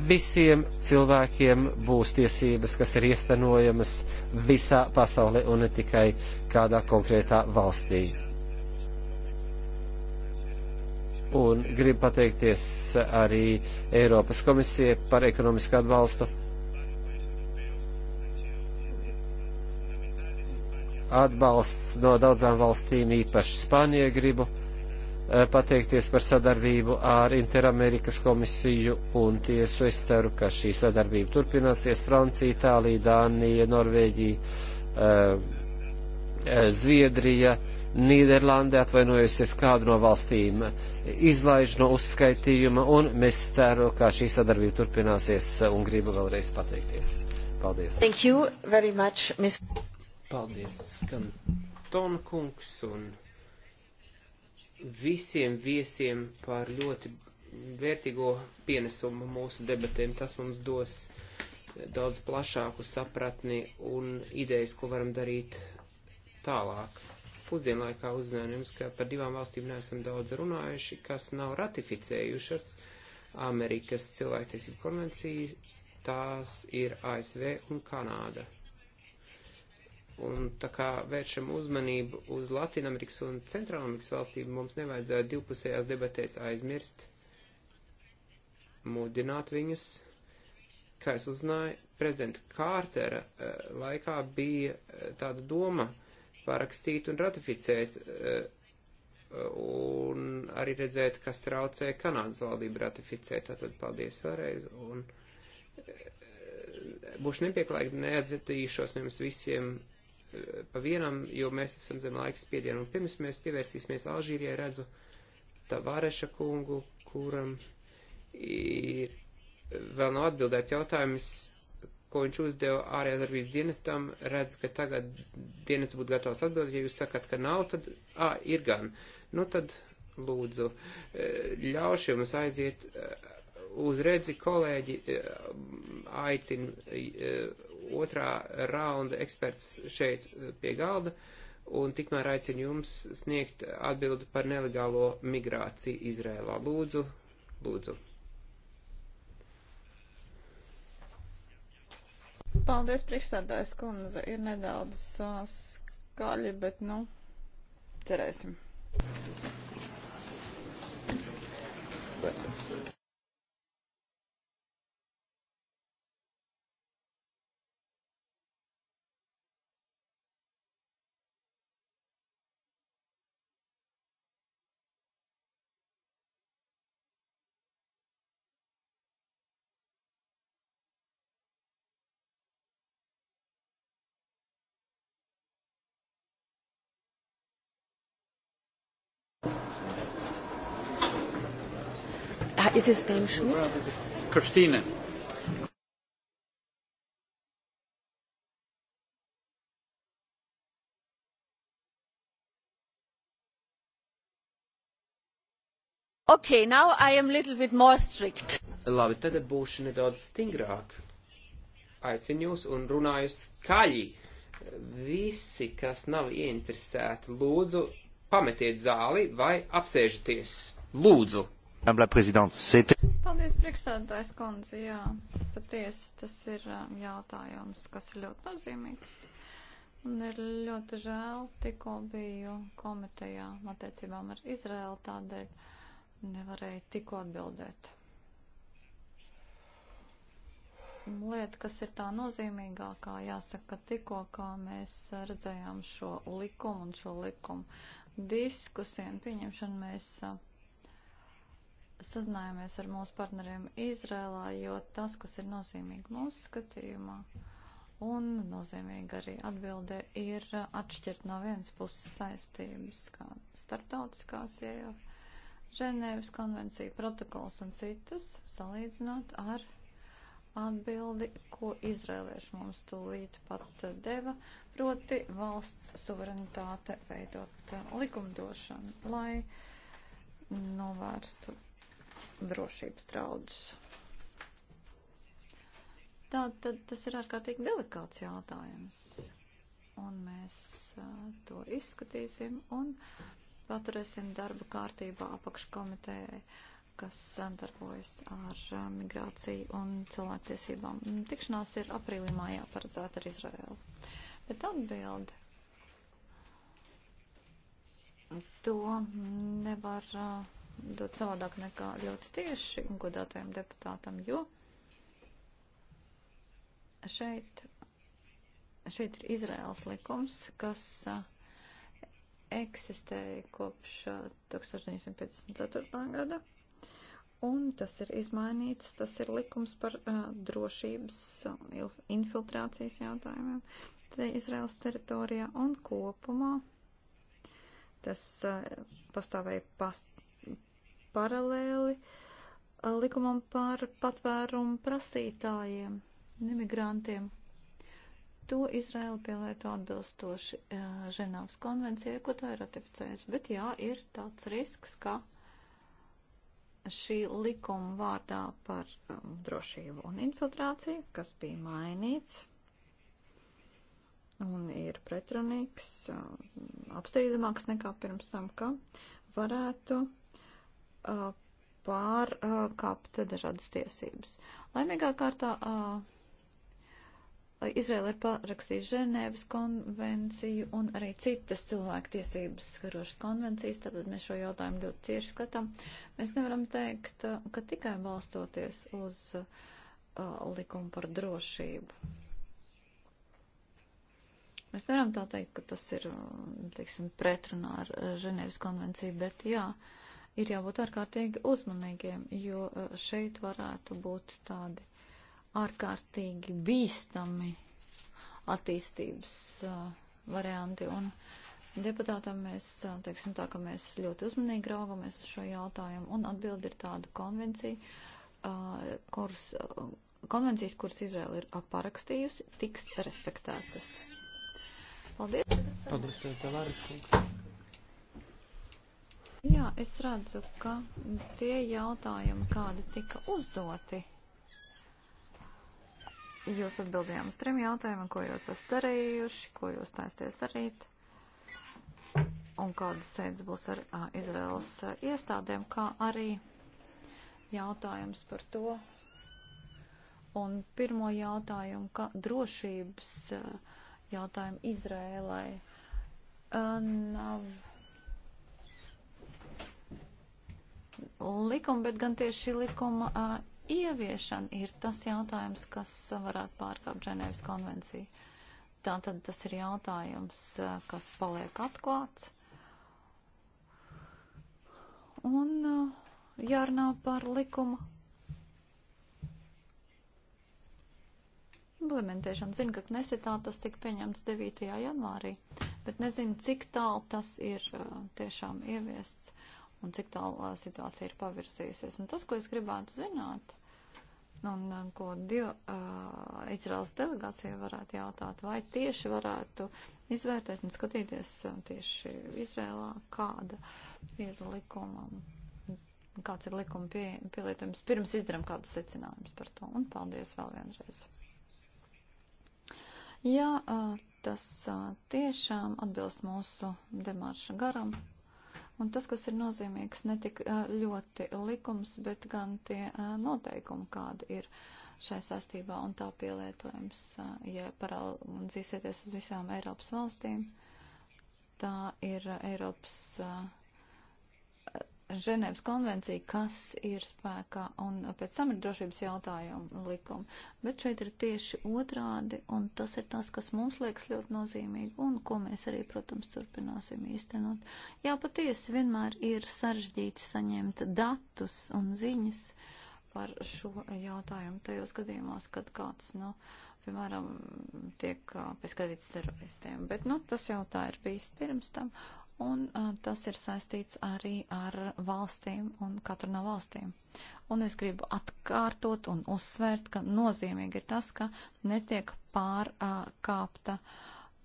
visiem cilvēkiem būs tiesības, kas ir iestenojamas visā pasaulē un ne tikai kādā konkrētā valstī. Un gribu pateikties arī Eiropas komisijai par ekonomisku atbalstu. Atbalsts no daudzām valstīm, īpaši Spānijai gribu Eh, pateikties par sadarbību ar Interamerikas komisiju un tiesu. Es ceru, ka šī sadarbība turpināsies Francija, Itālija, Dānija, Norvēģija, eh, eh, Zviedrija. Nīderlandē atvainojusies kādu no valstīm izlaiž no uzskaitījuma, un mēs ceru, ka šī sadarbība turpināsies un gribu vēlreiz pateikties. Paldies. Thank you very much, Miss. Paldies, Kanton kungs, un visiem viesiem par ļoti vērtīgo pienesumu mūsu debatēm. Tas mums dos daudz plašāku sapratni un idejas, ko varam darīt tālāk. Pusdienlaikā uzzināju jums, ka par divām valstīm neesam daudz runājuši, kas nav ratificējušas Amerikas cilvēktiesību konvenciju. Tās ir ASV un Kanāda. Un tā kā vēršam uzmanību uz Latinamerikas un Centrālamerikas valstību, mums nevajadzētu divpusējās debatēs aizmirst, mudināt viņus. Kā es uzzināju, prezidenta Kārtera eh, laikā bija eh, tāda doma parakstīt un ratificēt eh, un arī redzēt, kas traucē Kanādas valdību ratificēt. Tātad paldies vēlreiz. Un, būšu nepieklājīgi, neatvetīšos jums visiem pa vienam, jo mēs esam zem laika spiedienu. Un pirms mēs pievērsīsimies Alžīrijai, redzu Tavareša kungu, kuram ir vēl nav atbildēts jautājums, ko viņš uzdeva ārējās darbības dienestam. Redzu, ka tagad dienests būtu gatavs atbildēt. Ja jūs sakat, ka nav, tad, ā, ir gan. Nu tad, lūdzu, ļaušu jums aiziet. Uzredzi kolēģi aicina otrā raunda eksperts šeit eh, pie galda, un tikmēr aicinu jums sniegt atbildi par nelegālo migrāciju Izrēlā. Lūdzu, lūdzu. Paldies, priekšstādājas kundze. Ir nedaudz uh, skaļi, bet, nu, cerēsim. Bet. Da ist es beim Schmidt. Christine. Okay, now I am little bit more strict. Labi, tagad būšu nedaudz stingrāk. Aicinu jūs un runāju skaļi. Visi, kas nav ieinteresēti, lūdzu pametiet zāli vai apsēžaties. Lūdzu! Paldies, priekšsēdētājs kundze, jā, patiesi tas ir um, jautājums, kas ir ļoti nozīmīgs. Un ir ļoti žēl, tikko biju komitejā attiecībām ar Izraēlu, tādēļ nevarēju tikko atbildēt. Lieta, kas ir tā nozīmīgākā, jāsaka, tikko kā mēs redzējām šo likumu un šo likumu diskusiju un pieņemšanu mēs sazinājāmies ar mūsu partneriem Izrēlā, jo tas, kas ir nozīmīgi mūsu skatījumā un nozīmīgi arī atbildē, ir atšķirt no vienas puses saistības, kā starptautiskās jau Ženēvas konvencija protokols un citus, salīdzinot ar atbildi, ko izrēlieši mums tūlīt pat deva, proti valsts suverenitāte veidot eh, likumdošanu, lai novērstu drošības draudus. Tā tad tas ir ārkārtīgi delikāts jautājums. Un mēs uh, to izskatīsim un paturēsim darba kārtībā apakškomitējai. Uh, kas darbojas ar migrāciju un cilvēktiesībām. Tikšanās ir aprīlī mājā paredzēta ar Izraēlu. Bet atbildi to nevar dot savādāk nekā ļoti tieši godātajam deputātam, jo šeit, šeit ir Izraēlas likums, kas eksistēja kopš 1954. gada Un tas ir izmainīts, tas ir likums par uh, drošības uh, infiltrācijas jautājumiem te Izraels teritorijā un kopumā. Tas uh, pastāvēja pas paralēli uh, likumam par patvērumu prasītājiem, imigrantiem. To Izraela pielieto atbilstoši uh, Ženāvas konvencijai, ko tā ir ratificējusi. Bet jā, ir tāds risks, ka. Uh, šī likuma vārdā par um, drošību un infiltrāciju, kas bija mainīts un ir pretrunīgs, um, apstrīdamāks nekā pirms tam, ka varētu uh, pārkāpt uh, dažādas tiesības. Laimīgā kārtā uh, Izraela ir parakstījusi Ženēvas konvenciju un arī citas cilvēktiesības skarošas konvencijas, tad mēs šo jautājumu ļoti cieši skatām. Mēs nevaram teikt, uh, ka tikai balstoties uz uh, likumu par drošību. Mēs nevaram tā teikt, ka tas ir, uh, teiksim, pretrunā ar uh, Ženēvas konvenciju, bet jā, ir jābūt ārkārtīgi uzmanīgiem, jo šeit varētu būt tādi ārkārtīgi bīstami attīstības uh, varianti. Un deputātam mēs, teiksim tā, ka mēs ļoti uzmanīgi raugamies uz šo jautājumu, un atbildi ir tāda konvencija, uh, kuras, uh, konvencijas, kuras Izraela ir parakstījusi, tiks respektētas. Paldies! Paldies, Tevāris kungs! Jā, es redzu, ka tie jautājumi, kādi tika uzdoti, Jūs atbildījām uz trim jautājumiem, ko jūs esat darījuši, ko jūs taisties darīt un kādas sēdes būs ar a, Izraels a, iestādēm, kā arī jautājums par to. Un pirmo jautājumu, kā drošības a, jautājumu Izrēlai. Nav likuma, bet gan tieši likuma ieviešana ir tas jautājums, kas varētu pārkāpt Ženēvas konvenciju. Tātad tas ir jautājums, kas paliek atklāts. Un uh, jārunā par likumu implementēšanu. Zinu, ka Knesitā tas tika pieņemts 9. janvārī, bet nezinu, cik tālu tas ir uh, tiešām ieviests un cik tālu uh, situācija ir pavirsījusies. Un tas, ko es gribētu zināt, Un uh, ko dio, uh, Izraels delegācija varētu jautāt, vai tieši varētu izvērtēt un skatīties uh, tieši Izrēlā, kāda ir likuma, kāds ir likuma pie, pielietojums, pirms izdarām kādus secinājumus par to. Un paldies vēl vienreiz. Jā, uh, tas uh, tiešām atbilst mūsu demarša garam. Un tas, kas ir nozīmīgs, ne tik ļoti likums, bet gan tie noteikumi, kāda ir šai sastībā un tā pielietojums, ja paralīzīsieties uz visām Eiropas valstīm. Tā ir Eiropas uh, Ženēvas konvencija, kas ir spēkā, un pēc tam ir drošības jautājumu likumi. Bet šeit ir tieši otrādi, un tas ir tas, kas mums liekas ļoti nozīmīgi, un ko mēs arī, protams, turpināsim īstenot. Jā, patiesi vienmēr ir sarežģīti saņemt datus un ziņas par šo jautājumu tajos gadījumos, kad kāds, nu, piemēram, tiek pieskatīts teroristiem. Bet, nu, tas jau tā ir bijis pirms tam. Uh, un uh, tas ir saistīts arī ar valstīm un katru no valstīm. Un es gribu atkārtot un uzsvērt, ka nozīmīgi ir tas, ka netiek pārkāpta uh,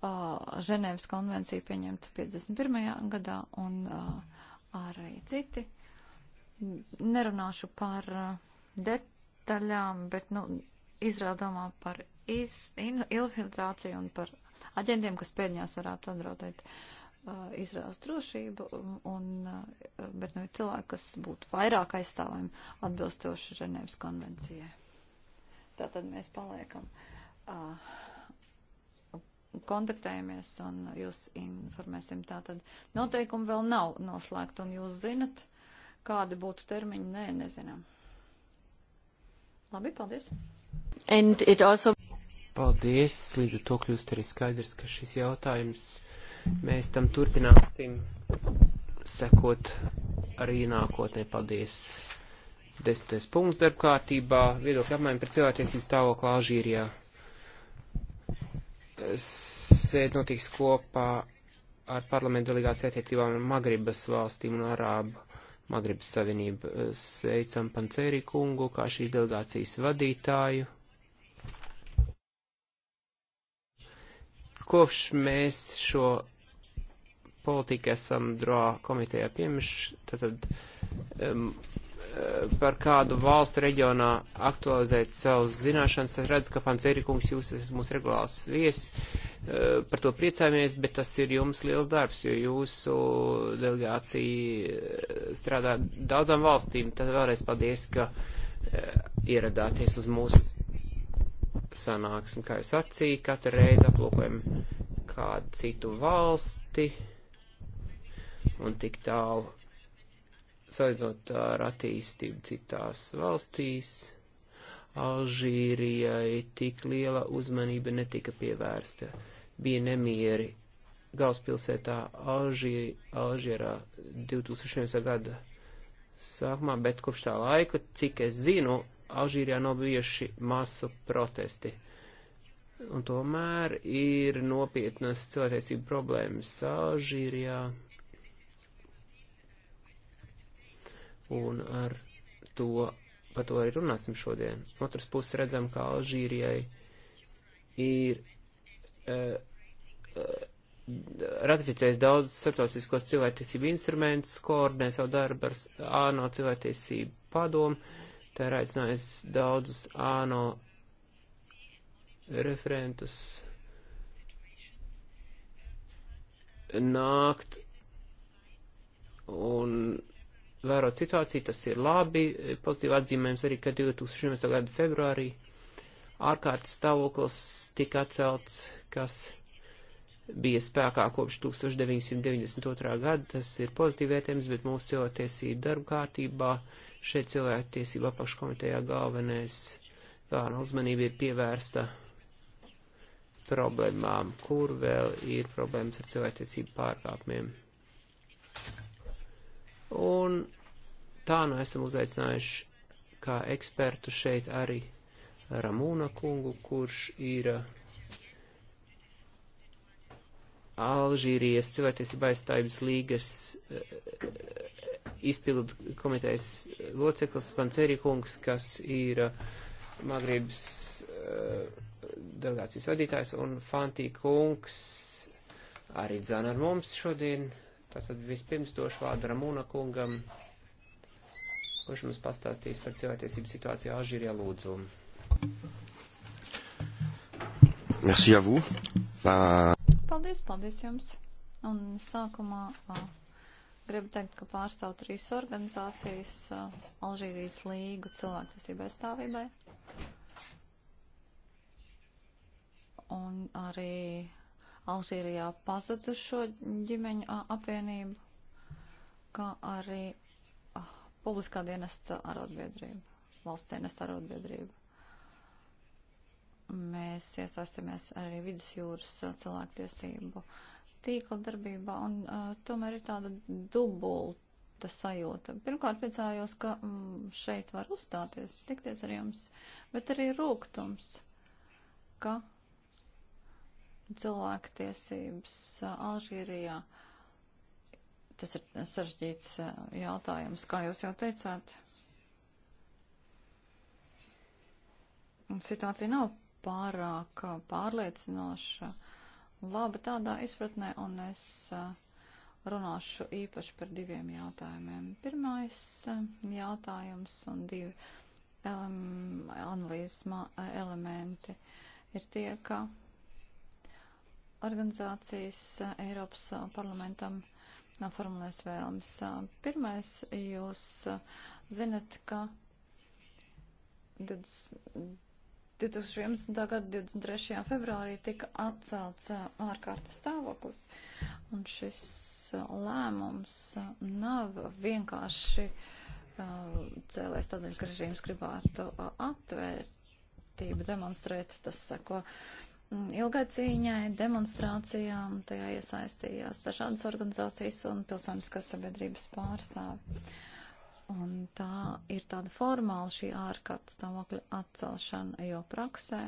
uh, Ženēvas konvencija pieņemta 51. gadā un uh, arī citi. Nerunāšu par uh, detaļām, bet, nu, izrādāmā par iz, in, infiltrāciju un par aģentiem, kas pēdņās varētu atbraudēt. Uh, izrādes drošību, un, bet nu, ir cilvēki, kas būtu vairāk aizstāvami atbilstoši Ženēvas konvencijai. Tātad mēs paliekam, kontaktējamies, un jūs informēsim. Tātad noteikumi vēl nav noslēgti, un jūs zinat, kādi būtu termiņi? Nē, nezinām. Labi, paldies. And it also... Paldies, līdz ar to kļūst arī skaidrs, ka šis jautājums Mēs tam turpināsim sekot arī nākotnē. Paldies! Desmitais punkts darba kārtībā - viedokļa apmaiņa par cilvēktiesību stāvokli Alžīrijā. Sēd notiks kopā ar parlamentu delegāciju attiecībām ar Magribas valstīm un Arābu Magribas Savienību. Sveicam Pancēri kungu kā šīs delegācijas vadītāju. kopš mēs šo politiku esam DRO komitejā piemiši, tad, tad um, par kādu valstu reģionā aktualizēt savus zināšanas, tad redzu, ka pants Erikungs, jūs esat mūsu regulārs viesis, eh, par to priecājamies, bet tas ir jums liels darbs, jo jūsu delegācija eh, strādā daudzām valstīm, tad vēlreiz paldies, ka ieradāties uz mūsu sanāksmi, kā es sacīju, katru reizi aplūkojam kādu citu valsti un tik tālu salīdzinot ar attīstību citās valstīs. Alžīrijai tik liela uzmanība netika pievērsta. Bija nemieri galvaspilsētā Alžīri, Alžīrā 2006. gada sākumā, bet kopš tā laika, cik es zinu, Alžīrijā nav bijuši masu protesti. Un tomēr ir nopietnas cilvēktiesību problēmas Alžīrijā. Un ar to, par to arī runāsim šodien. Otrs puses redzam, ka Alžīrijai ir uh, uh, ratificējis daudz starptautiskos cilvēktiesību instrumentus, koordinē savu darbu ar ANO cilvēktiesību padomu Tā ir aicinājusi daudzus āno referentus nākt un vērot situāciju, tas ir labi. Pozitīvi atzīmējums arī, ka 2011. gada februārī ārkārtas stāvoklis tika atcelts, kas bija spēkā kopš 1992. gada. Tas ir pozitīvi vērtējums, bet mūsu cilvēktiesību darba kārtībā uh, Šeit cilvēku tiesību apakškomitejā galvenais, galvenā uzmanība ir pievērsta problēmām, kur vēl ir problēmas ar cilvēktiesību pārkāpumiem. Un tā nu esam uzaicinājuši kā ekspertu šeit arī Ramūna kungu, kurš ir uh, Alžīrijas cilvēktiesība aizstājības līgas uh, izpildu komitejas loceklis Panceri kungs, kas ir uh, Magrības uh, delegācijas vadītājs, un Fantī kungs arī dzana ar mums šodien. Tātad vispirms došu vārdu Ramūna kungam, kurš mums pastāstīs par cilvēktiesību situāciju Alžīrijā lūdzu. Merci à vous. Pa... Paldies, paldies jums. Un sākumā Gribu teikt, ka pārstāv trīs organizācijas uh, Alžīrijas līgu cilvēktiesību aizstāvībai. Un arī Alžīrijā pazudušo ģimeņu uh, apvienību, kā arī uh, publiskā dienesta arotbiedrība, valsts dienesta arotbiedrība. Mēs iesaistamies arī vidusjūras cilvēktiesību uh, tīkla darbībā, un uh, tomēr ir tāda dubulta sajūta. Pirmkārt, priecājos, ka mm, šeit var uzstāties, tikties ar jums, bet arī rūgtums, ka cilvēktiesības uh, Alžīrijā, tas ir sarežģīts uh, jautājums, kā jūs jau teicāt. Situācija nav pārāk uh, pārliecinoša. Uh, laba tādā izpratnē, un es uh, runāšu īpaši par diviem jautājumiem. Pirmais uh, jautājums un divi um, analīzes uh, elementi ir tie, ka organizācijas Eiropas parlamentam nav formulēs vēlams. Pirmais, jūs zinat, ka 20. 2011. gada 23. februārī tika atcelts ārkārtas stāvoklis, un šis lēmums nav vienkārši cēlēs tādēļ, ka režīms gribētu atvērtību demonstrēt, tas seko ilgai cīņai, demonstrācijām, tajā iesaistījās dažādas organizācijas un pilsoniskās sabiedrības pārstāvi. Un tā ir tāda formāla šī ārkārtas stāvokļa atcelšana, jo praksē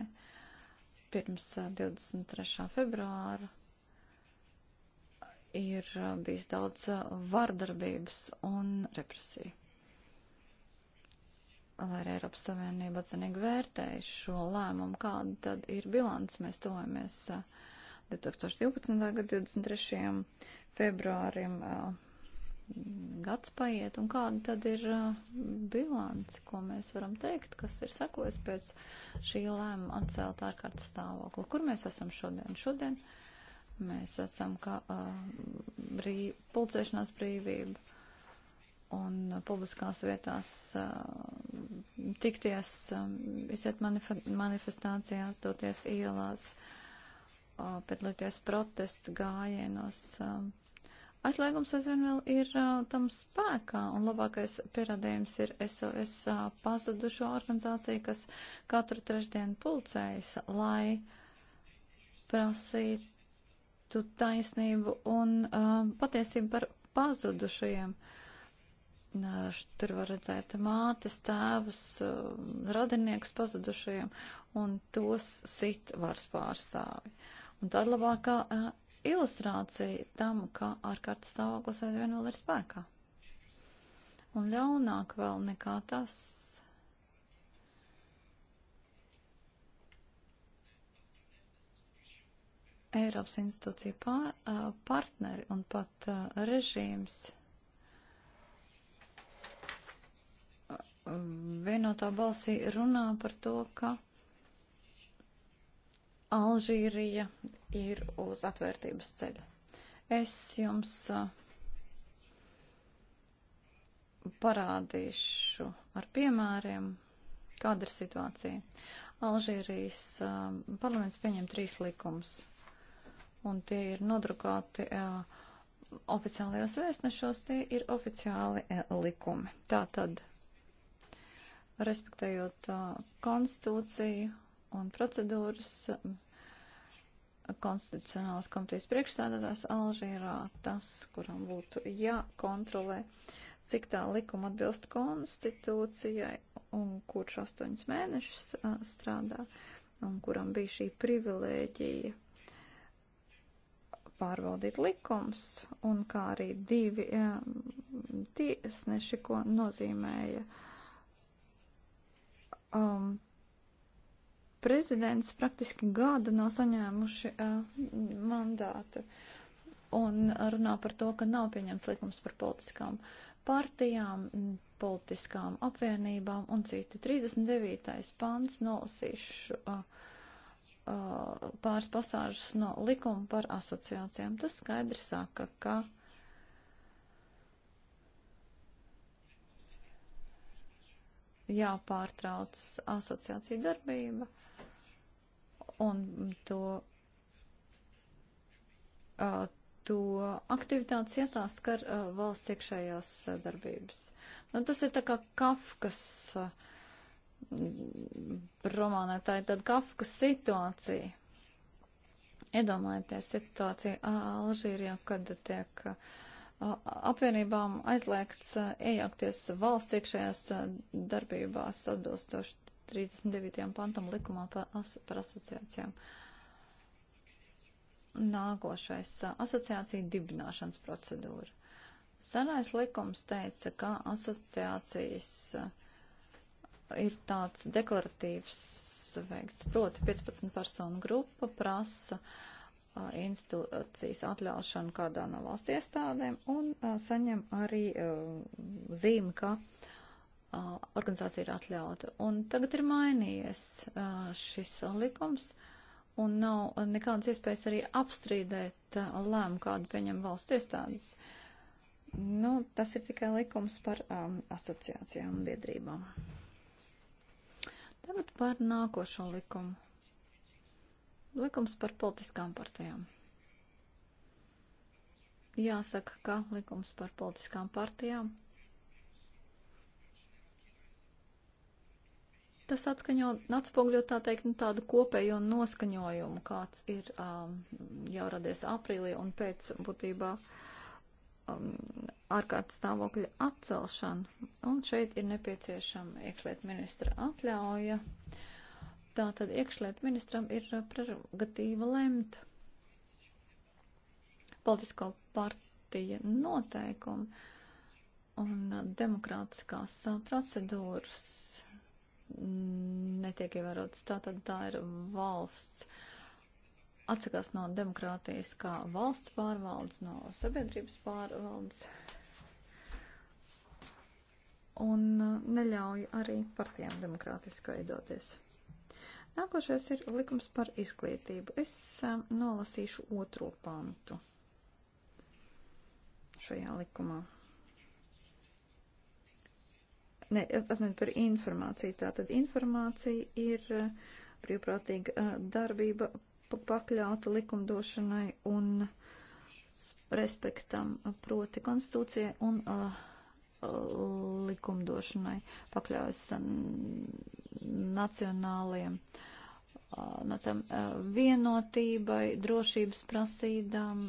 pirms 23. februāra ir bijis daudz vardarbības un represiju. Lai arī Eiropas Savienība atzinīgi vērtēja šo lēmumu, kāda tad ir bilants, mēs tojamies 2012. gada 23. februārim. Uh, gads paiet, un kāda tad ir uh, bilance, ko mēs varam teikt, kas ir sekojis pēc šī lēmuma atcelt ārkārtas stāvokli. Kur mēs esam šodien? Šodien mēs esam kā uh, brīv, pulcēšanās brīvība un publiskās vietās uh, tikties, um, iziet manif manifestācijās, doties ielās, piedalīties protestu gājienos. A, um, Aizliegums aizvien vēl ir uh, tam spēkā, un labākais pierādījums ir SOS uh, pazudušo organizācija, kas katru trešdienu pulcējas, lai prasītu taisnību un uh, patiesību par pazudušajiem. Uh, tur var redzēt mātes, tēvus, uh, radiniekus pazudušajiem, un tos sit varas pārstāvi. Un tā ir labākā uh, ilustrācija tam, ka ārkārtas stāvoklis aizvien vēl ir spēkā. Un ļaunāk vēl nekā tas. Eiropas institūcija pār, partneri un pat režīms vienotā balsī runā par to, ka Alžīrija ir uz atvērtības ceļa. Es jums uh, parādīšu ar piemēriem, kāda ir situācija. Alžīrijas uh, parlaments pieņem trīs likumus, un tie ir nodrukāti uh, oficiālajos vēstnešos, tie ir oficiāli likumi. Tātad, respektējot konstitūciju un procedūras um, konstitucionālas komitejas priekšsēdētājs Alžīrā tas, kuram būtu jākontrolē, cik tā likuma atbilst konstitūcijai un kurš astoņus mēnešus a, uh, strādā un kuram bija šī privilēģija pārvaldīt likums un kā arī divi a, um, tiesneši, ko nozīmēja um, prezidents praktiski gadu nav saņēmuši uh, mandātu un runā par to, ka nav pieņemts likums par politiskām partijām, politiskām apvienībām un citi. 39. pants nolasīšu uh, uh, pāris pasāžas no likuma par asociācijām. Tas skaidri saka, ka uh, jāpārtrauc asociācija darbība un to, uh, to aktivitātes, ja tās skar uh, valsts iekšējās uh, darbības. Nu, tas ir tā kā Kafkas romānā, tā ir tāda Kafkas situācija. Iedomājieties situāciju Alžīrijā, kad tiek uh, apvienībām aizliegts iejaukties valsts iekšējās darbībās atbilstoši 39. pantam likumā par asociācijām. Nākošais - asociācija dibināšanas procedūra. Senais likums teica, ka asociācijas ir tāds deklaratīvs veikts, proti 15 personu grupa prasa uh, institūcijas atļaušanu kādā no valsts iestādēm un saņem arī zīmi, ka organizācija ir atļauta. Un tagad ir mainījies šis likums un nav nekādas iespējas arī apstrīdēt lēmu, kādu pieņem valsts iestādes. Nu, tas ir tikai likums par um, asociācijām un biedrībām. Tagad par nākošo likumu. Likums par politiskām partijām. Jāsaka, ka likums par politiskām partijām. Tas atskaņo, atspogļo tā teikt, nu, tādu kopējo noskaņojumu, kāds ir um, jau radies aprīlī un pēc būtībā um, ārkārtas stāvokļa atcelšana. Un šeit ir nepieciešama iekšliet ministra atļauja. Uh, Tātad iekšlietu ministram ir uh, prerogatīva lemt. Politisko partija noteikumi un uh, demokrātiskās uh, procedūras netiek ievērotas. Tātad tā ir valsts. Atsakās no demokrātijas kā valsts pārvaldes, no sabiedrības pārvaldes un neļauj arī partijām demokrātiski veidoties. Nākošais ir likums par izglītību. Es um, nolasīšu otro pantu šajā likumā. Ne, atmiņ par informāciju. Tātad informācija ir uh, brīvprātīga uh, darbība pakļauta likumdošanai un respektam uh, proti konstitūcijai un uh, likumdošanai, pakļaujas um, nacionāliem uh, nacam, uh, vienotībai, drošības prasībām,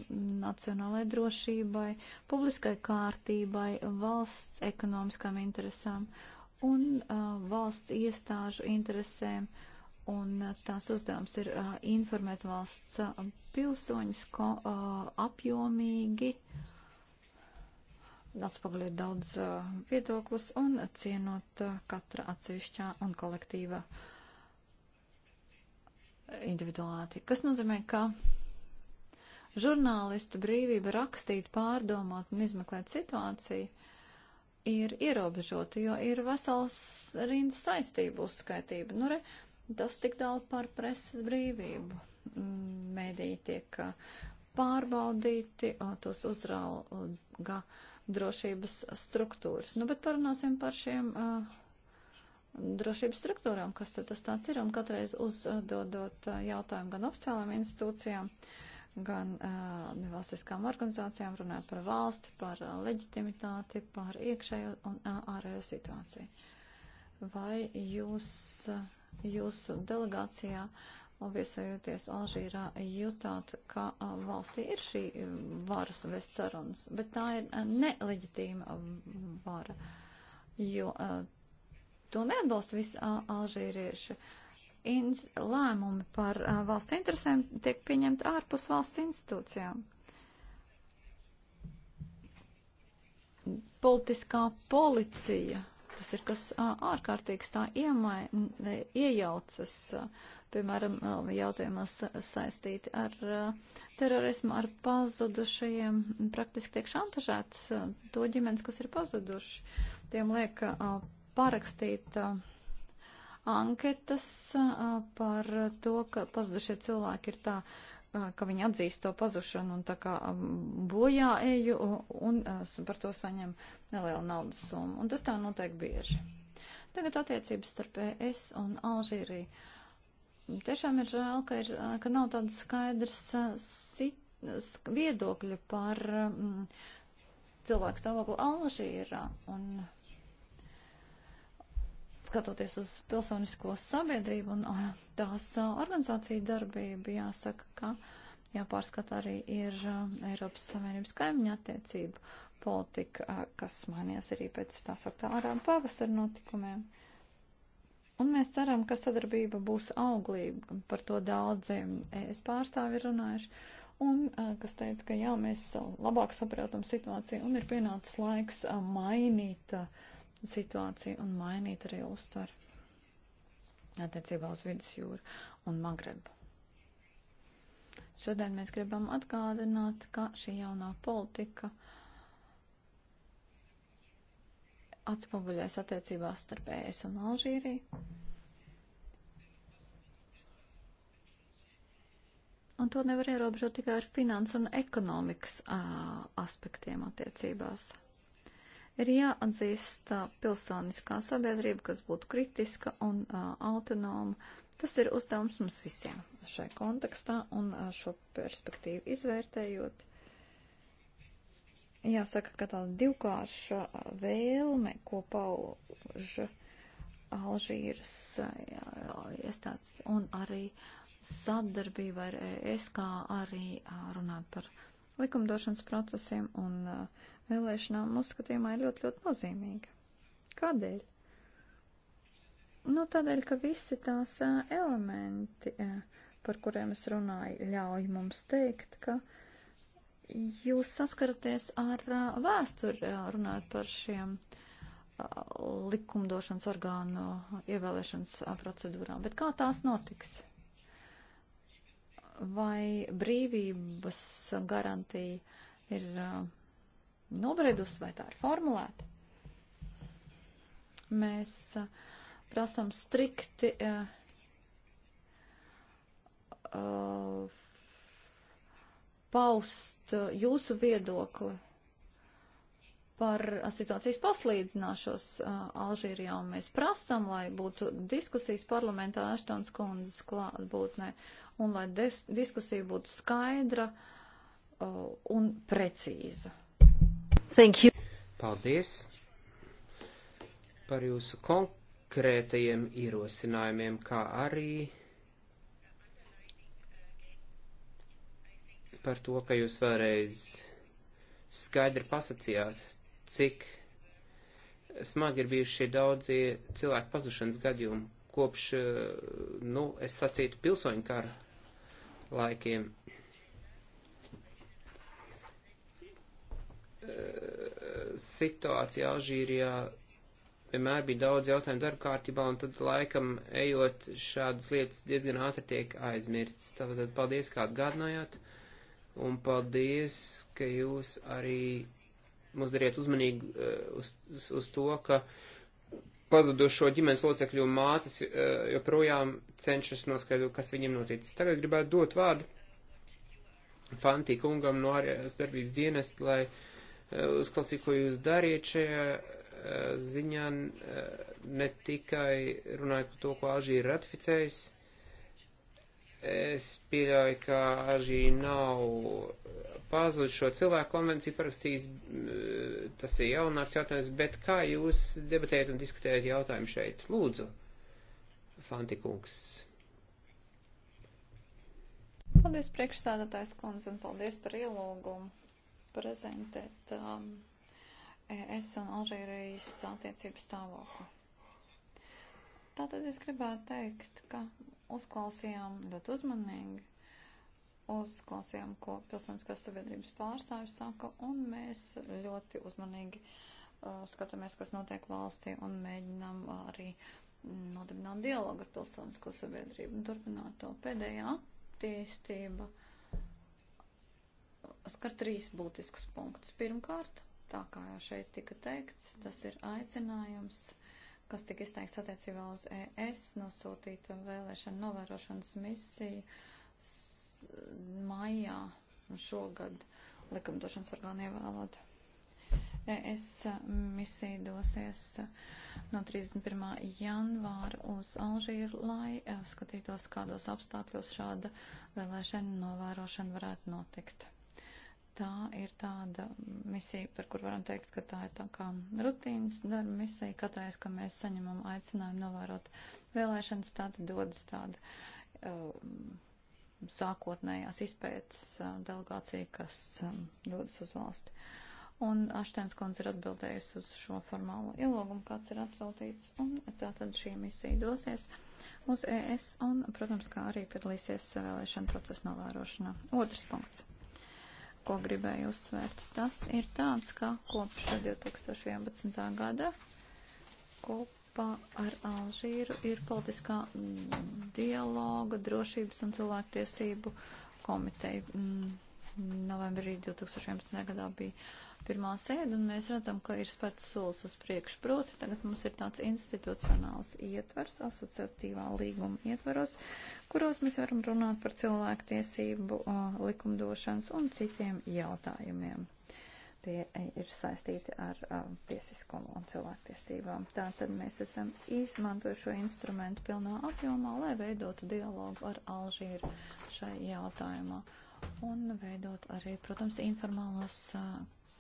nacionālajai drošībai, publiskai kārtībai, valsts ekonomiskām interesām un uh, valsts iestāžu interesēm. Un tās uzdevums ir informēt valsts pilsoņus apjomīgi. Uh, atspoguļot daudz viedoklus un cienot katra atsevišķā un kolektīva individuāti. Kas nozīmē, ka žurnālistu brīvība rakstīt, pārdomāt un izmeklēt situāciju ir ierobežota, jo ir vesels rindas saistību uzskaitība. Nu, re, tas tik daudz par preses brīvību. Mm, Mēdī tiek pārbaudīti, tos uzrauga. Uh, drošības struktūras. Nu, bet parunāsim par šiem uh, drošības struktūrām, kas tad tas tāds ir, un katreiz uzdodot uh, jautājumu gan oficiālām institūcijām, gan uh, nevalstiskām organizācijām, runājot par valsti, par uh, leģitimitāti, par iekšējo un uh, ārējo situāciju. Vai jūs, uh, jūsu delegācijā uh, Un viesojoties Alžīrā, jutāt, ka valstī ir šī varas vest sarunas, bet tā ir neleģitīma vara, jo to neatbalsta visi alžīrieši. Inz, lēmumi par uh, valsts interesēm tiek pieņemti ārpus valsts institūcijām. Politiskā policija, tas ir kas uh, ārkārtīgs, tā iemai, e, iejaucas uh, piemēram, um, jautājumos saistīti ar uh, terorismu, ar pazudušajiem, praktiski tiek šantažētas uh, to ģimenes, kas ir pazuduši. Tiem liek uh, parakstīt anketas par to, ka pazudušie cilvēki ir tā ka viņi atzīst to pazušanu un tā kā um, bojā eju un, un par to saņem nelielu naudas summu. Un tas tā notiek bieži. Tagad attiecības starp ES un Alžīriju. Tiešām ir žēl, ka, ir, ka nav tādas skaidras viedokļa par mm, cilvēku stāvokli Alžīrā. Un, skatoties uz pilsonisko sabiedrību un tās organizāciju darbību, jāsaka, ka jāpārskata arī ir Eiropas Savienības kaimiņa attiecību politika, kas mainījās arī pēc tā sauktā ārā pavasara notikumiem. Uh, Un mēs ceram, ka sadarbība būs auglība, par to daudziem es pārstāvi runājuši, un kas teica, ka jā, mēs labāk saprotam situāciju un ir pienācis laiks mainīt situāciju un mainīt arī uztvaru attiecībā uz vidusjūru un Magrebu. Šodien mēs gribam atgādināt, ka šī jaunā politika uh, atspoguļojas attiecībās starp ES un Alžīriju. Un to nevar ierobežot tikai ar finansu un ekonomikas uh, aspektiem attiecībās. Ir jāatzīst uh, pilsoniskā sabiedrība, kas būtu kritiska un uh, autonoma. Tas ir uzdevums mums visiem šai kontekstā un uh, šo perspektīvu izvērtējot. Jāsaka, ka tāda divkārša vēlme, ko pauž Alžīras iestādes un arī sadarbība ar ES, kā arī runāt par likumdošanas procesiem un vēlēšanām, mūsu skatījumā ir ļoti, ļoti nozīmīga. Kādēļ? Nu, tādēļ, ka visi tās elementi, par kuriem es runāju, ļauj mums teikt, ka uh, jūs saskaraties ar vēsturi, runājot par šiem likumdošanas orgānu ievēlēšanas procedūrām, bet kā tās notiks? Vai brīvības garantija ir nobredus, vai tā ir formulēta? Mēs prasam strikti uh, uh, paust uh, jūsu viedokli par uh, situācijas paslīdzināšos uh, Alžīrijā, un mēs prasam, lai būtu diskusijas parlamentā Aštons kundzes klātbūtnē, un lai des, diskusija būtu skaidra uh, un precīza. Thank you. Paldies par jūsu konkrētajiem ierosinājumiem, kā arī par to, ka jūs vēlreiz skaidri pasacījāt, cik smagi ir bijuši šie daudzie cilvēku pazušanas gadījumi kopš, eh, nu, es sacītu, pilsoņu kara laikiem. Eh, situācija Alžīrijā vienmēr bija daudz jautājumu darba kārtībā, un tad laikam ejot šādas lietas diezgan ātri tiek aizmirstas. Tātad paldies, kā atgādinājāt un paldies, ka jūs arī mūs dariet uzmanīgi uh, uz, uz, uz to, ka pazudušo ģimenes locekļu mātes uh, joprojām cenšas noskaidrot, kas viņiem noticis. Tagad gribētu dot vārdu Fantī kungam no ārējās darbības dienest, lai uh, uzklausītu, ko jūs dariet šajā uh, ziņā, uh, ne tikai runājot par to, ko Alžīra ratificējas Es pieļauju, ka arī nav pazudis šo cilvēku konvenciju parakstījis, tas ir jaunāks jautājums, bet kā jūs debatējat un diskutējat jautājumu šeit? Lūdzu, Fantikungs. Paldies priekšsādātājs kundze un paldies par ielūgumu prezentēt um, ES un Alžīrijas attiecības stāvokli. Tātad es gribētu teikt, ka uzklausījām ļoti uzmanīgi, uzklausījām, ko pilsoniskās sabiedrības pārstāvis saka, un mēs ļoti uzmanīgi uh, skatāmies, kas notiek valstī, un mēģinām uh, arī nodibināt dialogu ar pilsonisko sabiedrību un turpināt to pēdējā attīstība uh, skar trīs būtiskus punktus. Pirmkārt, tā kā jau šeit tika teikts, tas ir aicinājums kas tika izteikts attiecībā uz ES nosūtītu vēlēšanu novērošanas misiju maijā šogad likumdošanas orgānu ievēlot. ES misija dosies no 31. janvāra uz Alžīru, lai e, skatītos, kādos apstākļos šāda vēlēšana novērošana varētu notikt tā ir tāda misija, par kur varam teikt, ka tā ir tā kā rutīnas darba misija. Katrais, ka mēs saņemam aicinājumu novērot vēlēšanas, tad dodas tāda um, sākotnējās izpētes uh, delegācija, kas um, dodas uz valsti. Un Aštēns kundze ir atbildējusi uz šo formālo ielūgumu, kāds ir atsūtīts, un tā tad šī misija dosies uz ES un, protams, kā arī piedalīsies vēlēšana procesa novērošanā. Otrs punkts ko gribēju uzsvērt. Tas ir tāds, ka kopš 2011. gada kopā ar Alžīru ir politiskā mm, dialoga, drošības un cilvēktiesību komiteja. Mm, novembrī 2011. gadā bija pirmā sēde, un mēs redzam, ka ir spērts solis uz priekšu. Proti, tagad mums ir tāds institucionāls ietvers, asociatīvā līguma ietveros, kuros mēs varam runāt par cilvēktiesību likumdošanas un citiem jautājumiem. Tie e, ir saistīti ar uh, tiesiskumu un cilvēktiesībām. Tātad mēs esam izmantojuši šo instrumentu pilnā apjomā, lai veidotu dialogu ar Alžīru šai jautājumā un veidot arī, protams, informālos uh,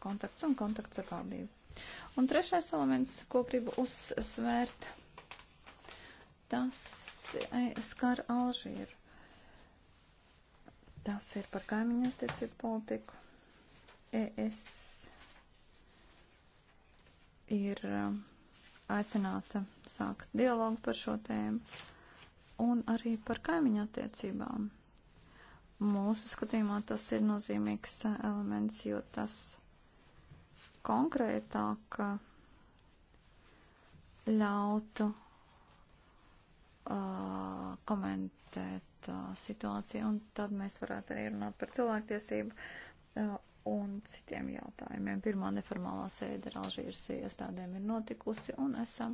kontakts un kontakts atbildība. Un trešais elements, ko gribu uzsvērt, tas e, skar Alžīru. Tas ir par kaimiņu attiecību politiku. ES ir e, aicināta sākt dialogu par šo tēmu un arī par kaimiņu attiecībām. Mūsu skatījumā tas ir nozīmīgs e, elements, jo tas konkrētāk uh, ļautu uh, komentēt uh, situāciju, un tad mēs varētu arī runāt par cilvēktiesību uh, un citiem jautājumiem. Pirmā neformālā sēde ar Alžīras iestādēm ir notikusi, un esam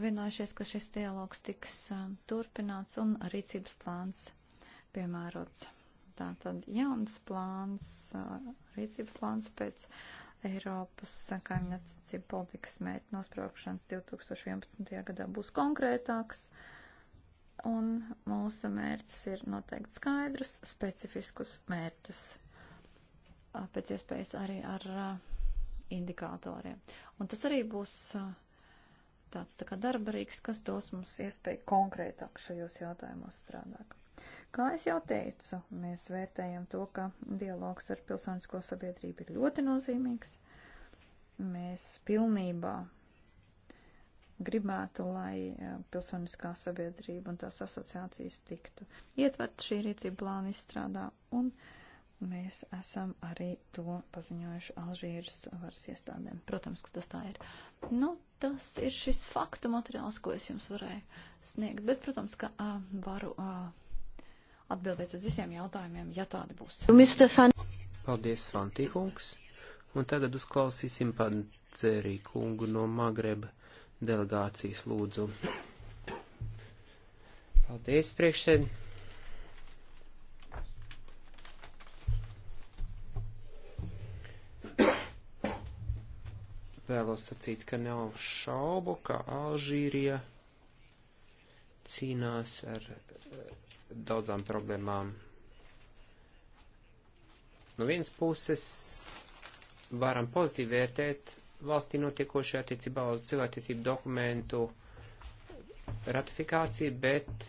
vienojušies, ka šis dialogs tiks uh, turpināts un rīcības plāns piemērots. Tātad jauns plāns, uh, rīcības plāns pēc uh, Eiropas kaimiņattiecību politikas mērķu nospraukšanas 2011. gadā būs konkrētāks, un mūsu mērķis ir noteikti skaidrs, specifiskus mērķus, pēc iespējas arī ar indikātoriem. Un tas arī būs tāds tā kā darbarīgs, kas dos mums iespēju konkrētāk šajos jautājumos strādāt. Kā es jau teicu, mēs vērtējam to, ka dialogs ar pilsonisko sabiedrību ir ļoti nozīmīgs. Mēs pilnībā gribētu, lai eh, pilsoniskā sabiedrība un tās asociācijas tiktu ietvert šī rīcība plāna izstrādā, un mēs esam arī to paziņojuši Alžīras varas iestādēm. Protams, ka tas tā ir. Nu, tas ir šis faktu materiāls, ko es jums varēju sniegt, bet, protams, ka uh, varu. Uh, atbildēt uz visiem jautājumiem, ja tādi būs. Paldies, Frantīkungs. Un tagad uzklausīsim Pancerī kungu no Magreba delegācijas lūdzu. Paldies, priekšsēd. Vēlos sacīt, ka nav šaubu, ka Alžīrija cīnās ar daudzām problēmām. No vienas puses varam pozitīvi vērtēt valstī notiekošajā attiecībā uz cilvēktiesību dokumentu ratifikāciju, bet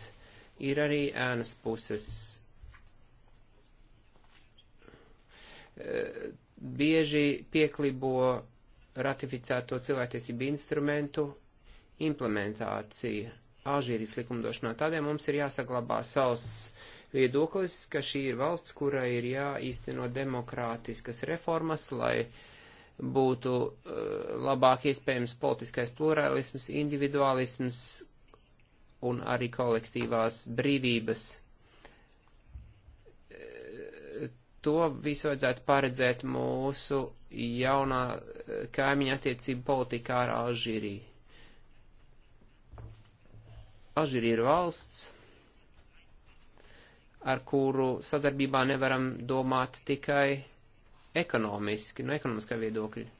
ir arī ēnas puses. Eh, bieži pieklibo ratificēto cilvēktiesību instrumentu implementācija Alžīrijas likumdošanā. Tādēļ mums ir jāsaglabā savs viedoklis, ka šī ir valsts, kurai ir jāīsteno demokrātiskas reformas, lai būtu uh, labāk iespējams politiskais plurālisms, individualisms un arī kolektīvās brīvības. Eh, to visu vajadzētu paredzēt mūsu jaunā eh, kaimiņa attiecību politikā ar Alžīriju Alžīrija ir valsts, ar kuru sadarbībā nevaram domāt tikai ekonomiski, no ekonomiskā viedokļa. E,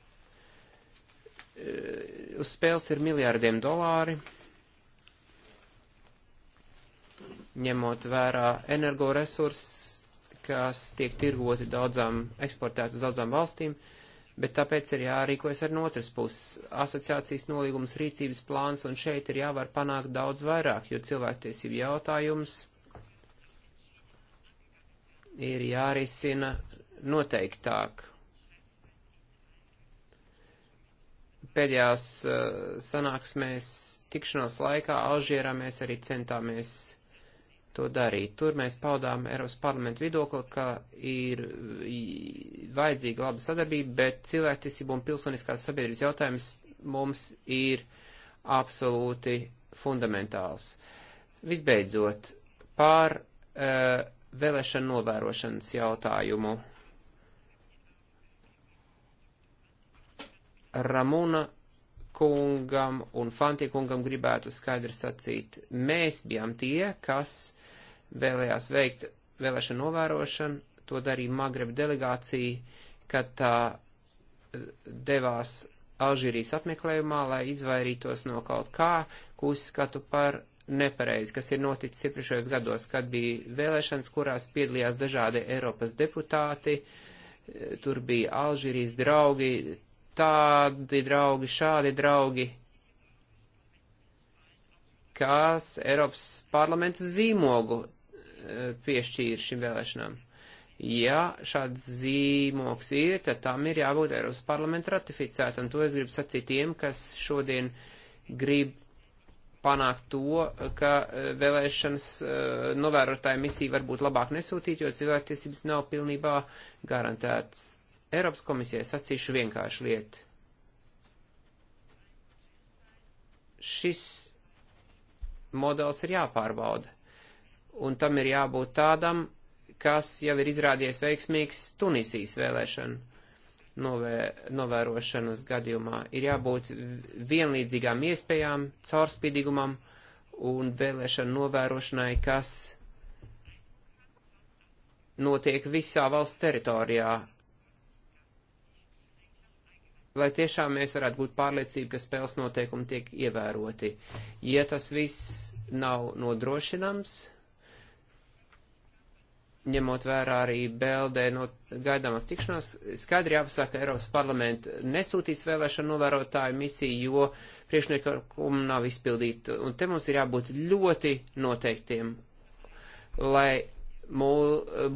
uz spēles ir miljārdiem dolāri, ņemot vērā energoresursus, kas tiek tirgoti daudzām, eksportēt uz daudzām valstīm. Uh, bet tāpēc ir jārīkojas ar otras puses. Asociācijas nolīgums, rīcības plāns, un šeit ir jāvar panākt daudz vairāk, jo cilvēktiesību jautājums ir jārisina noteiktāk. Pēdējās uh, sanāksmēs tikšanos laikā Alžierā mēs arī centāmies to darīt. Tur mēs paudām Eiropas parlamentu viedokli, ka ir vajadzīga laba sadarbība, bet cilvēktiesību un pilsoniskās sabiedrības jautājums mums ir absolūti fundamentāls. Visbeidzot, pār uh, e, vēlēšanu novērošanas jautājumu. Ramuna kungam un Fantī kungam gribētu skaidri sacīt, mēs bijām tie, kas vēlējās veikt vēlēšanu novērošanu, to darīja Magreb delegācija, kad tā eh, devās Alžīrijas apmeklējumā, lai izvairītos no kaut kā, ko uzskatu par nepareizi, kas ir noticis iepriekšējos gados, kad bija vēlēšanas, kurās piedalījās dažādi Eiropas deputāti, eh, tur bija Alžīrijas draugi, tādi draugi, šādi draugi, kas Eiropas parlamenta zīmogu Eh, piešķīra šīm vēlēšanām. Ja šāds zīmoks ir, tad tam ir jābūt Eiropas parlamenta ratificēt, un to es gribu sacīt tiem, kas šodien grib panākt to, ka eh, vēlēšanas eh, novērotāja misija varbūt labāk nesūtīt, jo cilvēktiesības nav pilnībā garantētas. Eiropas komisijai sacīšu vienkāršu lietu. Šis modelis ir jāpārbauda un tam ir jābūt tādam, kas jau ir izrādies veiksmīgs Tunisijas vēlēšanu novē, novērošanas gadījumā. Ir jābūt vienlīdzīgām iespējām, caurspīdīgumam un vēlēšanu novērošanai, kas notiek visā valsts teritorijā, lai tiešām mēs varētu būt pārliecība, ka spēles noteikumi tiek ievēroti. Ja tas viss nav nodrošinams, ņemot vērā arī BLD no gaidāmas tikšanās, skaidri jāpasaka, ka Eiropas parlamenta nesūtīs vēlēšanu novērotāju misiju, jo priekšniekumu nav izpildīta. Un te mums ir jābūt ļoti noteiktiem, lai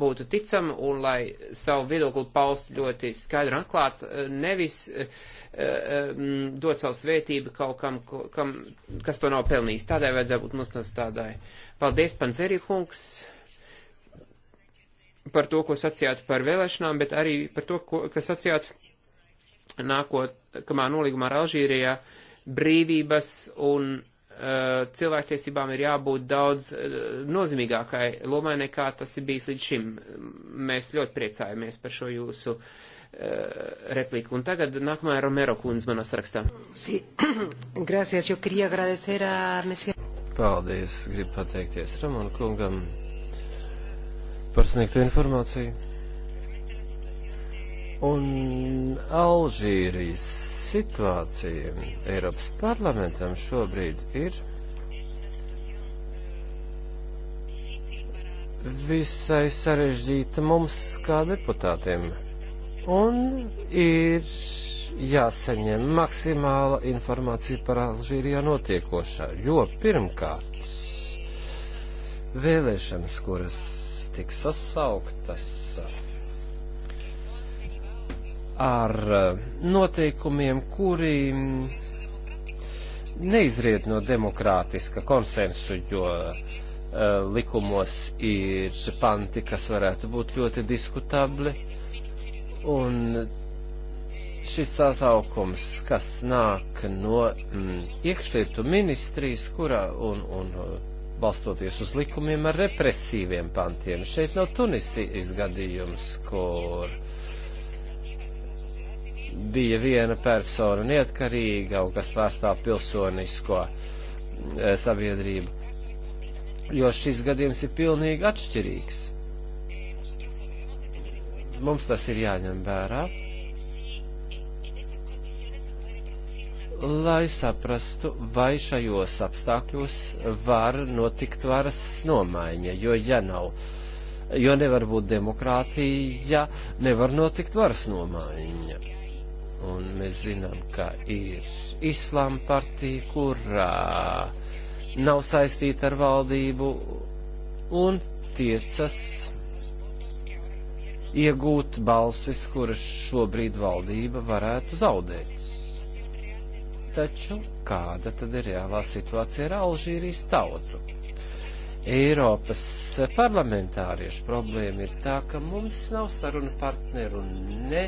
būtu ticama un lai savu viedokli paust ļoti skaidri un atklāt, nevis uh, uh, dot savu svētību kaut kam, kam, kas to nav pelnījis. Tādai vajadzētu būt mums tas tādai. Paldies, Panzeri Hunks! par to, ko sacījāt par vēlēšanām, bet arī par to, ko, kas sacījāt nākotnē nolīgumā ar Alžīrijā brīvības un uh, cilvēktiesībām ir jābūt daudz uh, nozīmīgākai lomai nekā tas ir bijis līdz šim. Mēs ļoti priecājamies par šo jūsu uh, repliku. Un tagad nākamā ir Romero kundze manā sarakstā. Sí. Gracias, yo quería agradecer a Paldies, gribu pateikties Ramon kungam par sniegto informāciju. Un Alžīrijas situācija Eiropas parlamentam šobrīd ir visai sarežģīta mums kā deputātiem. Un ir jāsaņem maksimāla informācija par Alžīrijā notiekošā, jo pirmkārt vēlēšanas, kuras tiks sasauktas ar eh, noteikumiem, kuri neizriet no demokrātiska konsensu, jo eh, likumos ir panti, kas varētu būt ļoti diskutabli. Un šis sasaukums, kas nāk no mm, iekšlietu ministrijas, kurā un, un balstoties uz likumiem ar represīviem pantiem. Šeit nav Tunisijas gadījums, kur bija viena persona neatkarīga un kas pārstāv pilsonisko eh, sabiedrību, jo šis gadījums ir pilnīgi atšķirīgs. Mums tas ir jāņem vērā. lai saprastu, vai šajos apstākļos var notikt varas nomaiņa, jo ja nav, jo nevar būt demokrātija, nevar notikt varas nomaiņa. Un mēs zinām, ka ir islāma partija, kurā nav saistīta ar valdību un tiecas iegūt balsis, kuras šobrīd valdība varētu zaudēt taču kāda tad ir reālā situācija ar Alžīrijas tautu? Eiropas parlamentāriešu problēma ir tā, ka mums nav saruna partneru ne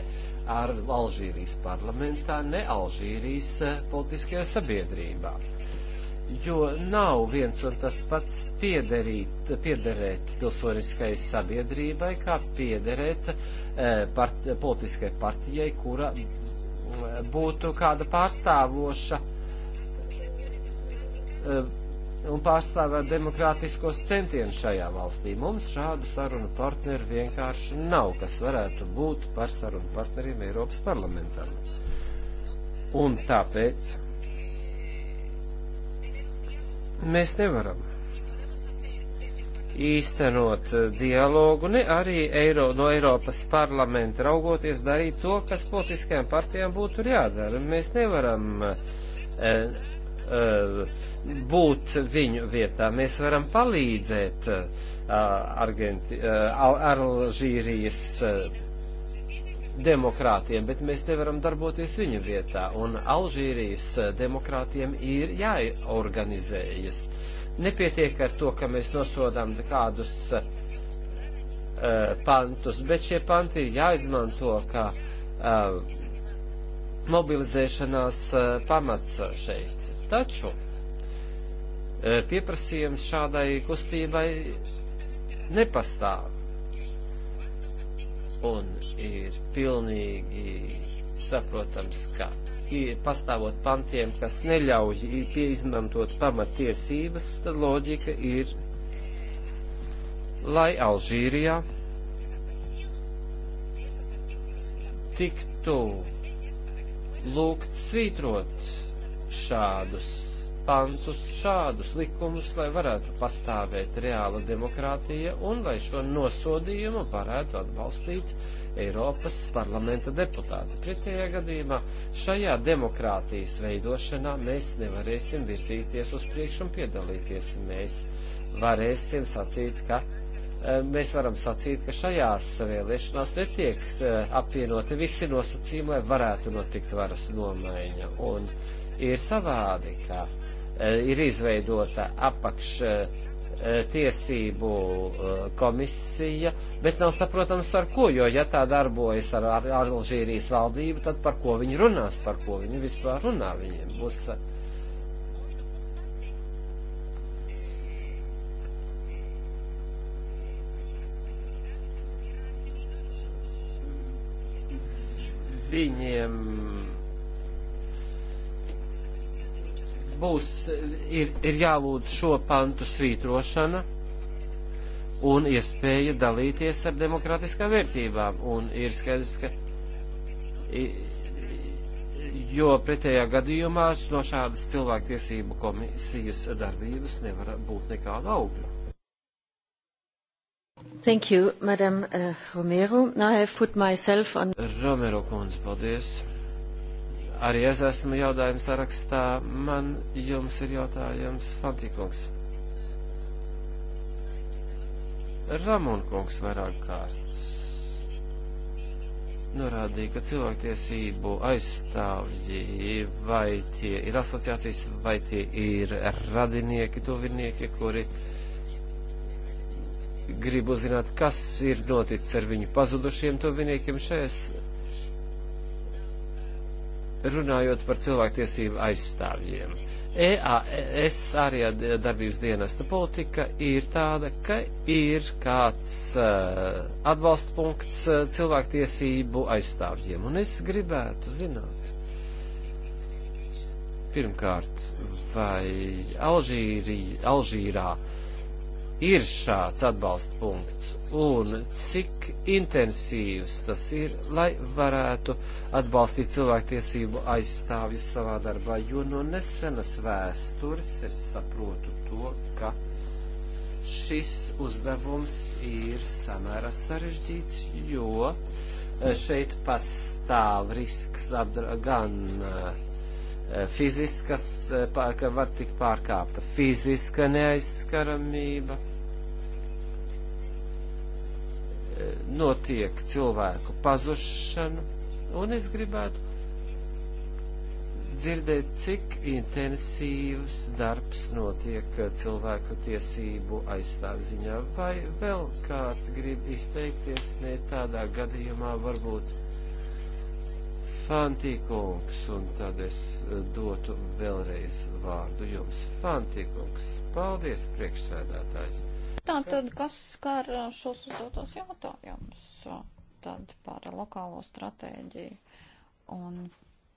ar Alžīrijas parlamentā, ne Alžīrijas eh, politiskajā sabiedrībā. Jo nav viens un tas pats piederīt, piederēt pilsoniskai sabiedrībai, kā piederēt eh, part, politiskai partijai, kura būtu kāda pārstāvoša eh, un pārstāvēt demokrātiskos centienus šajā valstī. Mums šādu sarunu partneru vienkārši nav, kas varētu būt par sarunu partneriem Eiropas parlamentam. Un tāpēc mēs nevaram īstenot eh, dialogu, ne arī Eiro, no Eiropas parlamenta raugoties darīt to, kas politiskajām partijām būtu jādara. Mēs nevaram e, e, būt viņu vietā, mēs varam palīdzēt e, Argenti, e, Alžīrijas e, demokrātiem, bet mēs nevaram darboties viņu vietā, un Alžīrijas demokrātiem ir jāorganizējas. E, Nepietiek ar to, ka mēs nosodām kādus uh, pantus, bet šie panti ir jāizmanto kā uh, mobilizēšanās uh, pamats šeit. Taču uh, pieprasījums šādai kustībai nepastāv. Un ir pilnīgi saprotams, ka pastāvot pantiem, kas neļauj izmantot pamatiesības, tad loģika ir, lai Alžīrijā tiktu lūgt svītrot šādus pantus, šādus likumus, lai varētu pastāvēt reāla demokrātija un lai šo nosodījumu varētu atbalstīt Eiropas parlamenta deputāti. Pretējā gadījumā šajā demokrātijas veidošanā mēs nevarēsim virzīties uz priekšu un piedalīties. Mēs varēsim sacīt, ka eh, mēs varam sacīt, ka šajās vēlēšanās netiek eh, apvienoti visi nosacījumi, lai varētu notikt varas nomaiņa. Un ir savādi, ka eh, ir izveidota apakš E, tiesību e, komisija, bet nav saprotams ar ko, jo ja tā darbojas ar, ar Alžīrijas valdību, tad par ko viņi runās, par ko viņi vispār runā, viņiem būs. E, viņiem būs, ir, ir jālūdz šo pantu svītrošana un iespēja dalīties ar demokratiskām vērtībām. Un ir skaidrs, ka, jo pretējā gadījumā no šādas cilvēktiesību komisijas darbības nevar būt nekāda augļa. Thank you, Madam uh, Romero. Now I have put myself on. Romero kundze, paldies. Arī es esmu jautājumu sarakstā. Man jums ir jautājums, Fantīkungs. Ramonkungs vairāk kārtas norādīja, ka cilvēktiesību aizstāvji, vai tie ir asociācijas, vai tie ir radinieki, tuvinieki, kuri grib uzzināt, kas ir noticis ar viņu pazudušiem tuviniekiem šajās runājot par cilvēktiesību aizstāvjiem. EAS arī darbības dienesta politika ir tāda, ka ir kāds eh, atbalsta punkts eh, cilvēktiesību aizstāvjiem. Un es gribētu zināt, pirmkārt, vai Alžīri, Alžīrā ir šāds atbalsta punkts un cik intensīvs tas ir, lai varētu atbalstīt cilvēktiesību aizstāvjus savā darbā, jo no nesenas vēstures es saprotu to, ka šis uzdevums ir samērā sarežģīts, jo eh, šeit pastāv risks apdra, gan eh, fiziskas, eh, ka var tikt pārkāpta fiziska neaizskaramība notiek cilvēku pazušana, un es gribētu dzirdēt, cik intensīvs darbs notiek cilvēku tiesību aizstāvziņā, vai vēl kāds grib izteikties, ne tādā gadījumā varbūt Fantīkungs, un tad es dotu vēlreiz vārdu jums. Fantīkungs, paldies priekšsēdētāji! tātad, kas skar uh, šos uzdotos jautājumus uh, tad par lokālo stratēģiju un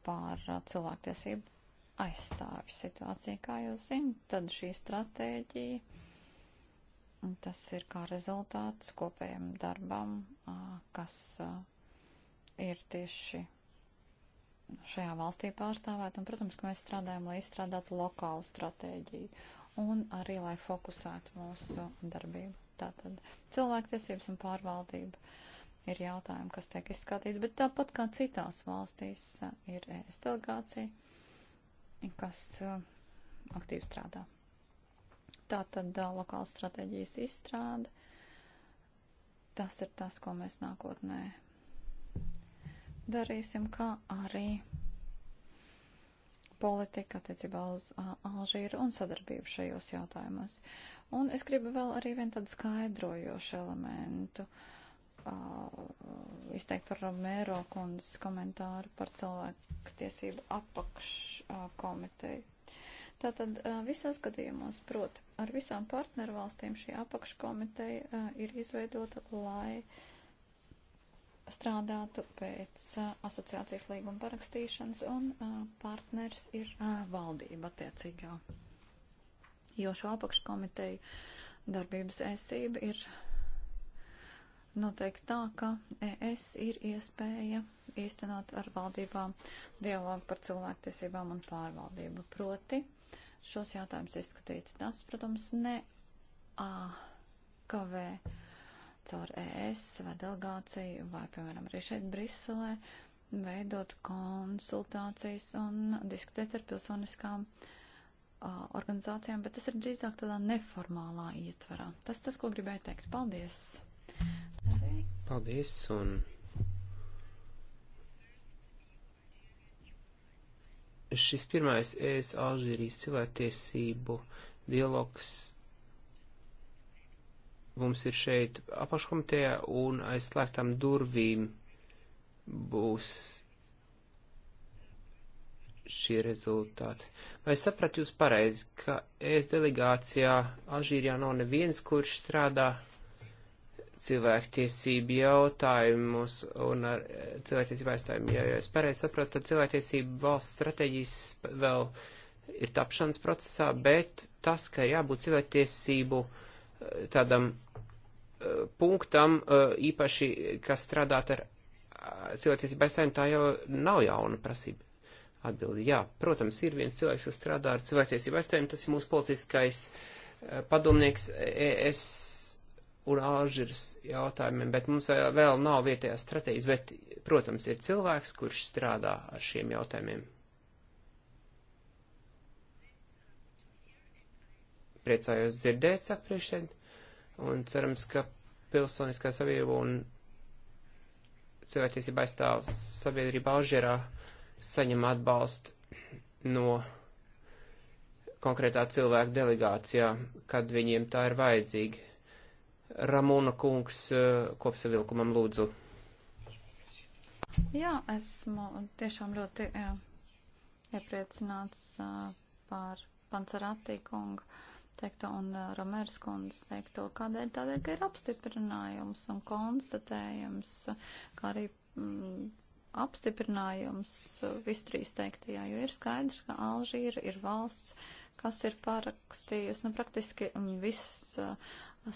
par uh, cilvēktiesību aizstāvju situāciju, kā jūs zinat, tad šī stratēģija, tas ir kā rezultāts kopējam darbam, kas ir tieši šajā valstī pārstāvēt, un, protams, ka mēs strādājam, lai izstrādātu lokālu stratēģiju un arī, lai fokusētu mūsu darbību. Tātad cilvēktiesības un pārvaldība ir jautājumi, kas tiek izskatīti, bet tāpat kā citās valstīs eh, ir ES delegācija, kas eh, aktīvi strādā. Tātad eh, lokāla stratēģijas izstrāde. Tas ir tas, ko mēs nākotnē darīsim, kā arī politika attiecībā uz Alžīru un sadarbību šajos jautājumos. Un es gribu vēl arī vienu tādu skaidrojošu elementu a, izteikt par Romero kundzes komentāru par cilvēku tiesību apakškomiteju. Tātad visos gadījumos, proti, ar visām partnervalstīm šī apakškomiteja ir izveidota, lai uh, strādātu pēc asociācijas līguma parakstīšanas, un partners ir valdība attiecīgā. Jo šo apakškomiteju darbības esība ir noteikti tā, ka ES ir iespēja īstenot ar valdībām dialogu par cilvēktiesībām un pārvaldību. Proti, šos jautājumus izskatīt tas, protams, ne A, kavē. Uh, caur ES vai delegāciju vai, piemēram, arī šeit Briselē veidot konsultācijas un diskutēt ar pilsoniskām uh, organizācijām, bet tas ir drīzāk tādā neformālā ietvarā. Tas tas, ko gribēju teikt. Paldies! Paldies! Paldies un... šis pirmais ES Alžīrijas cilvēktiesību dialogs Mums ir šeit apakškomitejā un aizslēgtām durvīm būs šie rezultāti. Vai sapratu jūs pareizi, ka ES delegācijā Alžīrijā nav neviens, kurš strādā cilvēktiesību jautājumus un ar cilvēktiesību aizstājumu? Ja, ja es pareizi sapratu, tad cilvēktiesību valsts stratēģijas vēl ir tapšanas procesā, bet tas, ka jābūt cilvēktiesību eh, tādam punktam, e, īpaši, kas strādāt ar cilvēktiesību aizstāvjiem, tā jau nav jauna prasība. Atbildi, jā, protams, ir viens cilvēks, kas strādā ar cilvēktiesību aizstāvjiem, tas ir mūsu politiskais e, padomnieks e, ES un Alžiras jautājumiem, bet mums vēl nav vietējās stratēģijas, bet, protams, ir cilvēks, kurš strādā ar šiem jautājumiem. Priecājos dzirdēt, saka priekšsēdētāji un cerams, ka pilsoniskā sabiedrība un cilvēktiesība aizstāv sabiedrība Alžērā saņem atbalstu no konkrētā cilvēka delegācijā, kad viņiem tā ir vajadzīga. Ramona kungs eh, kopsavilkumam lūdzu. Jā, esmu tiešām ļoti jā, eh, iepriecināts uh, par Pancerātī kungu. Uh, teikto un uh, Romērs kundzes teikto, kādēļ tādēļ, ka ir apstiprinājums un konstatējums, kā arī mm, apstiprinājums vis trīs teiktajā, jo ir skaidrs, ka Alžīra ir valsts, kas ir parakstījusi, nu, praktiski mm, viss uh,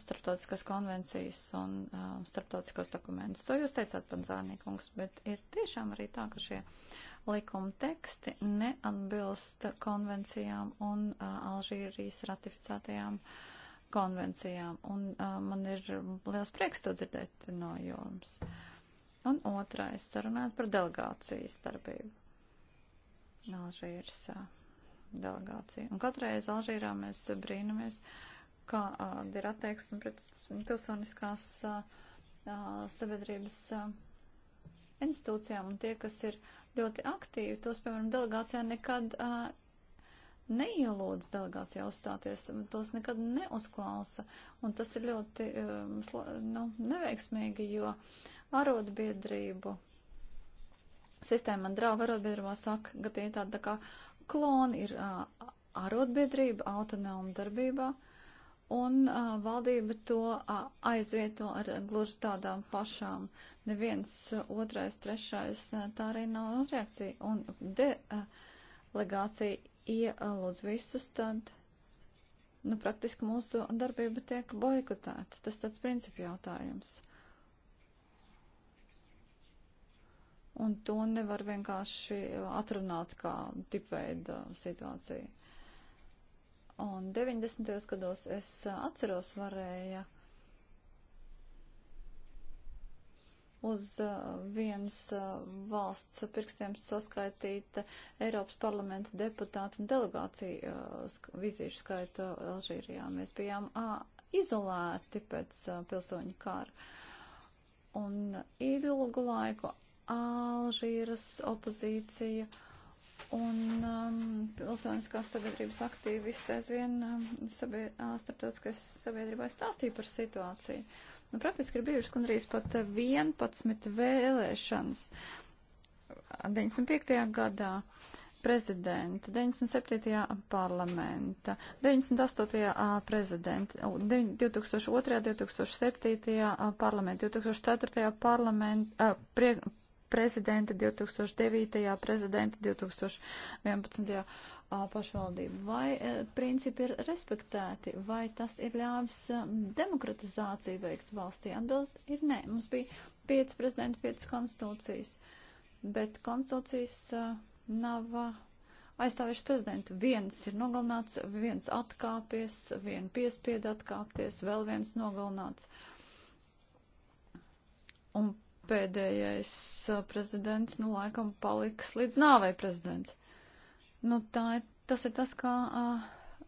starptautiskās konvencijas un uh, starptautiskos dokumentus. To jūs teicāt, pan Zārnīkungs, bet ir tiešām arī tā, ka šie uh, likuma teksti neatbilst konvencijām un uh, Alžīrijas ratificētajām konvencijām. Un uh, man ir liels prieks to dzirdēt no jums. Un otrais, sarunāt par delegācijas darbību. Alžīras uh, delegācija. Un katreiz Alžīrā mēs brīnamies, kāda ir attieksme pret pilsoniskās uh, sabiedrības uh, institūcijām un tie, kas ir uh, ļoti aktīvi. Tos, piemēram, delegācijā nekad uh, neielūdz delegācijā uzstāties, tos nekad neuzklausa. Un tas ir ļoti um, nu, neveiksmīgi, jo arotbiedrību sistēma man drauga arotbiedrībā saka, ka tie ir tāda tā kā kloni, ir uh, arotbiedrība autonoma darbībā. Uh, un uh, valdība to uh, aizvieto ar gluži tādām pašām. Neviens uh, otrais, trešais, uh, tā arī nav reakcija. Un delegācija uh, ielūdz visus, tad nu, praktiski mūsu darbība tiek boikotēta. Tas tāds principu jautājums. Un to nevar vienkārši atrunāt kā tipveida situācija. Un 90. gados es atceros varēja uz vienas valsts pirkstiem saskaitīt Eiropas parlamenta deputātu un delegāciju vizīšu skaitu Alžīrijā. Mēs bijām izolēti pēc pilsoņu kara. Un ilgu laiku Alžīras opozīcija uh, Un um, pilsoniskās sabiedrības aktīvisti aizvien um, sabie, uh, starptautiskais sabiedrībai stāstīja par situāciju. Nu, praktiski ir bijušas gandrīz pat 11 vēlēšanas 95. gadā prezidenta, 97. parlamenta, 98. prezidenta, 2002. 2007. parlamenta, 2004. parlamenta, prie, prezidenta 2009. prezidenta 2011. pašvaldību. Vai principi ir respektēti, vai tas ir ļāvis demokratizāciju veikt valstī? Atbild ir nē. Mums bija pieci prezidenti, piecas konstitūcijas, bet konstitūcijas nav aizstāvējuši prezidentu. Viens ir nogalināts, viens atkāpies, vienu piespieda atkāpties, vēl viens nogalināts. Un pēdējais prezidents, nu, laikam paliks līdz nāvei prezidents. Nu, tā ir, tas ir tas, kā uh,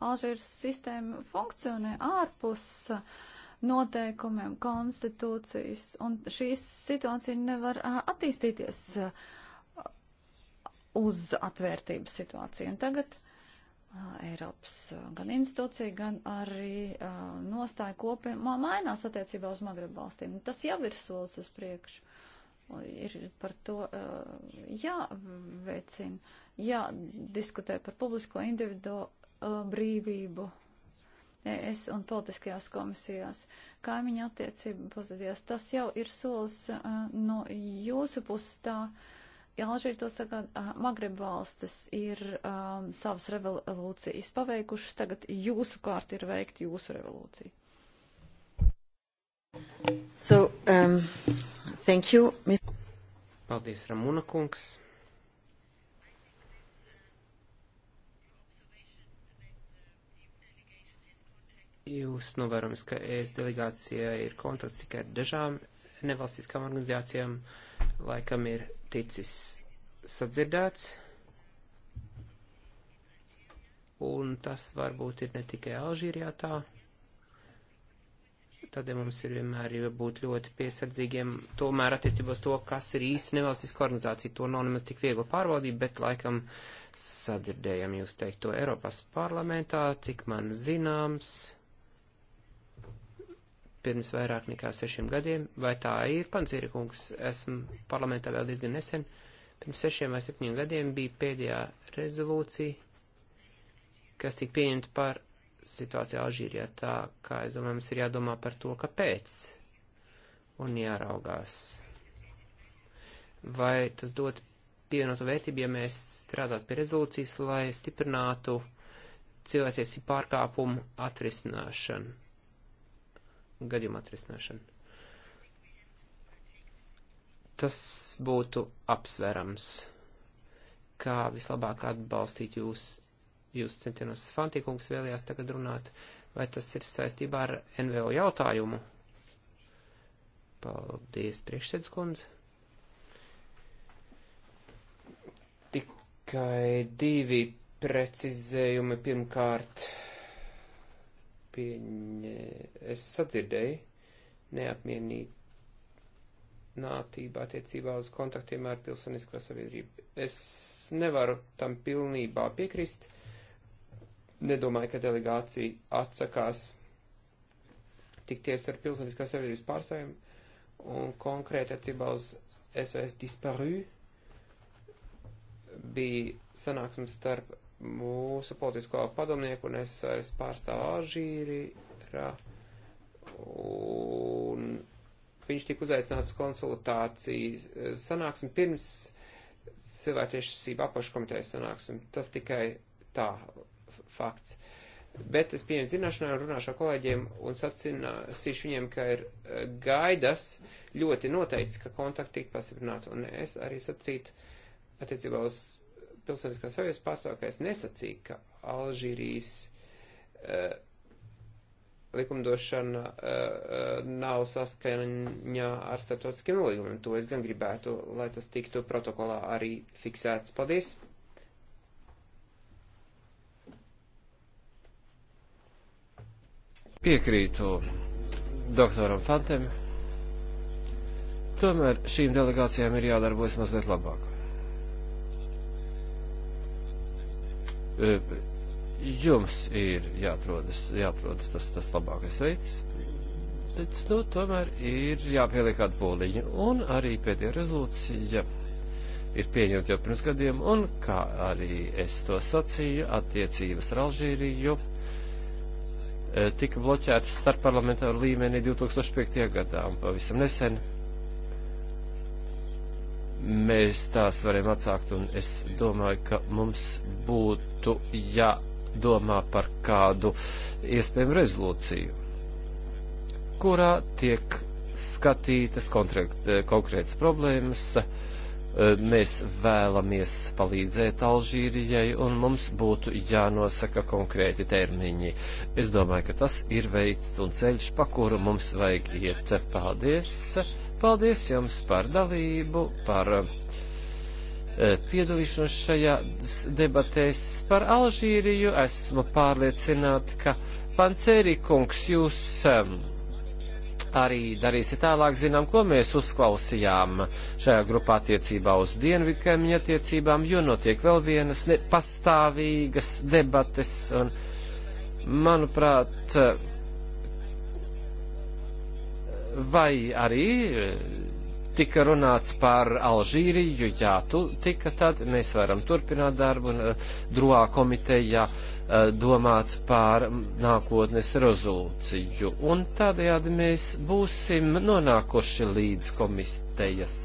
Alžīras sistēma funkcionē ārpus uh, noteikumiem, konstitūcijas, un šī situācija nevar uh, attīstīties uh, uz atvērtības situāciju. Un tagad Eiropas gan institūcija, gan arī uh, nostāja kopumā mainās attiecībā uz Magreba valstīm. Tas jau ir solis uz priekšu. Ir par to uh, jāveicina, jādiskutē par publisko individu uh, brīvību. ES un politiskajās komisijās, kaimiņa attiecību pozīcijās, tas jau ir solis uh, no jūsu puses tā. Uh, Alžīri to saka, Magreb valstis ir um, savas revolūcijas paveikušas, tagad jūsu kārt ir veikt jūsu revolūciju. So, um, thank you. Paldies, Ramuna kungs. Jūs novērojams, ka ES delegācija ir kontakts tikai ar dažām nevalstiskām organizācijām, laikam ir ticis sadzirdēts, un tas varbūt ir ne tikai Alžīrijā tā, tad ja mums ir vienmēr jābūt ļoti piesardzīgiem tomēr attiecībos to, kas ir īsti nevalstiska organizācija. To nav nemaz tik viegli pārbaudīt, bet laikam sadzirdējam jūs teikt to Eiropas parlamentā, cik man zināms pirms vairāk nekā sešiem gadiem, vai tā ir, Pancīri kungs, esmu parlamentā vēl diezgan nesen, pirms sešiem vai septiņiem gadiem bija pēdējā rezolūcija, kas tika pieņemta par situāciju Alžīrijā, tā kā, es domāju, mums ir jādomā par to, kāpēc, un jāraugās. Vai tas dot pievienotu vērtību, ja mēs strādātu pie rezolūcijas, lai stiprinātu cilvēktiesību pārkāpumu atrisināšanu? gadījumu atrisināšanu. Tas būtu apsverams, kā vislabāk atbalstīt jūs, jūs centienos. Fantīkungs vēlējās tagad runāt, vai tas ir saistībā ar NVO jautājumu? Paldies, priekšsēdus kundze. Tikai divi precizējumi pirmkārt. Uh, pieņē, es sadzirdēju neapmienītību attiecībā uz kontaktiem ar pilsonisko sabiedrību. Es nevaru tam pilnībā piekrist. Nedomāju, ka delegācija atsakās tikties ar pilsoniskās sabiedrības pārstāvjiem un konkrēti attiecībā uz SOS disparu bija sanāksmes starp mūsu politisko padomnieku, un es, es pārstāvu Alžīrā, un viņš tika uzaicināts konsultācijas sanāksmi pirms cilvēktiešasība apaškomitejas sanāksmi. Tas tikai tā fakts. Bet es pieņemu zināšanā un runāšu ar kolēģiem un sacināšu viņiem, ka ir e, gaidas ļoti noteikts, ka kontakti tika pastiprināti. Un es arī sacītu attiecībā uz pilsētiskā savies pārstāvkais nesacīja, ka Alžīrijas uh, likumdošana uh, nav saskaņā ar starptautiskiem nolīgumiem. To es gan gribētu, lai tas tiktu protokolā arī fiksēts. Paldies! Piekrītu doktoram Fantem. Tomēr šīm delegācijām ir jādarbojas mazliet labāk. E, jums ir jāatrodas, jāatrodas tas, tas labākais veids, bet, nu, tomēr ir jāpieliek kādu pūliņu. Un arī pēdējā rezolūcija ir pieņemta jau pirms gadiem, un kā arī es to sacīju, attiecības ar Alžīriju e, tika bloķētas starpparlamentāru līmenī 2005. gadā un pavisam nesen mēs tās varam atsākt, un es domāju, ka mums būtu jādomā par kādu iespējamu rezolūciju, kurā tiek skatītas kontrekt, eh, konkrētas problēmas. Eh, mēs vēlamies palīdzēt Alžīrijai, un mums būtu jānosaka konkrēti termiņi. Es domāju, ka tas ir veids un ceļš, pa kuru mums vajag iet. Paldies! Paldies jums par dalību, par eh, piedalīšanos šajā debatēs par Alžīriju. Esmu pārliecināta, ka Pancēri kungs jūs eh, arī darīsiet tālāk zinām, ko mēs uzklausījām šajā grupā attiecībā uz dienvidkaimiņu attiecībām, jo notiek vēl vienas pastāvīgas debates un, manuprāt, eh, vai arī e, tika runāts par Alžīriju, jā, tu, tika tad, mēs varam turpināt darbu un e, droā komiteja e, domāts par nākotnes rezolūciju. Un tādējādi mēs būsim nonākuši līdz komitejas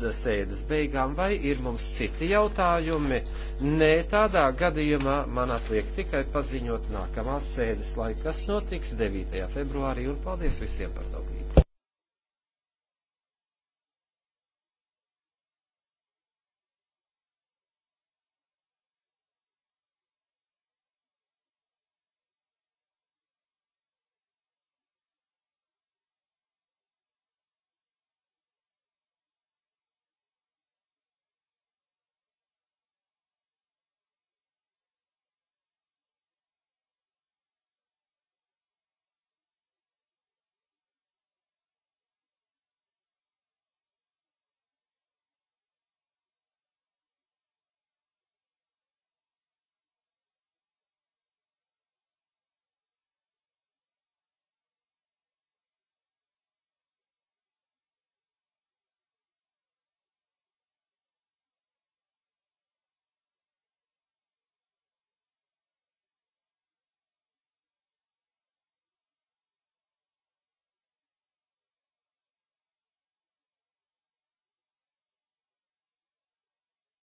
sēdes beigām, vai ir mums citi jautājumi? Nē, tādā gadījumā man atliek tikai paziņot nākamās sēdes laiku, kas notiks 9. februārī, un paldies visiem par to!